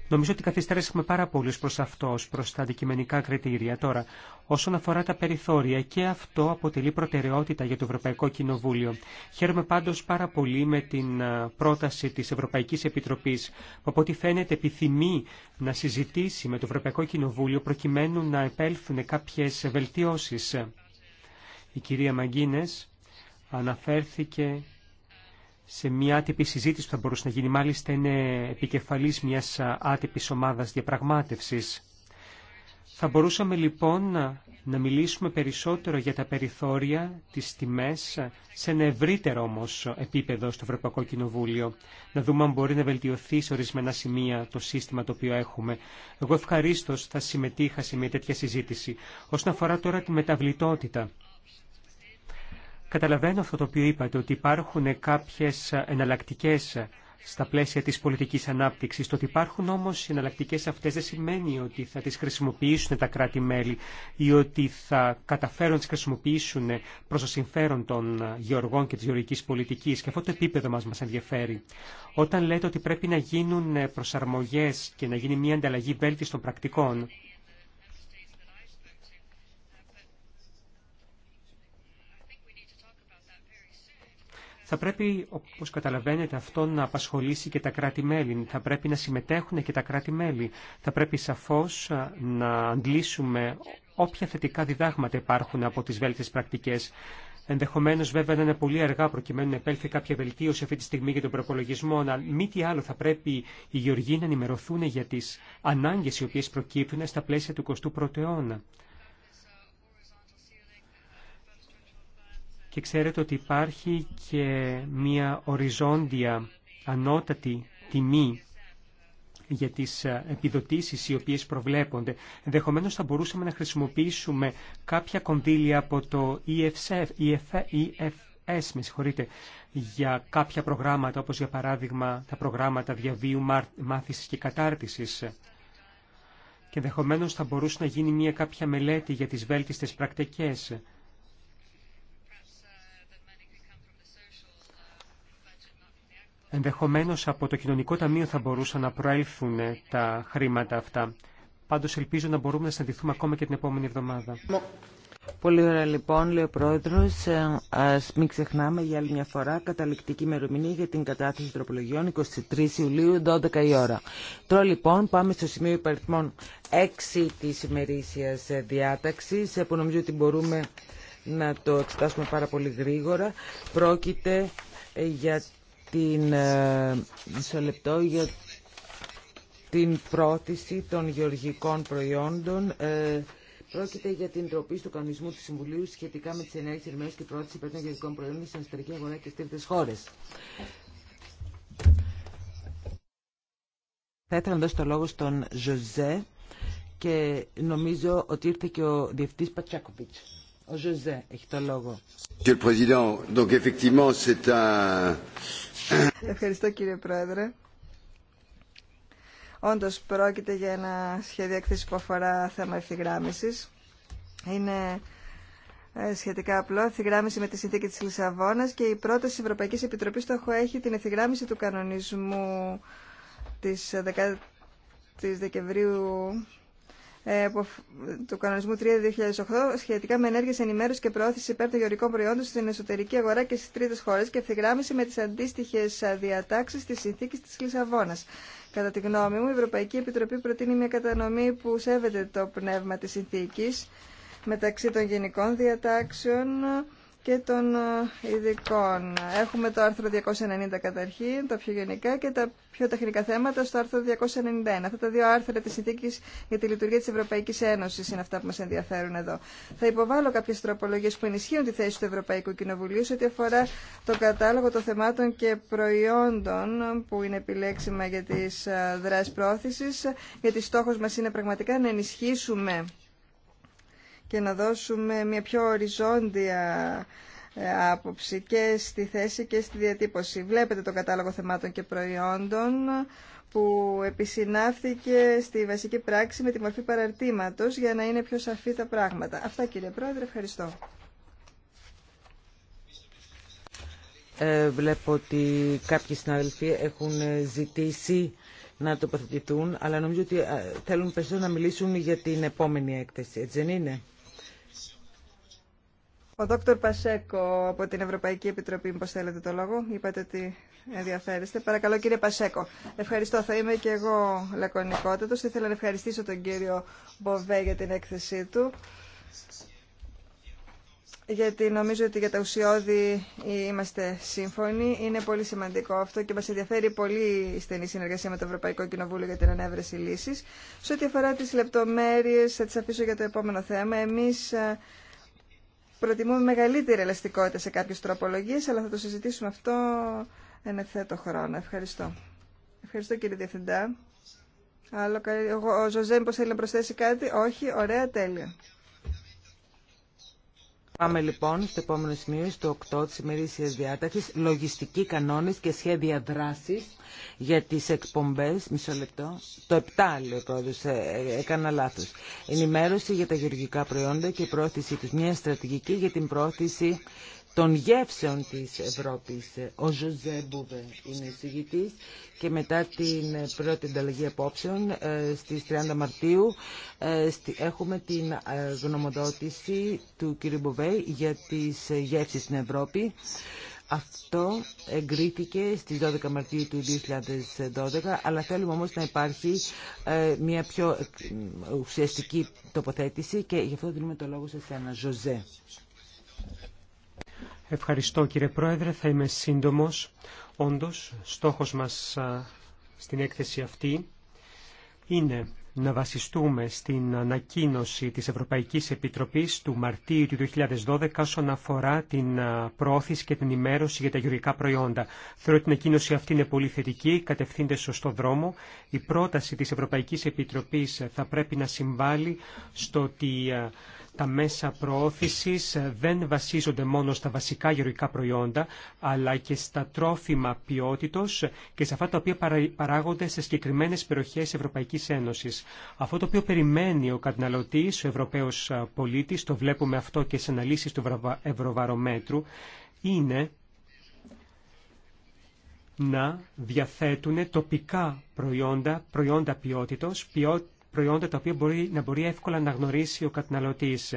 Νομίζω ότι καθυστερήσαμε πάρα πολύ προ αυτό, προ τα αντικειμενικά κριτήρια. Τώρα, όσον αφορά τα περιθώρια, και αυτό αποτελεί προτεραιότητα για το Ευρωπαϊκό Κοινοβούλιο. Χαίρομαι πάντω πάρα πολύ με την πρόταση τη Ευρωπαϊκή Επιτροπή, που από ό,τι φαίνεται επιθυμεί να συζητήσει με το Ευρωπαϊκό Κοινοβούλιο προκειμένου να επέλθουν κάποιε βελτιώσει. Η κυρία Μαγκίνε αναφέρθηκε σε μια άτυπη συζήτηση που θα μπορούσε να γίνει. Μάλιστα είναι επικεφαλής μιας άτυπης ομάδας διαπραγμάτευσης. Θα μπορούσαμε λοιπόν να μιλήσουμε περισσότερο για τα περιθώρια, τις τιμές, σε ένα ευρύτερο όμως επίπεδο στο Ευρωπαϊκό Κοινοβούλιο, να δούμε αν μπορεί να βελτιωθεί σε ορισμένα σημεία το σύστημα το οποίο έχουμε. Εγώ ευχαρίστως θα συμμετείχα σε μια τέτοια συζήτηση. Όσον αφορά τώρα τη μεταβλητότητα, Καταλαβαίνω αυτό το οποίο είπατε, ότι υπάρχουν κάποιες εναλλακτικέ στα πλαίσια της πολιτικής ανάπτυξης. Το ότι υπάρχουν όμως οι εναλλακτικέ αυτές δεν σημαίνει ότι θα τις χρησιμοποιήσουν τα κράτη-μέλη ή ότι θα καταφέρουν να τις χρησιμοποιήσουν προς το συμφέρον των γεωργών και της γεωργικής πολιτικής. Και αυτό το επίπεδο μας μας ενδιαφέρει. Όταν λέτε ότι πρέπει να γίνουν προσαρμογές και να γίνει μια ανταλλαγή βέλτιστων πρακτικών, Θα πρέπει, όπως καταλαβαίνετε, αυτό να απασχολήσει και τα κράτη-μέλη. Θα πρέπει να συμμετέχουν και τα κράτη-μέλη. Θα πρέπει σαφώς να αντλήσουμε όποια θετικά διδάγματα υπάρχουν από τις βέλτιστες πρακτικές. Ενδεχομένως, βέβαια, να είναι πολύ αργά προκειμένου να επέλθει κάποια βελτίωση αυτή τη στιγμή για τον προπολογισμό, αλλά μη τι άλλο θα πρέπει οι γεωργοί να ενημερωθούν για τις ανάγκες οι οποίες προκύπτουν στα πλαίσια του 21ου αιώνα. και ξέρετε ότι υπάρχει και μία οριζόντια ανώτατη τιμή για τις ε, επιδοτήσεις οι οποίες προβλέπονται. Ενδεχομένω θα μπορούσαμε να χρησιμοποιήσουμε κάποια κονδύλια από το EFSF, EF, EFS, e με συγχωρείτε, για κάποια προγράμματα, όπως για παράδειγμα τα προγράμματα διαβίου μάθησης και κατάρτισης. Και ενδεχομένω θα μπορούσε να γίνει μια κάποια μελέτη για τις βέλτιστες πρακτικές Ενδεχομένως από το κοινωνικό ταμείο θα μπορούσαν να προέλθουν τα χρήματα αυτά. Πάντως ελπίζω να μπορούμε να συναντηθούμε ακόμα και την επόμενη εβδομάδα. Πολύ ωραία λοιπόν, λέει ο Πρόεδρος. Ε, ας μην ξεχνάμε για άλλη μια φορά καταληκτική ημερομηνία για την κατάθεση τροπολογιών 23 Ιουλίου 12 η ώρα. Τώρα λοιπόν πάμε στο σημείο υπαριθμών 6 της ημερήσιας ε, διάταξης ε, που νομίζω ότι μπορούμε να το εξετάσουμε πάρα πολύ γρήγορα. Πρόκειται για την ε, μισό λεπτό για την πρότιση των γεωργικών προϊόντων. Ε, πρόκειται για την τροπή του κανονισμού του Συμβουλίου σχετικά με τι ενέργειε ερμηνεία και πρόθεση υπέρ των γεωργικών προϊόντων στην εσωτερική αγορά και στι τρίτε χώρε. Θα ήθελα να δώσω το λόγο στον Ζωζέ και νομίζω ότι ήρθε και ο διευθυντή Πατσάκοβιτ. Ο Ζωζέ έχει το λόγο. donc effectivement c'est un Ευχαριστώ κύριε Πρόεδρε. Όντω πρόκειται για ένα σχέδιο εκθέση που αφορά θέμα ευθυγράμμισης. Είναι ε, σχετικά απλό, ευθυγράμμιση με τη συνθήκη της Λισαβόνας και η πρόταση Ευρωπαϊκής Επιτροπής στόχο έχει την ευθυγράμμιση του κανονισμού της 10 της Δεκεμβρίου ε, του κανονισμού 3-2008 σχετικά με ενέργειες ενημέρωση και προώθηση υπέρ των γεωρικών προϊόντων στην εσωτερική αγορά και στις τρίτες χώρες και ευθυγράμμιση με τις αντίστοιχες διατάξεις της συνθήκης της Λισαβόνας. Κατά τη γνώμη μου, η Ευρωπαϊκή Επιτροπή προτείνει μια κατανομή που σέβεται το πνεύμα της συνθήκης μεταξύ των γενικών διατάξεων και των ε, ειδικών. Έχουμε το άρθρο 290 καταρχήν, τα πιο γενικά και τα πιο τεχνικά θέματα στο άρθρο 291. Αυτά τα δύο άρθρα της συνθήκη για τη λειτουργία της Ευρωπαϊκής Ένωσης είναι αυτά που μας ενδιαφέρουν εδώ. Θα υποβάλω κάποιες τροπολογίες που ενισχύουν τη θέση του Ευρωπαϊκού Κοινοβουλίου σε ό,τι αφορά το κατάλογο των θεμάτων και προϊόντων που είναι επιλέξιμα για τις ε, δράσεις πρόθεσης, γιατί στόχος μας είναι πραγματικά να ενισχύσουμε και να δώσουμε μια πιο οριζόντια ε, άποψη και στη θέση και στη διατύπωση. Βλέπετε το κατάλογο θεμάτων και προϊόντων που επισυνάφθηκε στη βασική πράξη με τη μορφή παραρτήματος για να είναι πιο σαφή τα πράγματα. Αυτά κύριε Πρόεδρε, ευχαριστώ. Ε, βλέπω ότι κάποιοι συναδελφοί έχουν ζητήσει να τοποθετηθούν, αλλά νομίζω ότι ε, θέλουν περισσότερο να μιλήσουν για την επόμενη έκθεση. Έτσι δεν είναι. Ο Δόκτωρ Πασέκο από την Ευρωπαϊκή Επιτροπή, μήπως θέλετε το λόγο, είπατε ότι ενδιαφέρεστε. Παρακαλώ κύριε Πασέκο. Ευχαριστώ, θα είμαι και εγώ λακωνικότατος. Ήθελα να ευχαριστήσω τον κύριο Μποβέ για την έκθεσή του γιατί νομίζω ότι για τα ουσιώδη είμαστε σύμφωνοι. Είναι πολύ σημαντικό αυτό και μα ενδιαφέρει πολύ η στενή συνεργασία με το Ευρωπαϊκό Κοινοβούλιο για την ανέβρεση Λύση. Σε ό,τι αφορά τι λεπτομέρειε, θα τι αφήσω για το επόμενο θέμα. Εμεί. Ε, προτιμούμε μεγαλύτερη ελαστικότητα σε κάποιες τροπολογίες, αλλά θα το συζητήσουμε αυτό εν ευθέτω χρόνο. Ευχαριστώ. Ευχαριστώ κύριε Διευθυντά. Άλλο, ο Ζωζέ, θέλει να προσθέσει κάτι. Όχι, ωραία, τέλεια. Πάμε λοιπόν στο επόμενο σημείο, στο 8 τη ημερήσιας διάταξης, λογιστικοί κανόνες και σχέδια δράσης για τις εκπομπές, μισό λεπτό, το 7 λέει ο πρόεδρος, ε, ε, έκανα λάθος, ενημέρωση για τα γεωργικά προϊόντα και πρόθεση τους, μια στρατηγική για την πρόθεση των γεύσεων της Ευρώπης. Ο Ζωζέ Μπούβε είναι εισηγητής και μετά την πρώτη ανταλλαγή απόψεων ε, στις 30 Μαρτίου ε, έχουμε την ε, γνωμοδότηση του κ. Μπούβε για τις γεύσεις στην Ευρώπη. Αυτό εγκρίθηκε στις 12 Μαρτίου του 2012, αλλά θέλουμε όμως να υπάρχει μια πιο ουσιαστική τοποθέτηση και γι' αυτό δίνουμε το λόγο σε εσένα, Ζωζέ. Ευχαριστώ κύριε Πρόεδρε, θα είμαι σύντομος. Όντως, στόχος μας στην έκθεση αυτή είναι να βασιστούμε στην ανακοίνωση της Ευρωπαϊκής Επιτροπής του Μαρτίου του 2012 όσον αφορά την πρόθεση και την ημέρωση για τα γεωργικά προϊόντα. Θεωρώ ότι την ανακοίνωση αυτή είναι πολύ θετική, κατευθύνεται σωστό δρόμο. Η πρόταση της Ευρωπαϊκής Επιτροπής θα πρέπει να συμβάλλει στο ότι τα μέσα προώθησης ε, δεν βασίζονται μόνο στα βασικά γεωργικά προϊόντα, αλλά και στα τρόφιμα ποιότητος και σε αυτά τα οποία παράγονται σε συγκεκριμένες περιοχές Ευρωπαϊκής Ένωσης. Αυτό το οποίο περιμένει ο καταναλωτής, ο Ευρωπαίος ε, πολίτης, το βλέπουμε αυτό και σε αναλύσεις του Ευρωβαρομέτρου, είναι να διαθέτουν τοπικά προϊόντα, προϊόντα ποιότητος, προϊόντα τα οποία μπορεί, να μπορεί εύκολα να γνωρίσει ο καταναλωτής.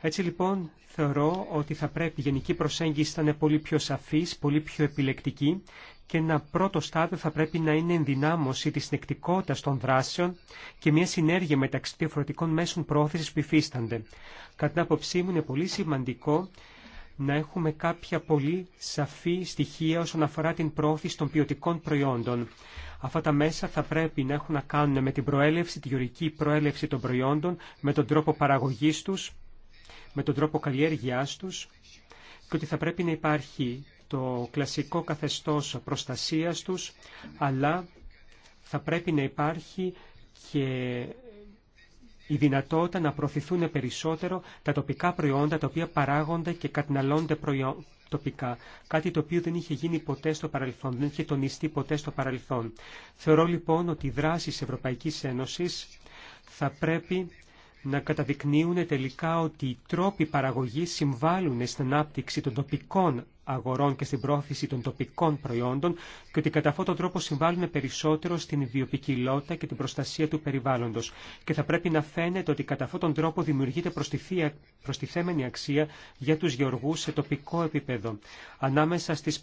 Έτσι λοιπόν θεωρώ ότι θα πρέπει η γενική προσέγγιση να είναι πολύ πιο σαφής, πολύ πιο επιλεκτική και ένα πρώτο στάδιο θα πρέπει να είναι ενδυνάμωση τη συνεκτικότητα των δράσεων και μια συνέργεια μεταξύ διαφορετικών μέσων πρόθεση που υφίστανται. Κατά την άποψή μου είναι πολύ σημαντικό να έχουμε κάποια πολύ σαφή στοιχεία όσον αφορά την πρόθεση των ποιοτικών προϊόντων. Αυτά τα μέσα θα πρέπει να έχουν να κάνουν με την προέλευση, τη γεωρική προέλευση των προϊόντων, με τον τρόπο παραγωγής τους, με τον τρόπο καλλιέργειάς τους και ότι θα πρέπει να υπάρχει το κλασικό καθεστώς προστασίας τους, αλλά θα πρέπει να υπάρχει και η δυνατότητα να προωθηθούν περισσότερο τα τοπικά προϊόντα τα οποία παράγονται και προϊόντα τοπικά. Κάτι το οποίο δεν είχε γίνει ποτέ στο παρελθόν, δεν είχε τονιστεί ποτέ στο παρελθόν. Θεωρώ λοιπόν ότι οι δράσει τη Ευρωπαϊκή Ένωση θα πρέπει να καταδεικνύουν τελικά ότι οι τρόποι παραγωγής συμβάλλουν στην ανάπτυξη των τοπικών αγορών και στην πρόθεση των τοπικών προϊόντων και ότι κατά αυτόν τον τρόπο συμβάλλουν περισσότερο στην βιοπικιλότητα και την προστασία του περιβάλλοντο. Και θα πρέπει να φαίνεται ότι κατά αυτόν τον τρόπο δημιουργείται προστιθέμενη αξία για του γεωργού σε τοπικό επίπεδο. Ανάμεσα στι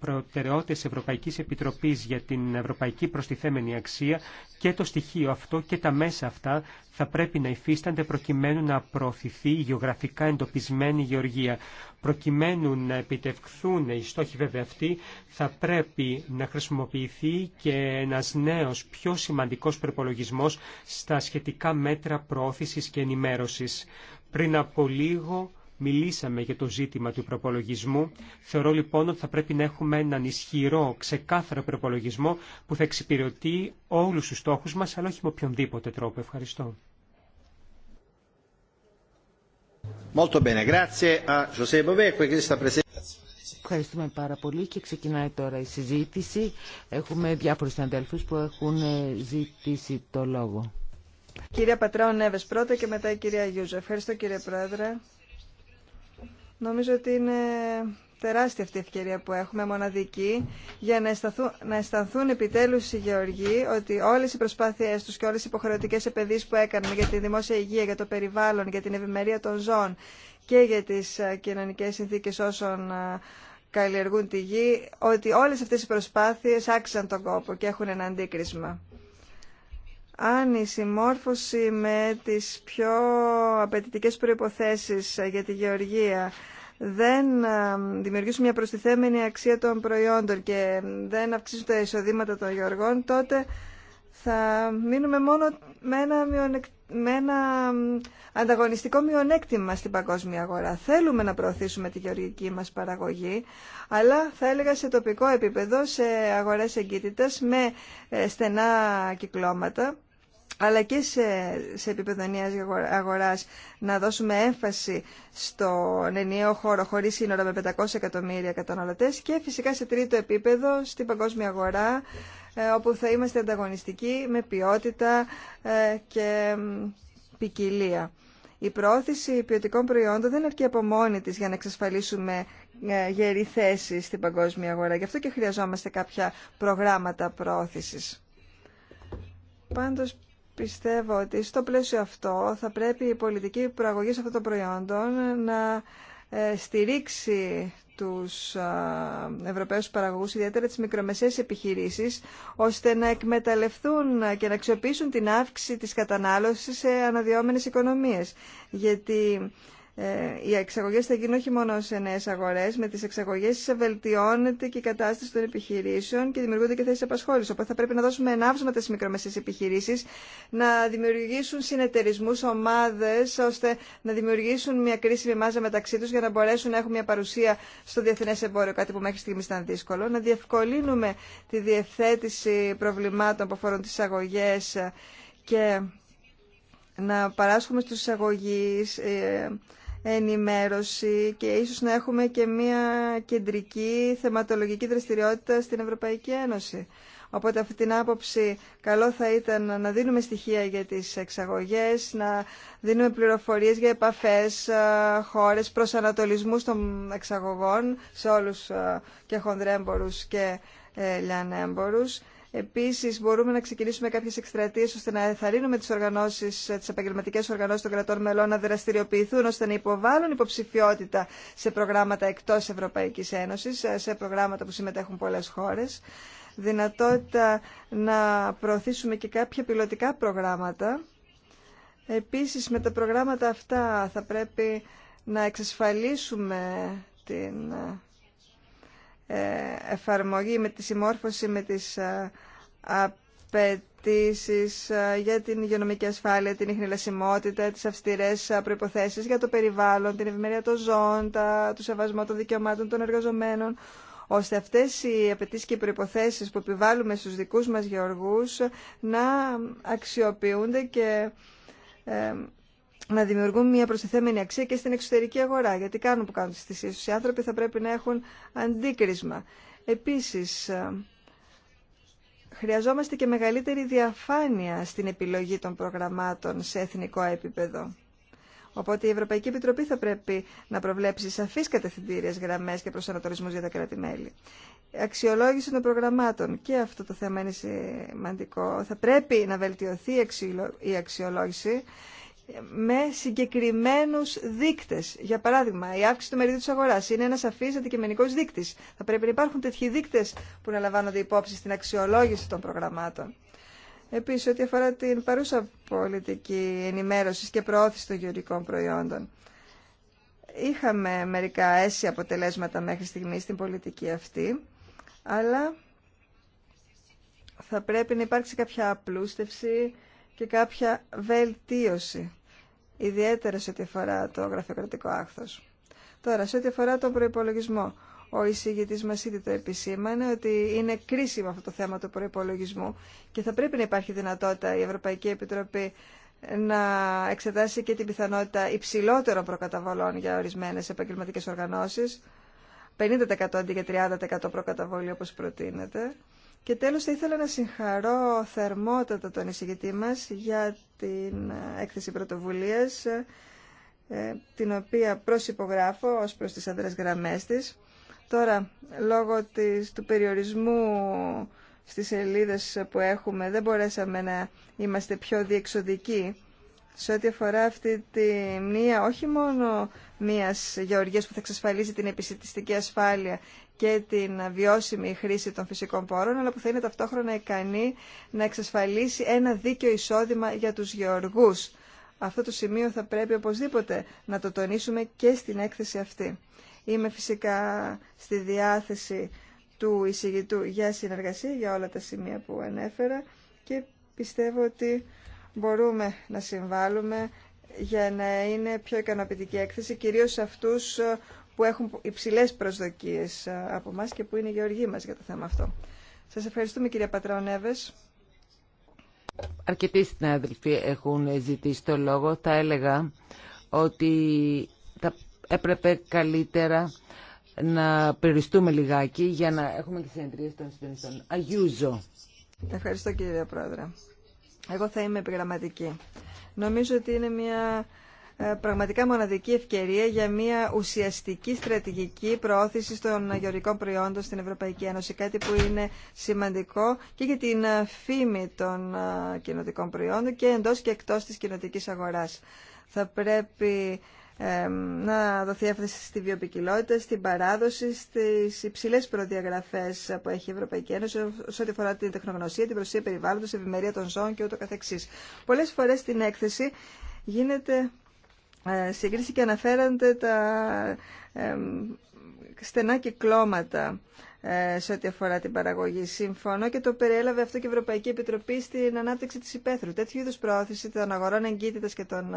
προτεραιότητε Ευρωπαϊκή Επιτροπή για την Ευρωπαϊκή Προστιθέμενη Αξία και το στοιχείο αυτό και τα μέσα αυτά θα πρέπει να υφίστανται προκειμένου να προωθηθεί η γεωγραφικά εντοπισμένη γεωργία προκειμένου να επιτευχθούν οι στόχοι βέβαια αυτοί, θα πρέπει να χρησιμοποιηθεί και ένας νέος πιο σημαντικός προπολογισμό στα σχετικά μέτρα προώθησης και ενημέρωσης. Πριν από λίγο μιλήσαμε για το ζήτημα του προπολογισμού. Θεωρώ λοιπόν ότι θα πρέπει να έχουμε έναν ισχυρό, ξεκάθαρο προπολογισμό που θα εξυπηρετεί όλους τους στόχους μας, αλλά όχι με οποιονδήποτε τρόπο. Ευχαριστώ. Ευχαριστούμε πάρα πολύ και ξεκινάει τώρα η συζήτηση. Έχουμε διάφορους συναδέλφους που έχουν ζητήσει το λόγο. Κυρία Πατράου Νέβες πρώτα και μετά η κυρία Γιούζα. Ευχαριστώ κύριε Πρόεδρε. Νομίζω ότι είναι τεράστια αυτή η ευκαιρία που έχουμε, μοναδική, για να αισθανθούν, να αισθανθούν επιτέλους οι γεωργοί ότι όλε οι προσπάθειε του και όλε οι υποχρεωτικέ επενδύσεις που έκαναν για τη δημόσια υγεία, για το περιβάλλον, για την ευημερία των ζώων και για τι ε, κοινωνικέ συνθήκε όσων ε, καλλιεργούν τη γη, ότι όλες αυτές οι προσπάθειες άξαν τον κόπο και έχουν ένα αντίκρισμα. Αν η συμμόρφωση με τις πιο απαιτητικές προϋποθέσεις ε, για τη γεωργία δεν δημιουργήσουν μια προστιθέμενη αξία των προϊόντων και δεν αυξήσουν τα εισοδήματα των γεωργών, τότε θα μείνουμε μόνο με ένα, με ένα ανταγωνιστικό μειονέκτημα στην παγκόσμια αγορά. Θέλουμε να προωθήσουμε τη γεωργική μας παραγωγή, αλλά θα έλεγα σε τοπικό επίπεδο, σε αγορές εγκύτητας, με ε, στενά κυκλώματα, αλλά και σε, σε επίπεδο νέας αγοράς να δώσουμε έμφαση στον ενιαίο χώρο χωρίς σύνορα με 500 εκατομμύρια καταναλωτές και φυσικά σε τρίτο επίπεδο στην παγκόσμια αγορά ε, όπου θα είμαστε ανταγωνιστικοί με ποιότητα ε, και ποικιλία. Η πρόθεση ποιοτικών προϊόντων δεν αρκεί από μόνη της για να εξασφαλίσουμε ε, γερή θέση στην παγκόσμια αγορά. Γι' αυτό και χρειαζόμαστε κάποια προγράμματα πρόθεσης. Πάντως Πιστεύω ότι στο πλαίσιο αυτό θα πρέπει η πολιτική προαγωγής αυτών των προϊόντων να ε, στηρίξει τους Ευρωπαίους παραγωγούς, ιδιαίτερα τις μικρομεσαίες επιχειρήσεις, ώστε να εκμεταλλευτούν και να αξιοποιήσουν την αύξηση της κατανάλωσης σε αναδυόμενες οικονομίες. Γιατί ε, οι εξαγωγέ θα γίνουν όχι μόνο σε νέε αγορέ, με τι εξαγωγέ βελτιώνεται και η κατάσταση των επιχειρήσεων και δημιουργούνται και θέσει απασχόληση. Οπότε θα πρέπει να δώσουμε ενάψματα στι μικρομεσαίε επιχειρήσει να δημιουργήσουν συνεταιρισμού, ομάδε, ώστε να δημιουργήσουν μια κρίσιμη μάζα μεταξύ του για να μπορέσουν να έχουν μια παρουσία στο διεθνέ εμπόριο, κάτι που μέχρι στιγμή ήταν δύσκολο. Να διευκολύνουμε τη διευθέτηση προβλημάτων που αφορούν τι αγωγέ και να παράσχουμε στους εισαγωγείς ε, ενημέρωση και ίσως να έχουμε και μια κεντρική θεματολογική δραστηριότητα στην Ευρωπαϊκή Ένωση. Οπότε αυτή την άποψη καλό θα ήταν να δίνουμε στοιχεία για τις εξαγωγές, να δίνουμε πληροφορίες για επαφές, χώρες, προς ανατολισμούς των εξαγωγών σε όλους και χονδρέμπορους και ε, λιανέμπορους Επίση, μπορούμε να ξεκινήσουμε κάποιε εκστρατείε ώστε να εθαρρύνουμε τι οργανώσει, ε, τι επαγγελματικέ οργανώσει των κρατών μελών να δραστηριοποιηθούν ώστε να υποβάλουν υποψηφιότητα σε προγράμματα εκτό Ευρωπαϊκή Ένωση, ε, σε προγράμματα που συμμετέχουν πολλέ χώρε. Δυνατότητα να προωθήσουμε και κάποια πιλωτικά προγράμματα. Επίσης με τα προγράμματα αυτά θα πρέπει να εξασφαλίσουμε την ε, ε, εφαρμογή, με τη συμμόρφωση με τις ε, απαιτήσει ε, για την υγειονομική ασφάλεια, την ιχνηλασιμότητα, τις αυστηρές προϋποθέσεις για το περιβάλλον, την ευημερία των ζώων, τα, το σεβασμό των δικαιωμάτων των εργαζομένων, ώστε αυτές οι απαιτήσει και οι προϋποθέσεις που επιβάλλουμε στους δικούς μας γεωργούς να αξιοποιούνται και να δημιουργούν μια προστιθέμενη αξία και στην εξωτερική αγορά. Γιατί κάνουν που κάνουν τι θυσίε του. Οι άνθρωποι θα πρέπει να έχουν αντίκρισμα. Επίση, ε, χρειαζόμαστε και μεγαλύτερη διαφάνεια στην επιλογή των προγραμμάτων σε εθνικό επίπεδο. Οπότε η Ευρωπαϊκή Επιτροπή θα πρέπει να προβλέψει σαφείς κατευθυντήριες γραμμές και προσανατολισμούς για τα κράτη-μέλη. Αξιολόγηση των προγραμμάτων. Και αυτό το θέμα είναι σημαντικό. Θα πρέπει να βελτιωθεί η αξιολόγηση με συγκεκριμένου δείκτες. Για παράδειγμα, η αύξηση του μερίδιου τη αγορά είναι ένας σαφή αντικειμενικό δείκτης. Θα πρέπει να υπάρχουν τέτοιοι δείκτες που να λαμβάνονται υπόψη στην αξιολόγηση των προγραμμάτων. Επίση, ό,τι αφορά την παρούσα πολιτική ενημέρωση και προώθηση των γεωργικών προϊόντων. Είχαμε μερικά αίσια αποτελέσματα μέχρι στιγμή στην πολιτική αυτή, αλλά θα πρέπει να υπάρξει κάποια απλούστευση και κάποια βελτίωση ιδιαίτερα σε ό,τι αφορά το γραφειοκρατικό άκθος. Τώρα, σε ό,τι αφορά τον προπολογισμό, ο εισηγητή μα ήδη το επισήμανε ότι είναι κρίσιμο αυτό το θέμα του προπολογισμού και θα πρέπει να υπάρχει δυνατότητα η Ευρωπαϊκή Επιτροπή να εξετάσει και την πιθανότητα υψηλότερων προκαταβολών για ορισμένε επαγγελματικέ οργανώσει. 50% αντί για 30% προκαταβολή όπως προτείνεται και τέλος θα ήθελα να συγχαρώ θερμότατα τον εισηγητή μας για την έκθεση πρωτοβουλίας ε, την οποία προσυπογράφω ως προς τις αδρές γραμμές της. Τώρα, λόγω της, του περιορισμού στις σελίδες που έχουμε δεν μπορέσαμε να είμαστε πιο διεξοδικοί σε ό,τι αφορά αυτή τη μια όχι μόνο μιας γεωργίας που θα εξασφαλίζει την επισητιστική ασφάλεια και την βιώσιμη χρήση των φυσικών πόρων, αλλά που θα είναι ταυτόχρονα ικανή να εξασφαλίσει ένα δίκαιο εισόδημα για τους γεωργούς. Αυτό το σημείο θα πρέπει οπωσδήποτε να το τονίσουμε και στην έκθεση αυτή. Είμαι φυσικά στη διάθεση του εισηγητού για συνεργασία για όλα τα σημεία που ανέφερα και πιστεύω ότι μπορούμε να συμβάλλουμε για να είναι πιο ικανοποιητική έκθεση, κυρίως σε αυτούς που έχουν υψηλές προσδοκίες ε, από εμά και που είναι οι γεωργοί μας για το θέμα αυτό. Σας ευχαριστούμε κυρία Πατραονέβες. Αρκετοί συνάδελφοι έχουν ζητήσει το λόγο. Θα έλεγα ότι θα έπρεπε καλύτερα να περιστούμε λιγάκι για να έχουμε και συνεδρίες των συντονιστών. Αγιούζο. Ευχαριστώ κύριε Πρόεδρε. Εγώ θα είμαι επιγραμματική. Νομίζω ότι είναι μια ε, πραγματικά μοναδική ευκαιρία για μια ουσιαστική στρατηγική προώθηση των γεωρικών προϊόντων στην Ευρωπαϊκή Ένωση. Κάτι που είναι σημαντικό και για την ε, φήμη των ε, κοινοτικών προϊόντων και εντός και εκτός της κοινοτικής αγοράς. Θα πρέπει να δοθεί έφταση στη βιοπικιλότητα, στην παράδοση, στις υψηλές προδιαγραφές που έχει η Ευρωπαϊκή Ένωση σε ό,τι αφορά την τεχνογνωσία, την προστασία περιβάλλοντος, ευημερία των ζώων και ούτω καθεξής. Πολλές φορές στην έκθεση γίνεται ε, συγκρίση και αναφέρονται τα στενά κυκλώματα ε, σε ό,τι αφορά την παραγωγή. Συμφωνώ και το περιέλαβε αυτό και η Ευρωπαϊκή Επιτροπή στην ανάπτυξη της υπαίθρου. Τέτοιου είδους προώθηση των αγορών εγκύτητας και των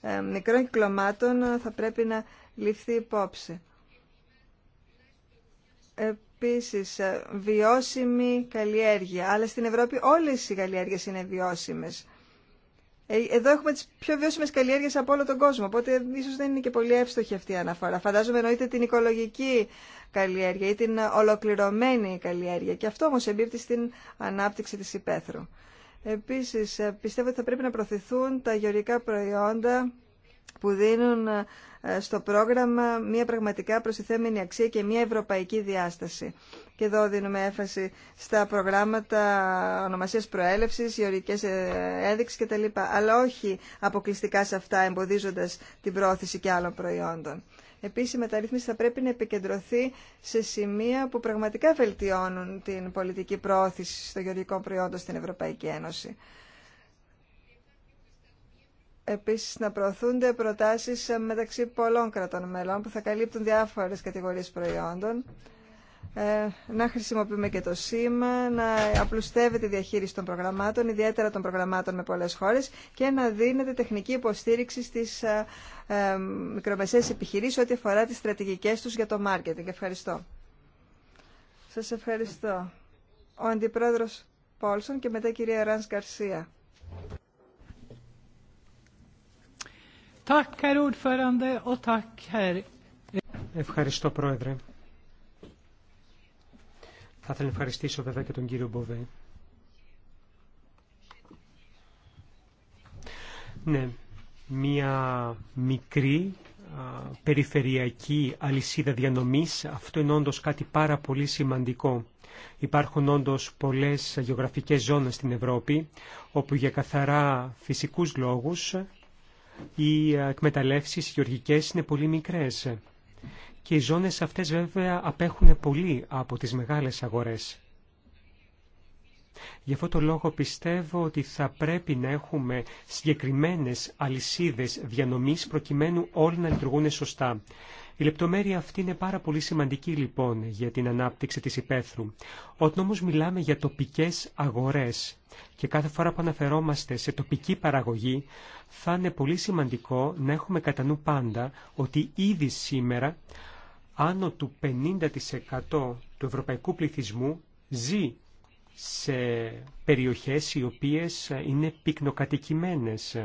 ε, μικρών κυκλωμάτων θα πρέπει να ληφθεί υπόψη. Επίσης, βιώσιμη καλλιέργεια. Αλλά στην Ευρώπη όλες οι καλλιέργειες είναι βιώσιμες. Ε, εδώ έχουμε τι πιο βιώσιμε καλλιέργειε από όλο τον κόσμο. Οπότε ίσω δεν είναι και πολύ εύστοχη αυτή η αναφορά. Φαντάζομαι εννοείται την οικολογική καλλιέργεια ή την ολοκληρωμένη καλλιέργεια. Και αυτό όμω εμπίπτει στην ανάπτυξη τη υπαίθρου. Επίση, ε, πιστεύω ότι θα πρέπει να προωθηθούν τα γεωργικά προϊόντα που δίνουν ε, στο πρόγραμμα μια πραγματικά προστιθέμενη αξία και μια ευρωπαϊκή διάσταση. Και εδώ δίνουμε έφαση στα προγράμματα ονομασίας προέλευσης, γεωργικές ε, έδειξει κτλ. Αλλά όχι αποκλειστικά σε αυτά εμποδίζοντας την πρόθεση και άλλων προϊόντων. Επίσης, η μεταρρύθμιση θα πρέπει να επικεντρωθεί σε σημεία που πραγματικά βελτιώνουν την πολιτική πρόθεση στο γεωργικό προϊόντο στην Ευρωπαϊκή Ένωση επίσης να προωθούνται προτάσεις μεταξύ πολλών κρατών μελών που θα καλύπτουν διάφορες κατηγορίες προϊόντων. Ε, να χρησιμοποιούμε και το σήμα, να απλουστεύεται η διαχείριση των προγραμμάτων, ιδιαίτερα των προγραμμάτων με πολλές χώρες και να δίνεται τεχνική υποστήριξη στις ε, ε, μικρομεσαίες επιχειρήσεις ό,τι αφορά τις στρατηγικές τους για το μάρκετινγκ. Ευχαριστώ. Σας ευχαριστώ. Ο Αντιπρόεδρος Πόλσον και μετά κυρία Ράνς Γκαρσία. Ευχαριστώ, Πρόεδρε. Θα ήθελα να ευχαριστήσω βέβαια και τον κύριο Μποβέ. Ναι, μία μικρή περιφερειακή αλυσίδα διανομής, αυτό είναι όντως κάτι πάρα πολύ σημαντικό. Υπάρχουν όντως πολλές γεωγραφικές ζώνες στην Ευρώπη, όπου για καθαρά φυσικούς λόγους οι εκμεταλλεύσεις γεωργικές είναι πολύ μικρές και οι ζώνες αυτές βέβαια απέχουν πολύ από τις μεγάλες αγορές. Γι' αυτό το λόγο πιστεύω ότι θα πρέπει να έχουμε συγκεκριμένες αλυσίδες διανομής προκειμένου όλοι να λειτουργούν σωστά. Η λεπτομέρεια αυτή είναι πάρα πολύ σημαντική λοιπόν για την ανάπτυξη της υπαίθρου. Όταν όμως μιλάμε για τοπικές αγορές και κάθε φορά που αναφερόμαστε σε τοπική παραγωγή, θα είναι πολύ σημαντικό να έχουμε κατά νου πάντα ότι ήδη σήμερα άνω του 50% του ευρωπαϊκού πληθυσμού ζει σε περιοχές οι οποίες είναι πυκνοκατοικημένες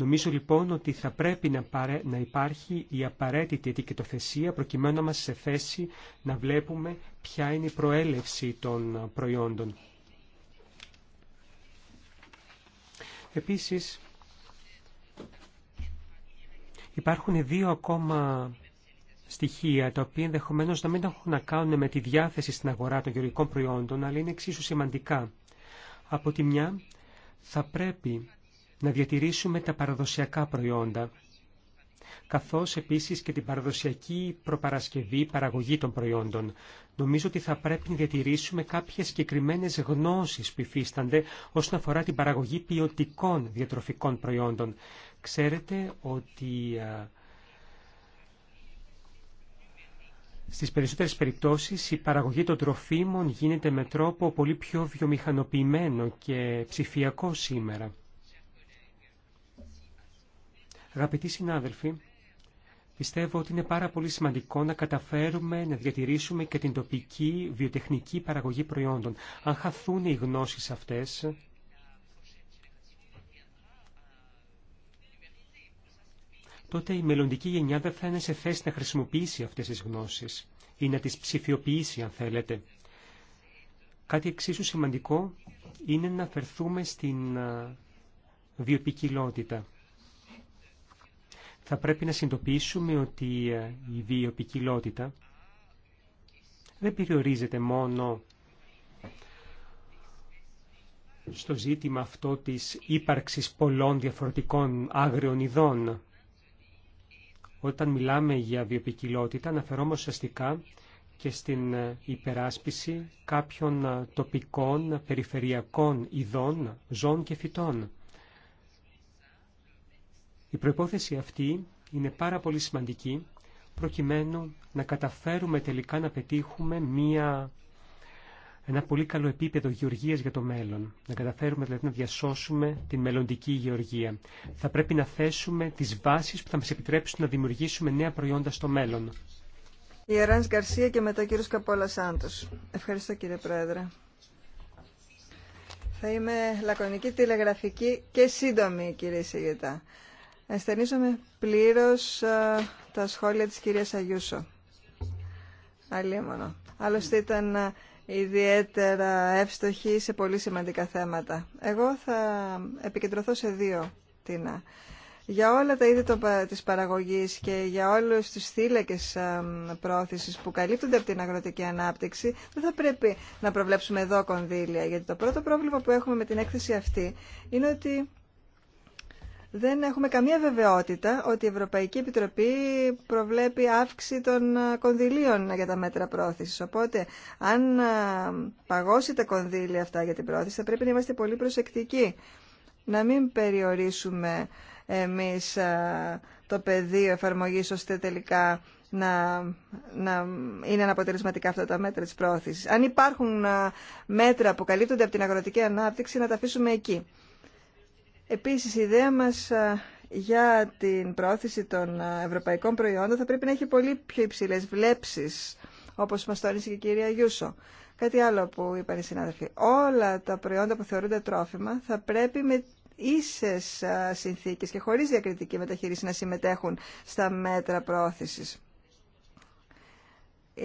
Νομίζω λοιπόν ότι θα πρέπει να υπάρχει η απαραίτητη ετικετοθεσία προκειμένου να μας σε θέση να βλέπουμε ποια είναι η προέλευση των προϊόντων. Επίσης, υπάρχουν δύο ακόμα στοιχεία τα οποία ενδεχομένω να μην έχουν να κάνουν με τη διάθεση στην αγορά των γεωργικών προϊόντων, αλλά είναι εξίσου σημαντικά. Από τη μια, θα πρέπει να διατηρήσουμε τα παραδοσιακά προϊόντα, καθώς επίσης και την παραδοσιακή προπαρασκευή παραγωγή των προϊόντων. Νομίζω ότι θα πρέπει να διατηρήσουμε κάποιες συγκεκριμένε γνώσεις που υφίστανται όσον αφορά την παραγωγή ποιοτικών διατροφικών προϊόντων. Ξέρετε ότι στις περισσότερες περιπτώσεις η παραγωγή των τροφίμων γίνεται με τρόπο πολύ πιο βιομηχανοποιημένο και ψηφιακό σήμερα. Αγαπητοί συνάδελφοι, πιστεύω ότι είναι πάρα πολύ σημαντικό να καταφέρουμε να διατηρήσουμε και την τοπική βιοτεχνική παραγωγή προϊόντων. Αν χαθούν οι γνώσεις αυτές, τότε η μελλοντική γενιά δεν θα είναι σε θέση να χρησιμοποιήσει αυτές τις γνώσεις ή να τις ψηφιοποιήσει, αν θέλετε. Κάτι εξίσου σημαντικό είναι να φερθούμε στην ε, βιοπικιλότητα θα πρέπει να συνειδητοποιήσουμε ότι ε, η βιοπικιλότητα δεν περιορίζεται μόνο στο ζήτημα αυτό της ύπαρξης πολλών διαφορετικών άγριων ειδών. Όταν μιλάμε για βιοπικιλότητα αναφερόμαστε ουσιαστικά και στην ε, υπεράσπιση κάποιων ε, τοπικών περιφερειακών ειδών, ζώων και φυτών. Η προϋπόθεση αυτή είναι πάρα πολύ σημαντική προκειμένου να καταφέρουμε τελικά να πετύχουμε μία, ένα πολύ καλό επίπεδο γεωργίας για το μέλλον. Να καταφέρουμε δηλαδή να διασώσουμε την μελλοντική γεωργία. Θα πρέπει να θέσουμε τις βάσεις που θα μας επιτρέψουν να δημιουργήσουμε νέα προϊόντα στο μέλλον. Η Γκαρσία και μετά κύριος Καπόλα Σάντος. Ευχαριστώ κύριε Πρόεδρε. Θα είμαι λακωνική, τηλεγραφική και σύντομη κύριε Σιγητά. Εσθενίζομαι πλήρως ε, τα σχόλια της κυρίας Αγιούσο. Αλλήμωνο. Άλλωστε ήταν ε, ιδιαίτερα εύστοχη σε πολύ σημαντικά θέματα. Εγώ θα επικεντρωθώ σε δύο τίνα. Για όλα τα είδη της παραγωγής και για όλους τους θύλακε ε, πρόθεσης που καλύπτονται από την αγροτική ανάπτυξη, δεν θα πρέπει να προβλέψουμε εδώ κονδύλια, γιατί το πρώτο πρόβλημα που έχουμε με την έκθεση αυτή είναι ότι δεν έχουμε καμία βεβαιότητα ότι η Ευρωπαϊκή Επιτροπή προβλέπει αύξηση των ε, κονδυλίων για τα μέτρα πρόθεσης. Οπότε, αν ε, παγώσει τα κονδύλια αυτά για την πρόθεση, θα πρέπει να είμαστε πολύ προσεκτικοί. Να μην περιορίσουμε εμείς ε, το πεδίο εφαρμογής, ώστε τελικά να, να είναι αναποτελεσματικά αυτά τα μέτρα της πρόθεσης. Αν υπάρχουν μέτρα που καλύπτονται από την αγροτική ανάπτυξη, να τα αφήσουμε εκεί. Επίσης, η ιδέα μας για την πρόθεση των ευρωπαϊκών προϊόντων θα πρέπει να έχει πολύ πιο υψηλές βλέψεις, όπως μας τόνισε και η κυρία Γιούσο. Κάτι άλλο που είπαν οι συνάδελφοι. Όλα τα προϊόντα που θεωρούνται τρόφιμα θα πρέπει με ίσες συνθήκες και χωρίς διακριτική μεταχείριση να συμμετέχουν στα μέτρα πρόθεσης.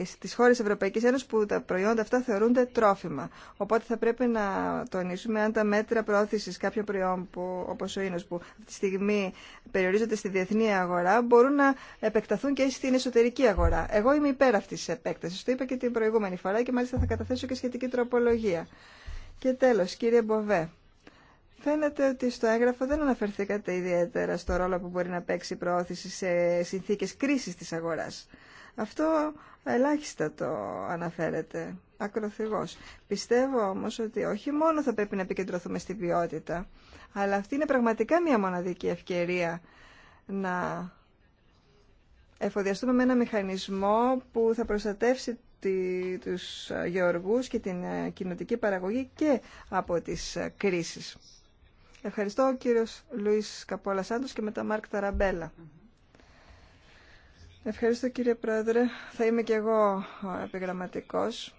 Στι χώρε Ευρωπαϊκή Ένωση που τα προϊόντα αυτά θεωρούνται τρόφιμα. Οπότε θα πρέπει να τονίσουμε αν τα μέτρα προωθηση κάποιων προϊόντων που, όπως ο ίνος που αυτή τη στιγμή περιορίζονται στη διεθνή αγορά μπορούν να επεκταθούν και στην εσωτερική αγορά. Εγώ είμαι υπέρ αυτή τη επέκταση. Το είπα και την προηγούμενη φορά και μάλιστα θα καταθέσω και σχετική τροπολογία. Και τέλο, κύριε Μποβέ. Φαίνεται ότι στο έγγραφο δεν αναφερθήκατε ιδιαίτερα στο ρόλο που μπορεί να παίξει η προώθηση σε συνθήκες κρίσης της αγοράς. Αυτό ελάχιστα το αναφέρεται ακροθυγός. Πιστεύω όμως ότι όχι μόνο θα πρέπει να επικεντρωθούμε στη ποιότητα, αλλά αυτή είναι πραγματικά μια μοναδική ευκαιρία να εφοδιαστούμε με ένα μηχανισμό που θα προστατεύσει τους γεωργούς και την ε, κοινωτική παραγωγή και από τις ε, κρίσεις. Ευχαριστώ ο κύριος Λουίς Καπόλα Σάντος και μετά Μάρκ Ταραμπέλα. Ευχαριστώ κύριε Πρόεδρε. Θα είμαι και εγώ επιγραμματικός.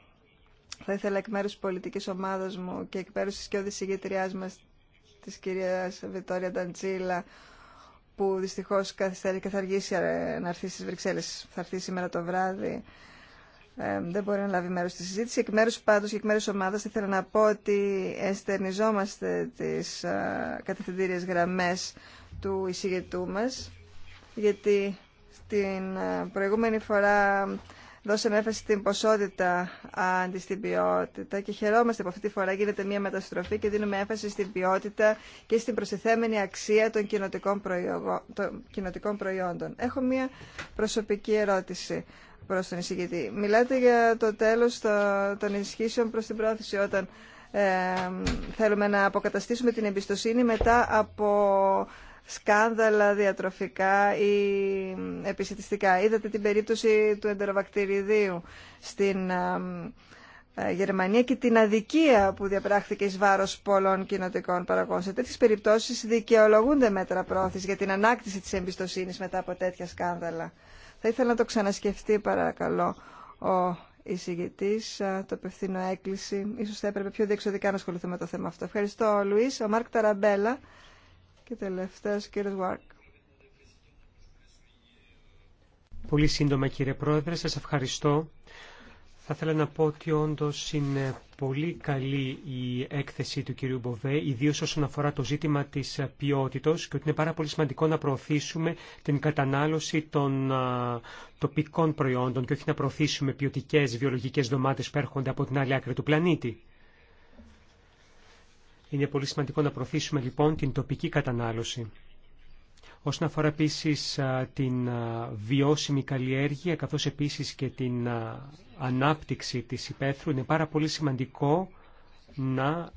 Θα ήθελα εκ μέρους της πολιτικής ομάδας μου και εκ μέρους της και ηγετριά μας της κυρίας Βιτόρια Νταντζίλα που δυστυχώς καθυστερεί και θα αργήσει ε, να έρθει στις Βρυξέλλες. Θα έρθει σήμερα το βράδυ. Ε, δεν μπορεί να λάβει μέρο στη συζήτηση. Εκ μέρου πάντω και εκ μέρου ομάδα ήθελα να πω ότι εστερνιζόμαστε τι ε, κατευθυντήριε γραμμέ του εισηγητού μα, γιατί την ε, προηγούμενη φορά δώσαμε έφαση στην ποσότητα αντί στην ποιότητα και χαιρόμαστε που αυτή τη φορά γίνεται μια μεταστροφή και δίνουμε έφαση στην ποιότητα και στην προσεθέμενη αξία των κοινοτικών, προϊόντων. Έχω μια προσωπική ερώτηση προς τον εισηγητή. Μιλάτε για το τέλος των ενισχύσεων προς την πρόθεση όταν ε, θέλουμε να αποκαταστήσουμε την εμπιστοσύνη μετά από σκάνδαλα διατροφικά ή επισητιστικά. Είδατε την περίπτωση του εντεροβακτηριδίου στην ε, Γερμανία και την αδικία που διαπράχθηκε εις βάρος πολλών κοινοτικών παραγών. Σε τέτοιες περιπτώσεις δικαιολογούνται μέτρα πρόθεση για την ανάκτηση της εμπιστοσύνης μετά από τέτοια σκάνδαλα. Θα ήθελα να το ξανασκεφτεί παρακαλώ ο εισηγητής, το απευθύνω έκκληση. Ίσως θα έπρεπε πιο διεξοδικά να ασχοληθούμε με το θέμα αυτό. Ευχαριστώ, Λουίς. Ο Μάρκ Ταραμπέλα και τελευταίος, κύριε Βάρκ. Πολύ σύντομα, κύριε Πρόεδρε, σας ευχαριστώ. Θα ήθελα να πω ότι όντω είναι πολύ καλή η έκθεση του κυρίου Μποβέ, ιδίω όσον αφορά το ζήτημα τη ποιότητα και ότι είναι πάρα πολύ σημαντικό να προωθήσουμε την κατανάλωση των τοπικών προϊόντων και όχι να προωθήσουμε ποιοτικέ βιολογικέ ντομάτε που έρχονται από την άλλη άκρη του πλανήτη. Είναι πολύ σημαντικό να προωθήσουμε λοιπόν την τοπική κατανάλωση. Όσον αφορά επίση την βιώσιμη καλλιέργεια, καθώς επίσης και την ανάπτυξη της υπαίθρου, είναι πάρα πολύ σημαντικό να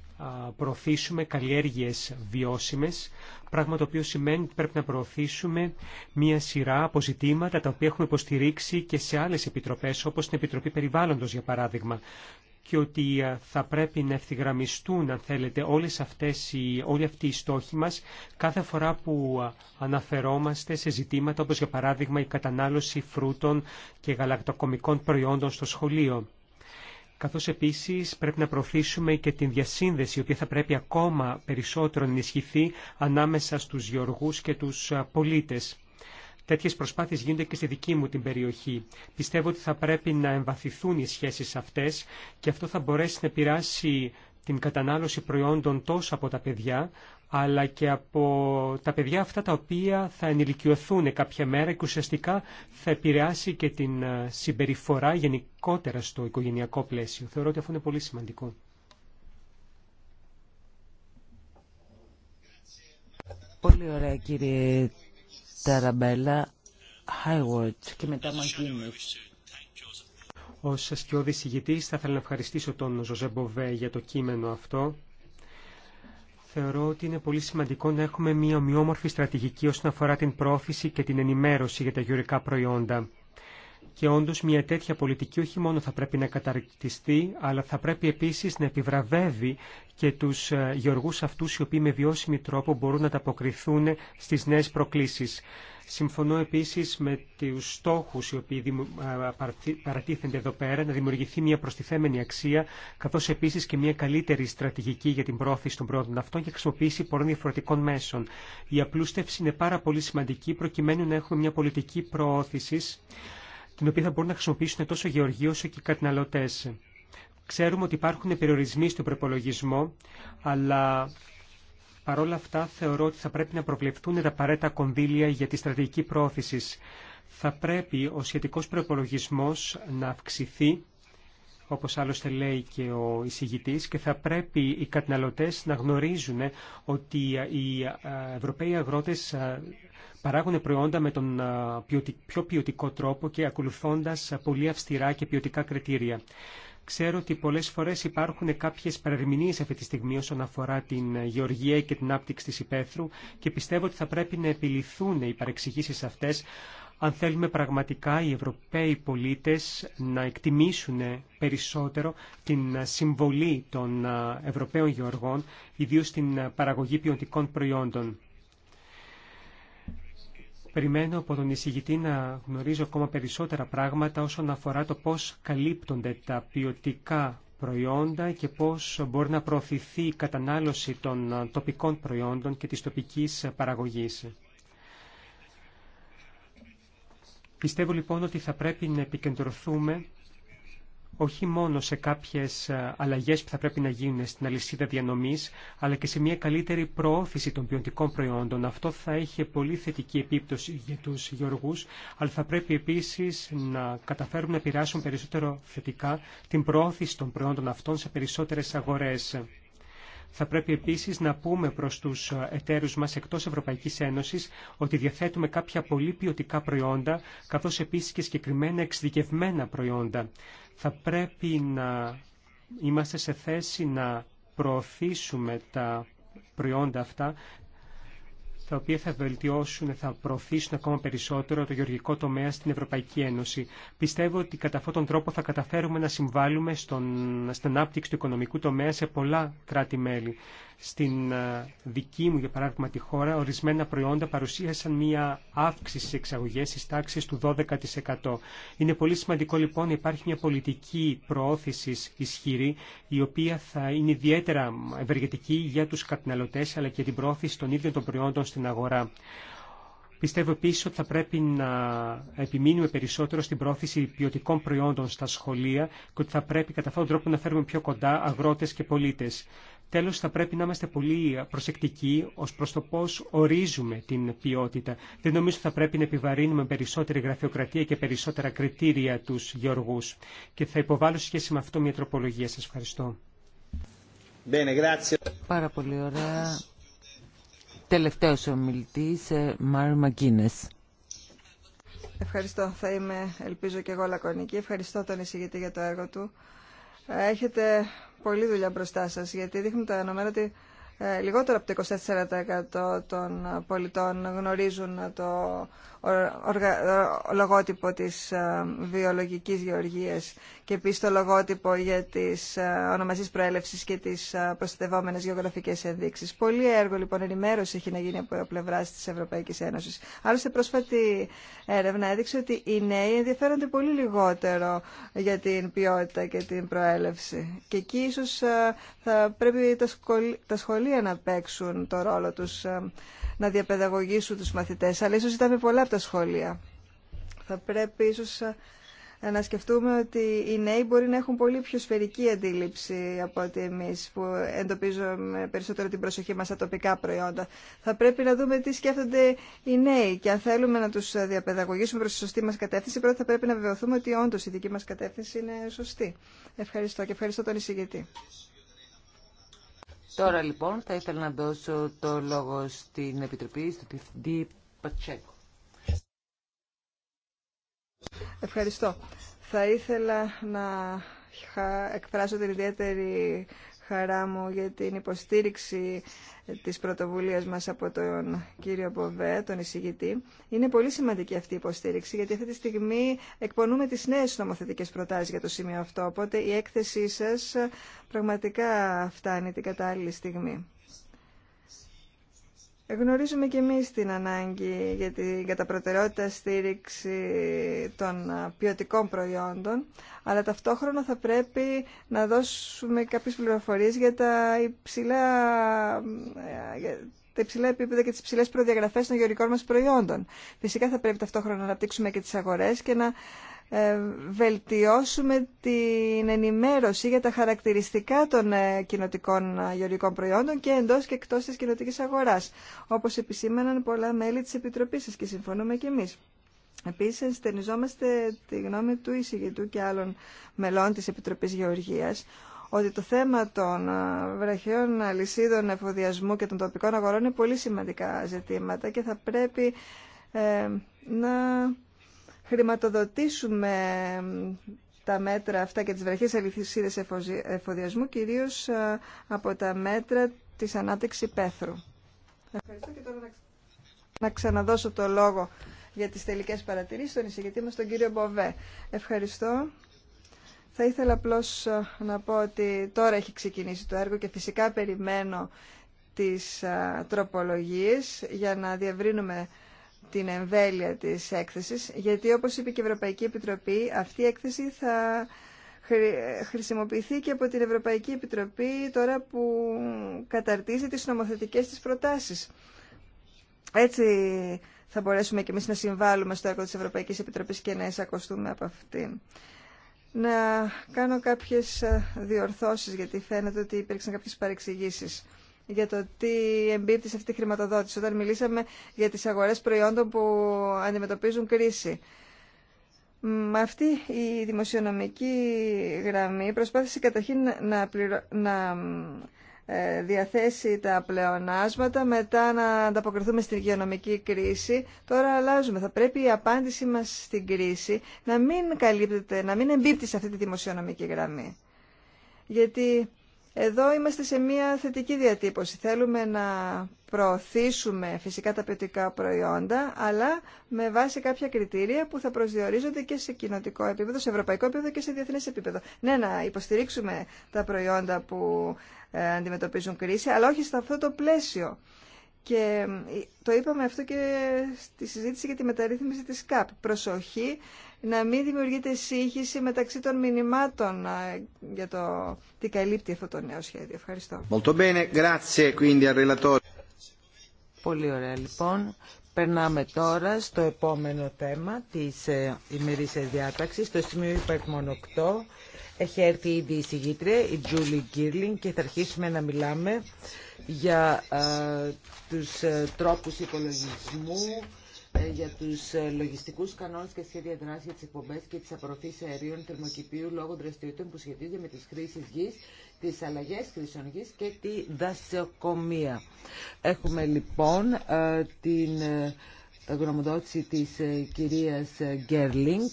προωθήσουμε καλλιέργειες βιώσιμες, πράγμα το οποίο σημαίνει ότι πρέπει να προωθήσουμε μία σειρά από τα οποία έχουμε υποστηρίξει και σε άλλες επιτροπές, όπως την Επιτροπή Περιβάλλοντος, για παράδειγμα και ότι ε, θα πρέπει να ευθυγραμμιστούν, αν θέλετε, όλες αυτές οι, όλοι αυτοί οι στόχοι μας κάθε φορά που ε, αναφερόμαστε σε ζητήματα όπως για παράδειγμα η κατανάλωση φρούτων και γαλακτοκομικών προϊόντων στο σχολείο. Καθώς επίσης πρέπει να προωθήσουμε και την διασύνδεση, η οποία θα πρέπει ακόμα περισσότερο να ενισχυθεί ανάμεσα στους γεωργούς και τους ε, πολίτες. Τέτοιες προσπάθειες γίνονται και στη δική μου την περιοχή. Πιστεύω ότι θα πρέπει να εμβαθυθούν οι σχέσεις αυτές και αυτό θα μπορέσει να επηρεάσει την κατανάλωση προϊόντων τόσο από τα παιδιά, αλλά και από τα παιδιά αυτά τα οποία θα ενηλικιωθούν κάποια μέρα και ουσιαστικά θα επηρεάσει και την ε, συμπεριφορά γενικότερα στο οικογενειακό πλαίσιο. Θεωρώ ότι αυτό είναι πολύ σημαντικό. Πολύ ωραία κύριε Ταραμπέλα Χάιουαρτ και μετά Μαγκίνη. Ω ηγητή, θα ήθελα να ευχαριστήσω τον Ζωζέ Μποβέ για το κείμενο αυτό. Θεωρώ ότι είναι πολύ σημαντικό να έχουμε μια ομοιόμορφη στρατηγική όσον αφορά την πρόθεση και την ενημέρωση για τα γεωρικά προϊόντα. Και όντω μια τέτοια πολιτική όχι μόνο θα πρέπει να καταρτιστεί, αλλά θα πρέπει επίση να επιβραβεύει και του ε, γεωργού αυτού οι οποίοι με βιώσιμη τρόπο μπορούν να ανταποκριθούν στι νέε προκλήσει. Συμφωνώ επίση με του στόχου οι οποίοι ε, παρατίθενται εδώ πέρα, να δημιουργηθεί μια προστιθέμενη αξία, καθώ επίση και μια καλύτερη στρατηγική για την πρόθεση των πρόοδων αυτών και χρησιμοποίηση πολλών διαφορετικών μέσων. Η απλούστευση είναι πάρα πολύ σημαντική προκειμένου να έχουμε μια πολιτική προώθηση την οποία θα μπορούν να χρησιμοποιήσουν τόσο γεωργοί όσο και οι καταναλωτέ. Ξέρουμε ότι υπάρχουν περιορισμοί στον προπολογισμό, αλλά παρόλα αυτά θεωρώ ότι θα πρέπει να προβλεφτούν τα παρέτα κονδύλια για τη στρατηγική πρόθεση. Θα πρέπει ο σχετικό προπολογισμό να αυξηθεί όπως άλλωστε λέει και ο εισηγητή, και θα πρέπει οι καταναλωτέ να γνωρίζουν ότι οι ε, ε, Ευρωπαίοι αγρότε ε, παράγουν προϊόντα με τον πιο ποιοτικό τρόπο και ακολουθώντας πολύ αυστηρά και ποιοτικά κριτήρια. Ξέρω ότι πολλές φορές υπάρχουν κάποιες παρερμηνίες αυτή τη στιγμή όσον αφορά την ε, γεωργία και την άπτυξη της υπαίθρου και πιστεύω ότι θα πρέπει να επιληθούν οι παρεξηγήσεις αυτές αν θέλουμε πραγματικά οι Ευρωπαίοι πολίτες να εκτιμήσουν περισσότερο την ε, συμβολή των ε, Ευρωπαίων γεωργών, ιδίως στην παραγωγή ποιοτικών προϊόντων. Περιμένω από τον εισηγητή να γνωρίζω ακόμα περισσότερα πράγματα όσον αφορά το πώς καλύπτονται τα ποιοτικά προϊόντα και πώς μπορεί να προωθηθεί η κατανάλωση των τοπικών προϊόντων και της τοπικής παραγωγής. Πιστεύω λοιπόν ότι θα πρέπει να επικεντρωθούμε όχι μόνο σε κάποιες ε, αλλαγές που θα πρέπει να γίνουν στην αλυσίδα διανομής, αλλά και σε μια καλύτερη προώθηση των ποιοτικών προϊόντων. Αυτό θα έχει πολύ θετική επίπτωση για τους γεωργού, αλλά θα πρέπει επίσης να καταφέρουμε να πειράσουν περισσότερο θετικά την προώθηση των προϊόντων αυτών σε περισσότερες αγορές. Θα πρέπει επίσης να πούμε προς τους ε, εταίρους μας εκτός Ευρωπαϊκής Ένωσης ότι διαθέτουμε κάποια πολύ ποιοτικά προϊόντα, καθώ επίση και συγκεκριμένα εξειδικευμένα προϊόντα θα πρέπει να είμαστε σε θέση να προωθήσουμε τα προϊόντα αυτά τα οποία θα βελτιώσουν, θα προωθήσουν ακόμα περισσότερο το γεωργικό τομέα στην Ευρωπαϊκή Ένωση. Πιστεύω ότι κατά αυτόν τον τρόπο θα καταφέρουμε να συμβάλλουμε στον, στην ανάπτυξη του οικονομικού τομέα σε πολλά κράτη-μέλη. Στην ε, δική μου, για παράδειγμα, τη χώρα, ορισμένα προϊόντα παρουσίασαν μία αύξηση στις εξαγωγές στις τάξεις του 12%. Είναι πολύ σημαντικό, λοιπόν, να υπάρχει μια πολιτική προώθηση ισχυρή, η οποία θα είναι ιδιαίτερα ευεργετική για τους καταναλωτές, αλλά και την προώθηση των ίδιων των προϊόντων στην αγορά. Πιστεύω επίση ότι θα πρέπει να επιμείνουμε περισσότερο στην πρόθεση ποιοτικών προϊόντων στα σχολεία και ότι θα πρέπει κατά αυτόν τον τρόπο να φέρουμε πιο κοντά αγρότε και πολίτε. Τέλος, θα πρέπει να είμαστε πολύ προσεκτικοί ως προς το πώς ορίζουμε την ποιότητα. Δεν νομίζω ότι θα πρέπει να επιβαρύνουμε περισσότερη γραφειοκρατία και περισσότερα κριτήρια τους γεωργούς. Και θα υποβάλω σχέση με αυτό μια τροπολογία. Σας ευχαριστώ. Πάρα πολύ ωραία. Τελευταίος ο ε, Μάρ Μαγκίνες. Ευχαριστώ. Θα είμαι, ελπίζω και εγώ λακωνική. Ευχαριστώ τον εισηγητή για το έργο του. Έχετε πολλή δουλειά μπροστά σα, γιατί δείχνουν τα νούμερα ότι ε, λιγότερο από το 24% των ε, πολιτών γνωρίζουν το λογότυπο της ε, βιολογικής γεωργίας και επίσης το λογότυπο για τις ε, ονομασίες προέλευσης και τις ε, προστατευόμενες γεωγραφικές ενδείξεις. Πολύ έργο λοιπόν ενημέρωση έχει να γίνει από πλευρά τη Ευρωπαϊκή Ένωση. Άλλωστε πρόσφατη έρευνα έδειξε ότι οι νέοι ενδιαφέρονται πολύ λιγότερο για την ποιότητα και την προέλευση. Και εκεί ίσως θα πρέπει τα σχολεία να παίξουν το ρόλο τους να διαπαιδαγωγήσουν του μαθητές, αλλά ίσως ήταν πολλά από τα Θα πρέπει ίσως ε, να σκεφτούμε ότι οι νέοι μπορεί να έχουν πολύ πιο σφαιρική αντίληψη από ότι εμείς που εντοπίζουμε περισσότερο την προσοχή μας στα τοπικά προϊόντα. Θα πρέπει να δούμε τι σκέφτονται οι νέοι και αν θέλουμε να τους ε, διαπαιδαγωγήσουμε προς τη σωστή μας κατεύθυνση πρώτα θα πρέπει να βεβαιωθούμε ότι όντως η δική μας κατεύθυνση είναι σωστή. Ευχαριστώ και ευχαριστώ τον εισηγητή. Τώρα λοιπόν θα ήθελα να δώσω το λόγο στην Επιτροπή, στο Διευθυντή Πατσέκο. Ευχαριστώ. Θα ήθελα να εκφράσω την ιδιαίτερη χαρά μου για την υποστήριξη της πρωτοβουλίας μας από τον κύριο Μποβέ, τον εισηγητή. Είναι πολύ σημαντική αυτή η υποστήριξη, γιατί αυτή τη στιγμή εκπονούμε τις νέες νομοθετικές προτάσεις για το σημείο αυτό, οπότε η έκθεσή σας πραγματικά φτάνει την κατάλληλη στιγμή. Γνωρίζουμε και εμείς την ανάγκη για την καταπροτεραιότητα στήριξη των ποιοτικών προϊόντων, αλλά ταυτόχρονα θα πρέπει να δώσουμε κάποιες πληροφορίες για τα υψηλά, ε, τα υψηλά επίπεδα και τις υψηλές προδιαγραφές των γεωρικών μας προϊόντων. Φυσικά θα πρέπει ταυτόχρονα να αναπτύξουμε και τις αγορές και να ε, βελτιώσουμε την ενημέρωση για τα χαρακτηριστικά των ε, κοινοτικών ε, γεωργικών προϊόντων και εντός και εκτός της κοινοτικής αγοράς, όπως επισήμαναν πολλά μέλη της Επιτροπής σας και συμφωνούμε και εμείς. Επίσης, ενστερνιζόμαστε τη γνώμη του εισηγητού και άλλων μελών της Επιτροπής Γεωργίας, ότι το θέμα των βραχιών αλυσίδων εφοδιασμού και των τοπικών αγορών είναι πολύ σημαντικά ζητήματα και θα πρέπει να χρηματοδοτήσουμε τα μέτρα αυτά και τις βραχές αληθισίδες εφοδιασμού, κυρίως ε, από τα μέτρα της ανάπτυξη πέθρου. Ευχαριστώ και τώρα να ξαναδώσω το λόγο για τις τελικές παρατηρήσεις στον εισηγητή μας, τον κύριο Μποβέ. Ευχαριστώ. Θα ήθελα απλώ ε, να πω ότι τώρα έχει ξεκινήσει το έργο και φυσικά περιμένω τις ε, τροπολογίες για να διαβρίνουμε την εμβέλεια της έκθεσης, γιατί όπως είπε και η Ευρωπαϊκή Επιτροπή, αυτή η έκθεση θα χρησιμοποιηθεί και από την Ευρωπαϊκή Επιτροπή τώρα που καταρτίζει τις νομοθετικές της προτάσεις. Έτσι θα μπορέσουμε και εμείς να συμβάλλουμε στο έργο της Ευρωπαϊκής Επιτροπής και να εισακωστούμε από αυτήν. Να κάνω κάποιες ε, διορθώσεις, γιατί φαίνεται ότι υπήρξαν κάποιες παρεξηγήσεις για το τι εμπίπτει σε αυτή τη χρηματοδότηση, όταν μιλήσαμε για τις αγορές προϊόντων που αντιμετωπίζουν κρίση. Με αυτή η δημοσιονομική γραμμή προσπάθησε καταρχήν να, ε, διαθέσει τα πλεονάσματα, μετά να ανταποκριθούμε στην υγειονομική κρίση. Τώρα αλλάζουμε. Θα πρέπει η απάντησή μας στην κρίση να μην καλύπτεται, να μην εμπίπτει σε αυτή τη δημοσιονομική γραμμή. Γιατί εδώ είμαστε σε μια θετική διατύπωση. Θέλουμε να προωθήσουμε φυσικά τα ποιοτικά προϊόντα, αλλά με βάση κάποια κριτήρια που θα προσδιορίζονται και σε κοινοτικό επίπεδο, σε ευρωπαϊκό επίπεδο και σε διεθνές επίπεδο. Ναι, να υποστηρίξουμε τα προϊόντα που ε, αντιμετωπίζουν κρίση, αλλά όχι σε αυτό το πλαίσιο. Και ε, το είπαμε αυτό και στη συζήτηση για τη μεταρρύθμιση της ΚΑΠ. Προσοχή να μην δημιουργείται σύγχυση μεταξύ των μηνυμάτων ε, για το τι καλύπτει αυτό το νέο σχέδιο. Ευχαριστώ. Πολύ ωραία λοιπόν. Περνάμε τώρα στο επόμενο θέμα της ε, ημερήσιας διάταξης, το σημείο υπερκμον 8. Έχει έρθει ήδη η συγγήτρια, η Τζούλη Γκίρλιν, και θα αρχίσουμε να μιλάμε για του ε, τους ε, τρόπους υπολογισμού ε, για του ε, λογιστικού κανόνε και σχέδια δράση για τι εκπομπέ και τι απορροφή αερίων θερμοκηπίου λόγω δραστηριοτήτων που σχετίζονται με τις χρήσει γη, τις αλλαγές χρήσεων γη και τη δασοκομεία. Έχουμε λοιπόν ε, την γνωμοδότηση τη κυρία Γκέρλινγκ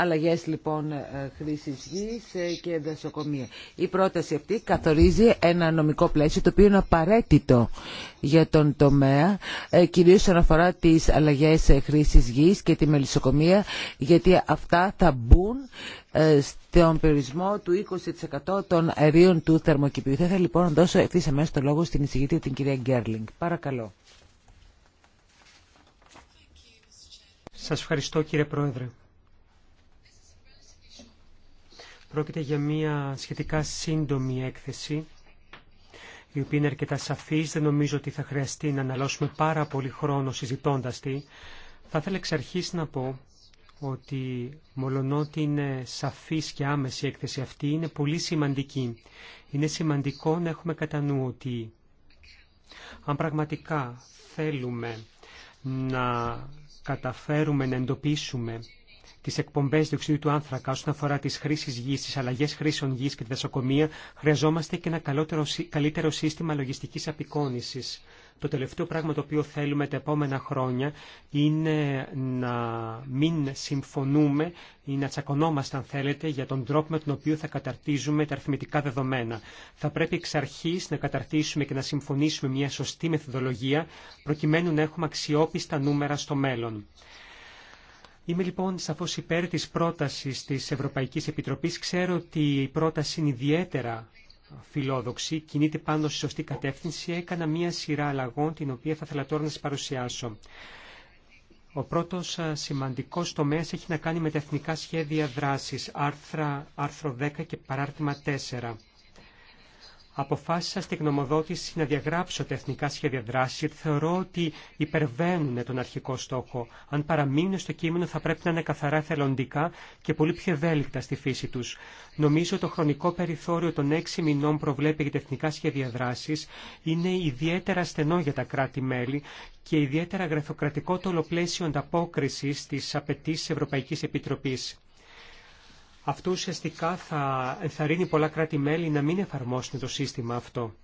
Αλλαγές λοιπόν ε, χρήση γη ε, και δασοκομεία. Η πρόταση αυτή καθορίζει ένα νομικό πλαίσιο το οποίο είναι απαραίτητο για τον τομέα ε, κυρίως όσον αφορά τι αλλαγέ χρήση γη και τη μελισσοκομεία γιατί αυτά θα μπουν στον περιορισμό του 20% των αερίων του θερμοκηπίου. Θα ήθελα λοιπόν να δώσω ευθύ αμέσω το λόγο στην εισηγήτρια την κυρία Γκέρλινγκ. Παρακαλώ. Σα ευχαριστώ κύριε Πρόεδρε. Πρόκειται για μια σχετικά σύντομη έκθεση, η οποία είναι αρκετά σαφής. Δεν νομίζω ότι θα χρειαστεί να αναλώσουμε πάρα πολύ χρόνο συζητώντας τη. Θα ήθελα εξ αρχής να πω ότι μολονότι είναι σαφής και άμεση η έκθεση αυτή, είναι πολύ σημαντική. Είναι σημαντικό να έχουμε κατά νου ότι αν πραγματικά θέλουμε να καταφέρουμε να εντοπίσουμε τι εκπομπέ διοξιδίου του άνθρακα όσον αφορά τι χρήσεις γης, τις αλλαγές χρήσεων γη και τη δασοκομεία, χρειαζόμαστε και ένα καλύτερο σύστημα λογιστική απεικόνηση. Το τελευταίο πράγμα το οποίο θέλουμε τα επόμενα χρόνια είναι να μην συμφωνούμε ή να τσακωνόμαστε, αν θέλετε, για τον τρόπο με τον οποίο θα καταρτίζουμε τα αριθμητικά δεδομένα. Θα πρέπει εξ αρχή να καταρτήσουμε και να συμφωνήσουμε μια σωστή μεθοδολογία, προκειμένου να έχουμε αξιόπιστα νούμερα στο μέλλον. Είμαι λοιπόν σαφώς υπέρ της πρότασης της Ευρωπαϊκής Επιτροπής. Ξέρω ότι η πρόταση είναι ιδιαίτερα φιλόδοξη, κινείται πάνω στη σωστή κατεύθυνση. Έκανα μία σειρά αλλαγών, την οποία θα ήθελα τώρα να σας παρουσιάσω. Ο πρώτος σημαντικός τομέας έχει να κάνει με τα εθνικά σχέδια δράσης, άρθρα, άρθρο 10 και παράρτημα 4 αποφάσισα στη γνωμοδότηση να διαγράψω τα εθνικά σχέδια δράση, γιατί θεωρώ ότι υπερβαίνουν τον αρχικό στόχο. Αν παραμείνουν στο κείμενο, θα πρέπει να είναι καθαρά θελοντικά και πολύ πιο ευέλικτα στη φύση του. Νομίζω το χρονικό περιθώριο των έξι μηνών προβλέπει για τα εθνικά σχέδια δράση είναι ιδιαίτερα στενό για τα κράτη-μέλη και ιδιαίτερα γραφειοκρατικό το ολοπλαίσιο ανταπόκριση στι απαιτήσει Ευρωπαϊκή Επιτροπή. Αυτό ουσιαστικά θα ενθαρρύνει πολλά κράτη-μέλη να μην εφαρμόσουν το σύστημα αυτό.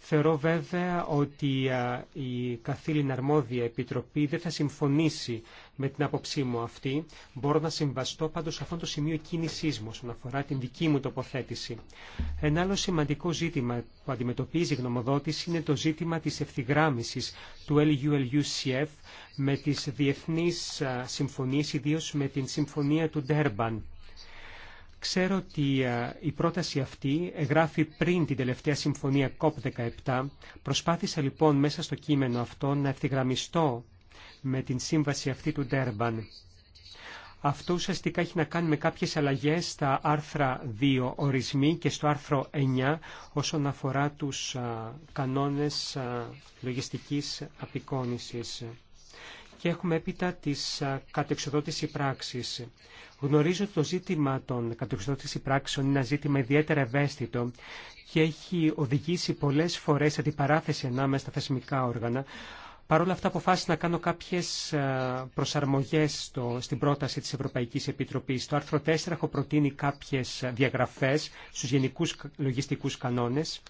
Θεωρώ βέβαια ότι η καθήλυνα αρμόδια επιτροπή δεν θα συμφωνήσει με την άποψή μου αυτή. Μπορώ να συμβαστώ πάντως σε αυτό το σημείο κίνησής μου όσον αφορά την δική μου τοποθέτηση. Ένα άλλο σημαντικό ζήτημα που αντιμετωπίζει η γνωμοδότηση είναι το ζήτημα της ευθυγράμμισης του LULUCF με τις διεθνείς συμφωνίες, ιδίως με την συμφωνία του Ντέρμπαν. Ξέρω ότι η πρόταση αυτή γράφει πριν την τελευταία συμφωνία COP17. Προσπάθησα λοιπόν μέσα στο κείμενο αυτό να ευθυγραμμιστώ με την σύμβαση αυτή του Ντέρμπαν. Αυτό ουσιαστικά έχει να κάνει με κάποιες αλλαγές στα άρθρα 2 ορισμοί και στο άρθρο 9 όσον αφορά τους κανόνες λογιστικής απεικόνησης και έχουμε έπειτα τι κατεξοδότηση πράξης. Γνωρίζω ότι το ζήτημα των κατεξοδότηση πράξεων είναι ένα ζήτημα ιδιαίτερα ευαίσθητο και έχει οδηγήσει πολλές φορές σε αντιπαράθεση ανάμεσα στα θεσμικά όργανα. Παρ' όλα αυτά αποφάσισα να κάνω κάποιες προσαρμογές στην πρόταση της Ευρωπαϊκής Επιτροπής. Στο άρθρο 4 έχω προτείνει κάποιες διαγραφές στους γενικούς λογιστικούς κανόνες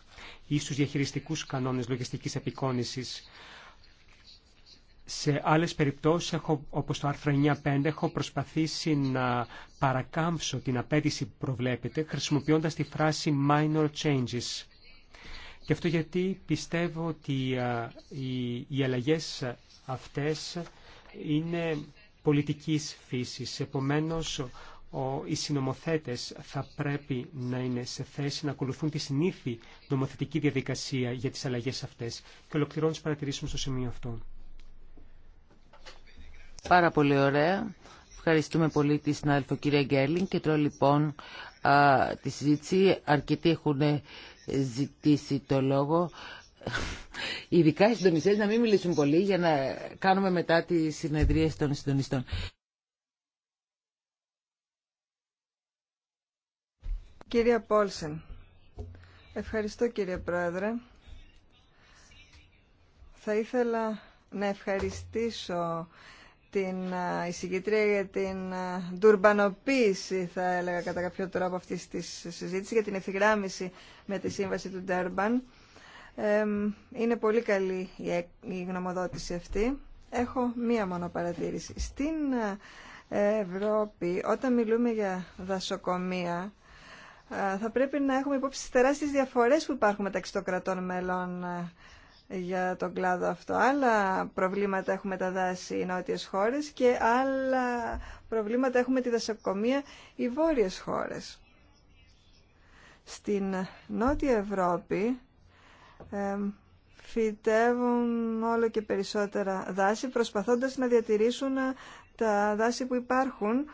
ή στους διαχειριστικούς κανόνες λογιστικής απεικόνησης. Σε άλλες περιπτώσεις, έχω, όπως το άρθρο 9.5, έχω προσπαθήσει να παρακάμψω την απέτηση που προβλέπεται, χρησιμοποιώντας τη φράση «minor changes». Και αυτό γιατί πιστεύω ότι οι, οι αλλαγές αυτές είναι πολιτικής φύσης. Επομένως, οι συνομοθέτες θα πρέπει να είναι σε θέση να ακολουθούν τη συνήθη νομοθετική διαδικασία για τις αλλαγές αυτές. Και ολοκληρώνω τις παρατηρήσεις στο σημείο αυτό. Πάρα πολύ ωραία. Ευχαριστούμε πολύ τη συνάδελφο κυρία Γκέρλινγκ και τώρα λοιπόν α, τη συζήτηση. Αρκετοί έχουν ζητήσει το λόγο. Ειδικά οι συντονιστέ να μην μιλήσουν πολύ για να κάνουμε μετά τι συνεδρίε των συντονιστών. Κυρία Πόλσεν, ευχαριστώ κύριε Πρόεδρε. Θα ήθελα να ευχαριστήσω την εισηγήτρια για την ντουρμπανοποίηση, θα έλεγα κατά κάποιο τρόπο, αυτή τη συζήτηση για την ευθυγράμμιση με τη σύμβαση του Ντέρμπαν. είναι πολύ καλή η γνωμοδότηση αυτή. Έχω μία μόνο παρατήρηση. Στην Ευρώπη, όταν μιλούμε για δασοκομεία, θα πρέπει να έχουμε υπόψη τις τεράστιες διαφορές που υπάρχουν μεταξύ των κρατών μελών για τον κλάδο αυτό. Άλλα προβλήματα έχουμε τα δάση οι νότιες χώρες και άλλα προβλήματα έχουμε τη δασοκομεία οι βόρειες χώρες. Στην Νότια Ευρώπη ε, φυτεύουν όλο και περισσότερα δάση προσπαθώντας να διατηρήσουν ε, τα δάση που υπάρχουν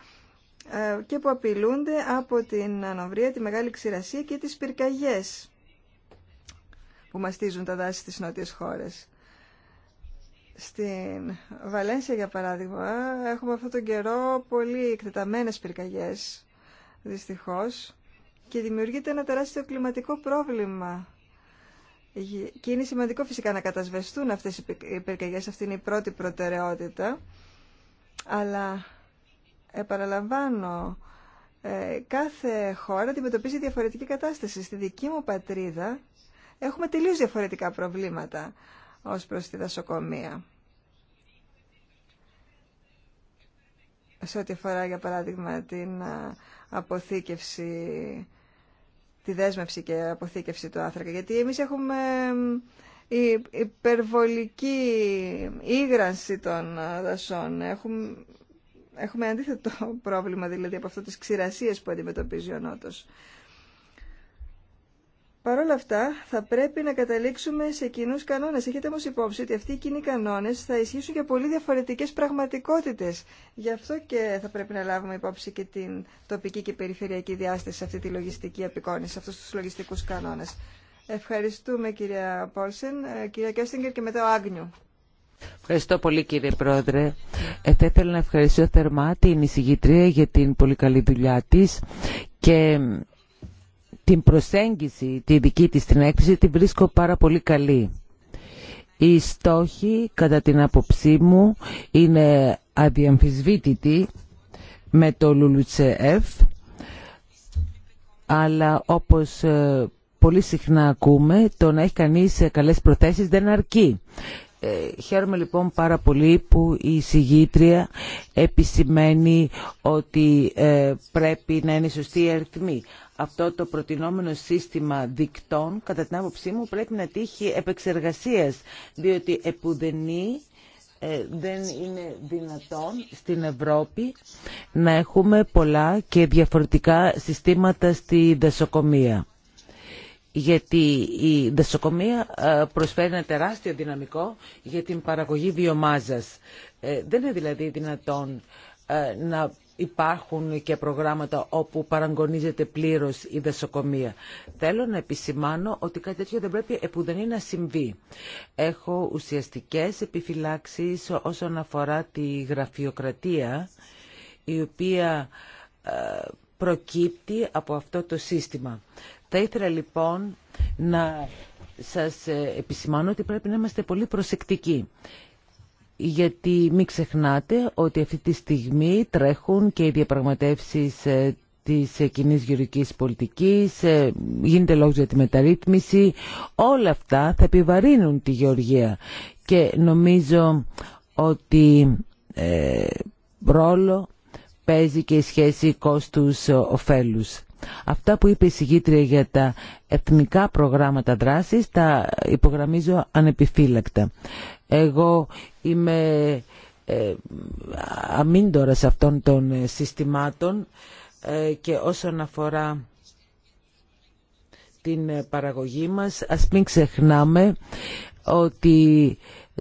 ε, και που απειλούνται από την ανοβρία, τη μεγάλη ξηρασία και τις πυρκαγιές που μαστίζουν τα δάση στις νότιες χώρες. Στην Βαλένσια, για παράδειγμα, έχουμε αυτόν τον καιρό πολύ εκτεταμένες πυρκαγιές, δυστυχώς, και δημιουργείται ένα τεράστιο κλιματικό πρόβλημα. Και είναι σημαντικό φυσικά να κατασβεστούν αυτές οι πυρκαγιές, αυτή είναι η πρώτη προτεραιότητα, αλλά επαναλαμβάνω, ε, κάθε χώρα αντιμετωπίζει διαφορετική κατάσταση. Στη δική μου πατρίδα έχουμε τελείως διαφορετικά προβλήματα ως προς τη δασοκομεία. Σε ό,τι αφορά, για παράδειγμα, την ε, αποθήκευση, τη δέσμευση και αποθήκευση του άθρακα. Γιατί εμείς έχουμε η υπερβολική ήγρανση των ε, δασών. Έχουμε, έχουμε αντίθετο πρόβλημα δηλαδή από αυτό τις ξηρασίες που αντιμετωπίζει ο Νότος. Παρ' όλα αυτά, θα πρέπει να καταλήξουμε σε κοινού κανόνε. Έχετε όμω υπόψη ότι αυτοί οι κοινοί κανόνε θα ισχύσουν για πολύ διαφορετικέ πραγματικότητε. Γι' αυτό και θα πρέπει να λάβουμε υπόψη και την τοπική και περιφερειακή διάσταση σε αυτή τη λογιστική απεικόνηση, σε αυτού του λογιστικού κανόνε. Ευχαριστούμε, κυρία Πόλσεν. Ε, κυρία Κέστιγκερ και μετά ο Άγνιου. Ευχαριστώ πολύ κύριε Πρόεδρε. Ε, θα ήθελα να ευχαριστήσω θερμά την εισηγητρία για την πολύ καλή δουλειά τη. και την προσέγγιση τη δική της την έκθεση την βρίσκω πάρα πολύ καλή. Η στόχη, κατά την άποψή μου είναι αδιαμφισβήτητοι με το Λουλουτσεεφ αλλά όπως ε, πολύ συχνά ακούμε το να έχει κανείς ε, καλές προθέσεις δεν αρκεί. Ε, χαίρομαι λοιπόν πάρα πολύ που η συγγήτρια επισημαίνει ότι πρέπει να είναι σωστή η αριθμή αυτό το προτινόμενο σύστημα δικτών, κατά την άποψή μου, πρέπει να τύχει επεξεργασίας, διότι επουδενή ε, δεν είναι δυνατόν στην Ευρώπη να έχουμε πολλά και διαφορετικά συστήματα στη δασοκομεία. Γιατί η δασοκομεία ε, προσφέρει ένα τεράστιο δυναμικό για την παραγωγή βιομάζας. Ε, δεν είναι δηλαδή δυνατόν να υπάρχουν και προγράμματα όπου παραγωνίζεται πλήρως η δασοκομεία. Θέλω να επισημάνω ότι κάτι τέτοιο δεν πρέπει επουδενή να συμβεί. Έχω ουσιαστικές επιφυλάξεις όσον αφορά τη γραφειοκρατία η οποία ε, προκύπτει από αυτό το σύστημα. Θα ήθελα λοιπόν να σας ε, επισημάνω ότι πρέπει να είμαστε πολύ προσεκτικοί γιατί μην ξεχνάτε ότι αυτή τη στιγμή τρέχουν και οι διαπραγματεύσεις ε, της ε, κοινή γεωργικής πολιτικής, ε, γίνεται λόγος για τη μεταρρύθμιση. Όλα αυτά θα επιβαρύνουν τη γεωργία και νομίζω ότι ε, ρόλο παίζει και η σχέση κόστους κόστους-οφέλους. Αυτά που είπε η συγγήτρια για τα εθνικά προγράμματα δράσης τα υπογραμμίζω ανεπιφύλακτα. Εγώ είμαι ε, αμύντορας αυτών των ε, συστημάτων ε, και όσον αφορά την παραγωγή μας, ας μην ξεχνάμε ότι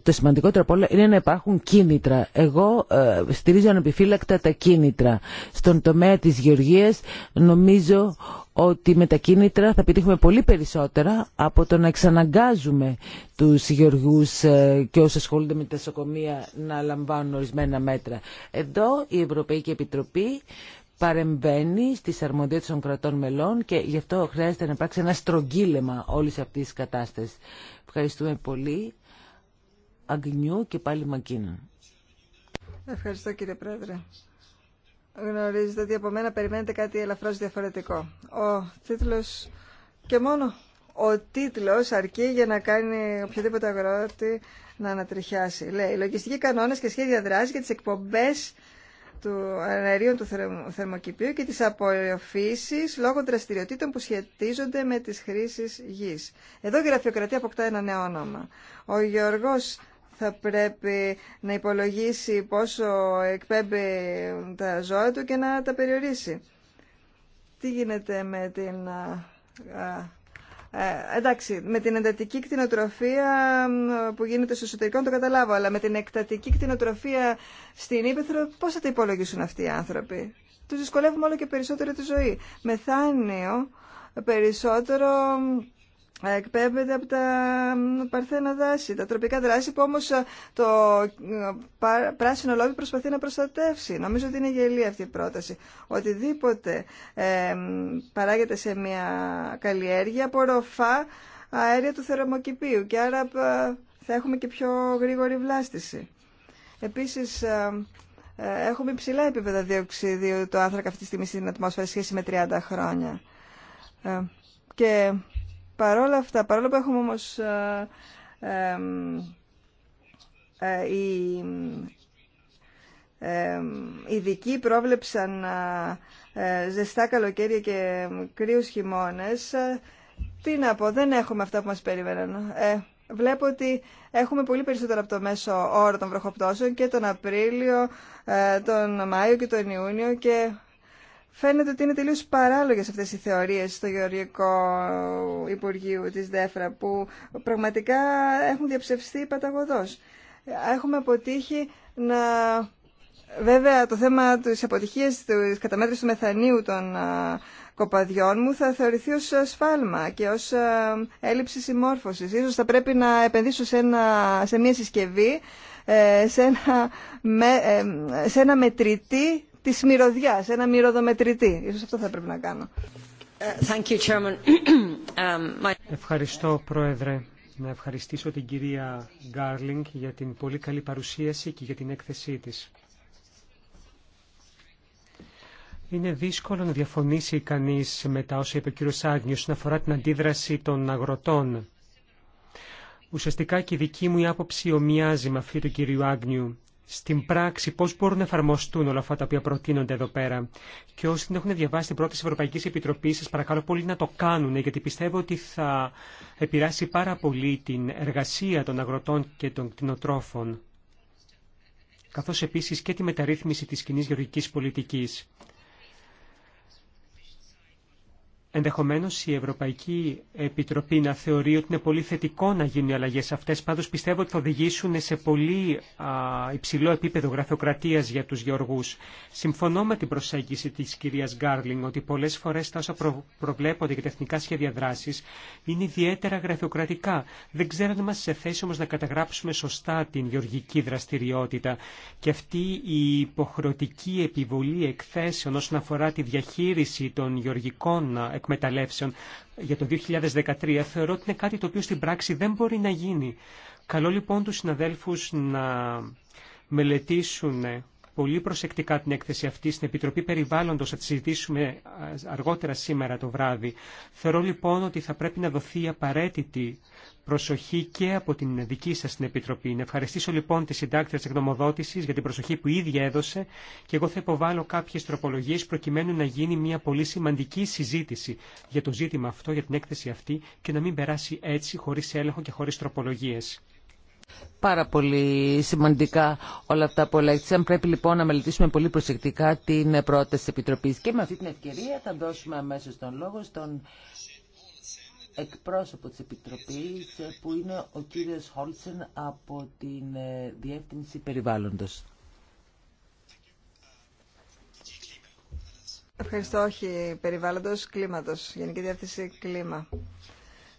το σημαντικότερο από όλα είναι να υπάρχουν κίνητρα. Εγώ ε, στηρίζω ανεπιφύλακτα τα κίνητρα. Στον τομέα της γεωργίας νομίζω ότι με τα κίνητρα θα πετύχουμε πολύ περισσότερα από το να εξαναγκάζουμε τους γεωργούς ε, και όσοι ασχολούνται με τα σοκομεία να λαμβάνουν ορισμένα μέτρα. Εδώ η Ευρωπαϊκή Επιτροπή παρεμβαίνει στις αρμοδίες των κρατών μελών και γι' αυτό χρειάζεται να υπάρξει ένα στρογγύλεμα όλης αυτής της κατάστασης. Ευχαριστούμε πολύ. Αγνιού και πάλι Μακίνων. Ευχαριστώ κύριε Πρόεδρε. Γνωρίζετε ότι από μένα περιμένετε κάτι ελαφρώς διαφορετικό. Ο τίτλος και μόνο ο τίτλος αρκεί για να κάνει οποιοδήποτε αγρότη να ανατριχιάσει. Λέει «Λογιστικοί κανόνες και σχέδια δράση για τις εκπομπές του αερίου του θερμοκηπίου και τις απορροφήσεις λόγω δραστηριοτήτων που σχετίζονται με τις χρήσεις γης». Εδώ η γραφειοκρατία αποκτά ένα νέο όνομα. Ο Γεωργός θα πρέπει να υπολογίσει πόσο εκπέμπει τα ζώα του και να τα περιορίσει. Τι γίνεται με την... Ε, εντάξει, με την εντατική κτηνοτροφία που γίνεται στο εσωτερικό το καταλάβω, αλλά με την εκτατική κτηνοτροφία στην Ήπεθρο πώς θα τα υπολογίσουν αυτοί οι άνθρωποι. Τους δυσκολεύουμε όλο και περισσότερο τη ζωή. Μεθάνιο περισσότερο εκπέμπεται από τα παρθένα δάση, τα τροπικά δράση που όμως ε, το ε, πράσινο λόμπι προσπαθεί να προστατεύσει. Νομίζω ότι είναι γελία αυτή η πρόταση. Οτιδήποτε ε, παράγεται σε μια καλλιέργεια απορροφά αέρια του θερμοκηπίου και άρα θα έχουμε και πιο γρήγορη βλάστηση. Επίσης, έχουμε υψηλά επίπεδα διοξίδιου του άνθρακα αυτή τη στιγμή στην ατμόσφαιρα σχέση με 30 χρόνια. και Παρόλα αυτά, παρόλο που έχουμε όμως ε, ε, ε, οι ειδικοί πρόβλεψαν ε, ζεστά καλοκαίρια και κρύους χειμώνες, ε, τι να πω, δεν έχουμε αυτά που μας περίμεναν. Ε, βλέπω ότι έχουμε πολύ περισσότερο από το μέσο όρο των βροχοπτώσεων και τον Απρίλιο, τον Μάιο και τον Ιούνιο και Φαίνεται ότι είναι τελείως παράλογες αυτές οι θεωρίες στο Γεωργικό Υπουργείο της ΔΕΦΡΑ που πραγματικά έχουν διαψευστεί παταγωδός. Έχουμε αποτύχει να... Βέβαια το θέμα της αποτυχίας της καταμέτρησης του μεθανίου των κοπαδιών μου θα θεωρηθεί ως σφάλμα και ως έλλειψη συμμόρφωσης. Ίσως θα πρέπει να επενδύσω σε, μια συσκευή, ε, ε, σε ένα μετρητή της μυρωδιάς, ένα μυρωδομετρητή. Ίσως αυτό θα πρέπει να κάνω. Um, Ευχαριστώ, Πρόεδρε. Να ευχαριστήσω την κυρία Γκάρλινγκ για την πολύ καλή παρουσίαση και για την έκθεσή της. Είναι δύσκολο να διαφωνήσει κανείς μετά όσα είπε ο κύριος Άγνιος όσον αφορά την αντίδραση των αγροτών. Ουσιαστικά και η δική μου άποψη ομοιάζει με αυτή του κυρίου Άγνιου στην πράξη πώς μπορούν να εφαρμοστούν όλα αυτά τα οποία προτείνονται εδώ πέρα. Και όσοι δεν έχουν διαβάσει την πρόταση Ευρωπαϊκής Επιτροπής, σας παρακαλώ πολύ να το κάνουν, γιατί πιστεύω ότι θα επηρεάσει πάρα πολύ την εργασία των αγροτών και των κτηνοτρόφων, καθώς επίσης και τη μεταρρύθμιση της κοινή γεωργικής πολιτικής. Ενδεχομένως η Ευρωπαϊκή Επιτροπή να θεωρεί ότι είναι πολύ θετικό να γίνουν οι αλλαγές αυτές, πάντως πιστεύω ότι θα οδηγήσουν σε πολύ υψηλό επίπεδο γραφειοκρατίας για τους γεωργούς. Συμφωνώ με την προσέγγιση της κυρίας Γκάρλινγκ ότι πολλές φορές τα όσα προ, προβλέπονται για τα εθνικά σχέδια δράσης είναι ιδιαίτερα γραφειοκρατικά. Δεν ξέρω αν είμαστε σε θέση όμως να καταγράψουμε σωστά την γεωργική δραστηριότητα και αυτή η υποχρεωτική επιβολή εκθέσεων όσον αφορά τη διαχείριση των γεωργικών εκμεταλλεύσεων για το 2013 θεωρώ ότι είναι κάτι το οποίο στην πράξη δεν μπορεί να γίνει. Καλό λοιπόν τους συναδέλφους να μελετήσουν πολύ προσεκτικά την έκθεση αυτή στην Επιτροπή Περιβάλλοντος, θα τη συζητήσουμε αργότερα σήμερα το βράδυ. Θεωρώ λοιπόν ότι θα πρέπει να δοθεί απαραίτητη προσοχή και από την δική σας την Επιτροπή. Να ευχαριστήσω λοιπόν τη συντάκτρια της εκδομοδότησης για την προσοχή που ήδη έδωσε και εγώ θα υποβάλω κάποιες τροπολογίες προκειμένου να γίνει μια πολύ σημαντική συζήτηση για το ζήτημα αυτό, για την έκθεση αυτή και να μην περάσει έτσι χωρίς έλεγχο και χωρίς τροπολογίες. Πάρα πολύ σημαντικά όλα αυτά που έλεγξαν. Πρέπει λοιπόν να μελετήσουμε πολύ προσεκτικά την πρόταση τη Επιτροπή. Και με αυτή την ευκαιρία θα δώσουμε αμέσω τον λόγο στον εκπρόσωπο της Επιτροπής ε, που είναι ο κύριος Χόλσεν από την ε, Διεύθυνση Περιβάλλοντος. Ευχαριστώ, όχι περιβάλλοντος, κλίματος, Γενική Διεύθυνση Κλίμα.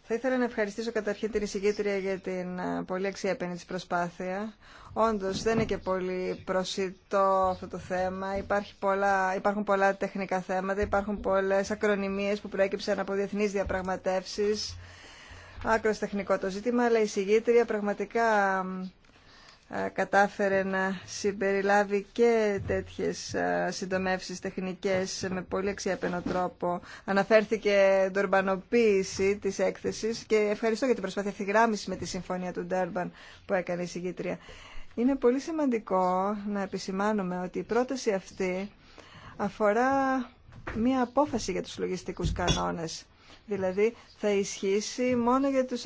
Θα ήθελα να ευχαριστήσω καταρχήν την εισηγήτρια για την ε, πολύ αξιέπαινη της προσπάθεια. Όντως δεν είναι και πολύ προσιτό αυτό το θέμα. Υπάρχει πολλά, υπάρχουν πολλά τεχνικά θέματα, υπάρχουν πολλές ακρονιμίες που προέκυψαν από διεθνείς διαπραγματεύσεις. Άκρος τεχνικό το ζήτημα, αλλά η εισηγήτρια πραγματικά κατάφερε να συμπεριλάβει και τέτοιες συντομεύσεις τεχνικές με πολύ αξιέπαινο τρόπο. Αναφέρθηκε ντορμπανοποίηση της έκθεσης και ευχαριστώ για την προσπάθεια αυτή με τη συμφωνία του Ντέρμπαν που έκανε η συγκήτρια. Είναι πολύ σημαντικό να επισημάνουμε ότι η πρόταση αυτή αφορά μία απόφαση για τους λογιστικούς κανόνες. Δηλαδή θα ισχύσει μόνο για τους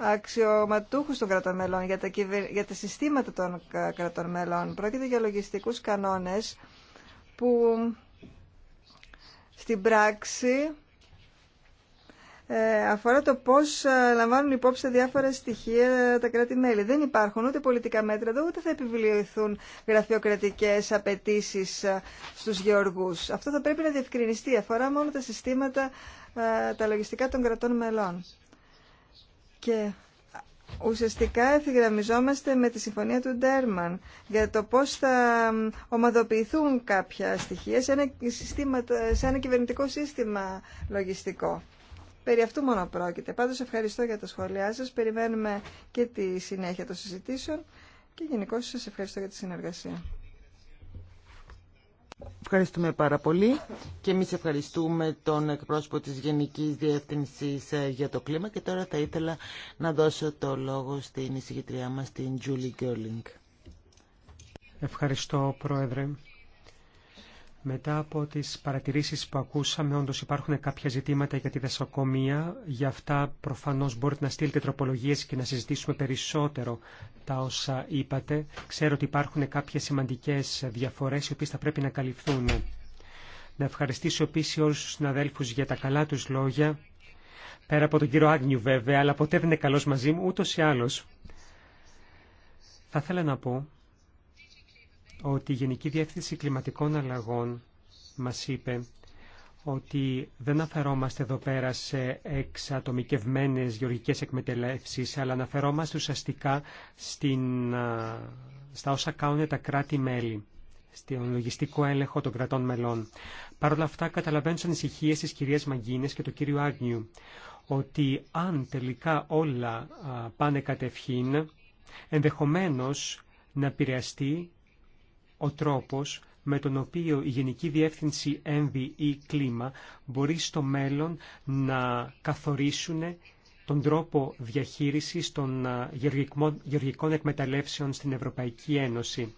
αξιωματούχους των κρατών μελών, για τα, για συστήματα των κρατών μελών. Πρόκειται για λογιστικούς κανόνες που στην πράξη ε, αφορά το πώς ε, λαμβάνουν υπόψη τα διάφορα στοιχεία τα κράτη-μέλη. Δεν υπάρχουν ούτε πολιτικά μέτρα εδώ, ούτε θα επιβληθούν γραφειοκρατικές απαιτήσει ε, στους γεωργούς. Αυτό θα πρέπει να διευκρινιστεί. Αφορά μόνο τα συστήματα, τα λογιστικά των κρατών μελών. Και ουσιαστικά εφηγραμμιζόμαστε με τη συμφωνία του Ντέρμαν για το πώς θα ομαδοποιηθούν κάποια στοιχεία σε ένα, σε ένα κυβερνητικό σύστημα λογιστικό. Περί αυτού μόνο πρόκειται. Πάντως ευχαριστώ για τα σχόλιά σας. Περιμένουμε και τη συνέχεια των συζητήσεων και γενικώ σας ευχαριστώ για τη συνεργασία. Ευχαριστούμε πάρα πολύ και εμείς ευχαριστούμε τον εκπρόσωπο της Γενικής Διεύθυνσης ε, για το κλίμα και τώρα θα ήθελα να δώσω το λόγο στην εισηγητριά μας, την Julie Γκέρλινγκ. Ευχαριστώ, Πρόεδρε. Μετά από τις παρατηρήσεις που ακούσαμε, όντως υπάρχουν κάποια ζητήματα για τη δασοκομεία. Γι' αυτά προφανώς μπορείτε να στείλετε τροπολογίες και να συζητήσουμε περισσότερο τα όσα είπατε. Ξέρω ότι υπάρχουν κάποιες σημαντικές διαφορές οι οποίες θα πρέπει να καλυφθούν. Να ευχαριστήσω επίση όλους τους συναδέλφους για τα καλά τους λόγια. Πέρα από τον κύριο Άγνιου βέβαια, αλλά ποτέ δεν είναι καλός μαζί μου, ούτως ή άλλως. Θα ήθελα να πω ότι η Γενική Διεύθυνση Κλιματικών Αλλαγών μας είπε ότι δεν αναφερόμαστε εδώ πέρα σε εξατομικευμένες γεωργικές εκμετέλευσεις, αλλά αναφερόμαστε ουσιαστικά στα όσα κάνουν τα κράτη-μέλη στον λογιστικό έλεγχο των κρατών μελών. Παρ' όλα αυτά καταλαβαίνω τις ανησυχίε τη κυρία Μαγκίνες και του κυρίου Άγνιου ότι αν τελικά όλα πάνε κατευχήν, ενδεχομένως να επηρεαστεί ο τρόπος με τον οποίο η Γενική Διεύθυνση η Κλίμα μπορεί στο μέλλον να καθορίσουν τον τρόπο διαχείρισης των γεωργικών εκμεταλλεύσεων στην Ευρωπαϊκή Ένωση.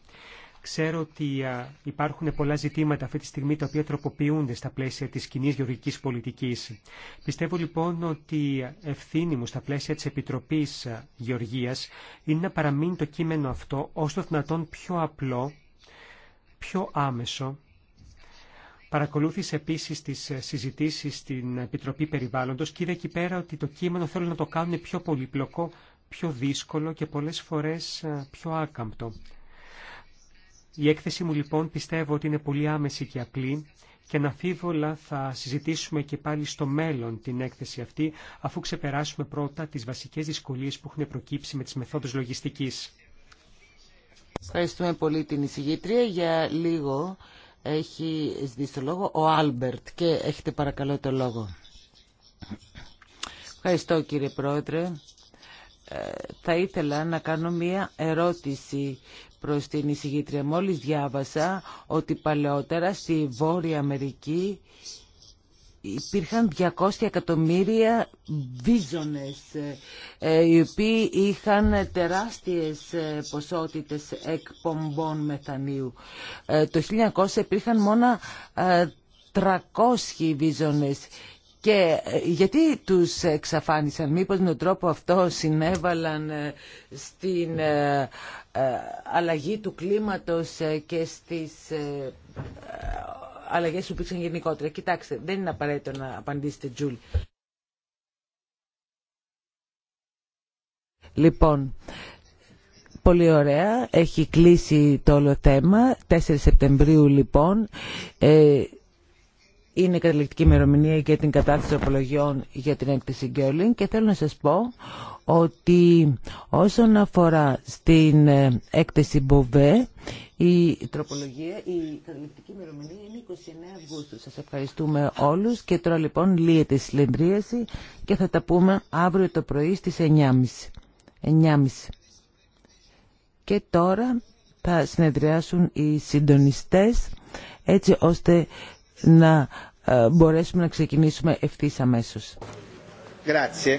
Ξέρω ότι υπάρχουν πολλά ζητήματα αυτή τη στιγμή τα οποία τροποποιούνται στα πλαίσια της κοινή γεωργικής πολιτικής. Πιστεύω λοιπόν ότι ευθύνη μου στα πλαίσια της Επιτροπής Γεωργίας είναι να παραμείνει το κείμενο αυτό ως το δυνατόν πιο απλό πιο άμεσο. Παρακολούθησε επίσης τις συζητήσεις στην Επιτροπή Περιβάλλοντος και είδα εκεί πέρα ότι το κείμενο θέλουν να το κάνουν πιο πολύπλοκο, πιο δύσκολο και πολλές φορές ε, πιο άκαμπτο. Η έκθεση μου λοιπόν πιστεύω ότι είναι πολύ άμεση και απλή και αναφίβολα θα συζητήσουμε και πάλι στο μέλλον την έκθεση αυτή αφού ξεπεράσουμε πρώτα τις βασικές δυσκολίες που έχουν προκύψει με τις μεθόδους λογιστικής. Ευχαριστούμε πολύ την εισηγήτρια. Για λίγο έχει ζητήσει το λόγο ο Άλμπερτ και έχετε παρακαλώ το λόγο. Ευχαριστώ κύριε Πρόεδρε. Ε, θα ήθελα να κάνω μία ερώτηση προς την εισηγήτρια. Μόλις διάβασα ότι παλαιότερα στη Βόρεια Αμερική υπήρχαν 200 εκατομμύρια βίζονες ε, ε, οι οποίοι είχαν τεράστιες ε, ποσότητες εκπομπών μεθανίου. Το 1900 υπήρχαν μόνο 300 βίζονες και γιατί τους εξαφάνισαν, μήπως με τον τρόπο αυτό συνέβαλαν στην αλλαγή του κλίματος και στις αλλαγέ που υπήρξαν γενικότερα. Κοιτάξτε, δεν είναι απαραίτητο να απαντήσετε, Τζουλ. Λοιπόν, πολύ ωραία. Έχει κλείσει το όλο θέμα. 4 Σεπτεμβρίου, λοιπόν, ε, είναι καταληκτική ημερομηνία για την κατάθεση απολογιών για την έκθεση Γκέρλινγκ και θέλω να σας πω ότι όσον αφορά στην ε, έκθεση Μποβέ, η τροπολογία, η καταληπτική ημερομηνία είναι 29 Αυγούστου. Σας ευχαριστούμε όλους και τώρα λοιπόν λύεται η συλλεντρίαση και θα τα πούμε αύριο το πρωί στις 9.30. 9.30. Και τώρα θα συνεδριάσουν οι συντονιστές έτσι ώστε να ε, μπορέσουμε να ξεκινήσουμε ευθύς αμέσως. Grazie.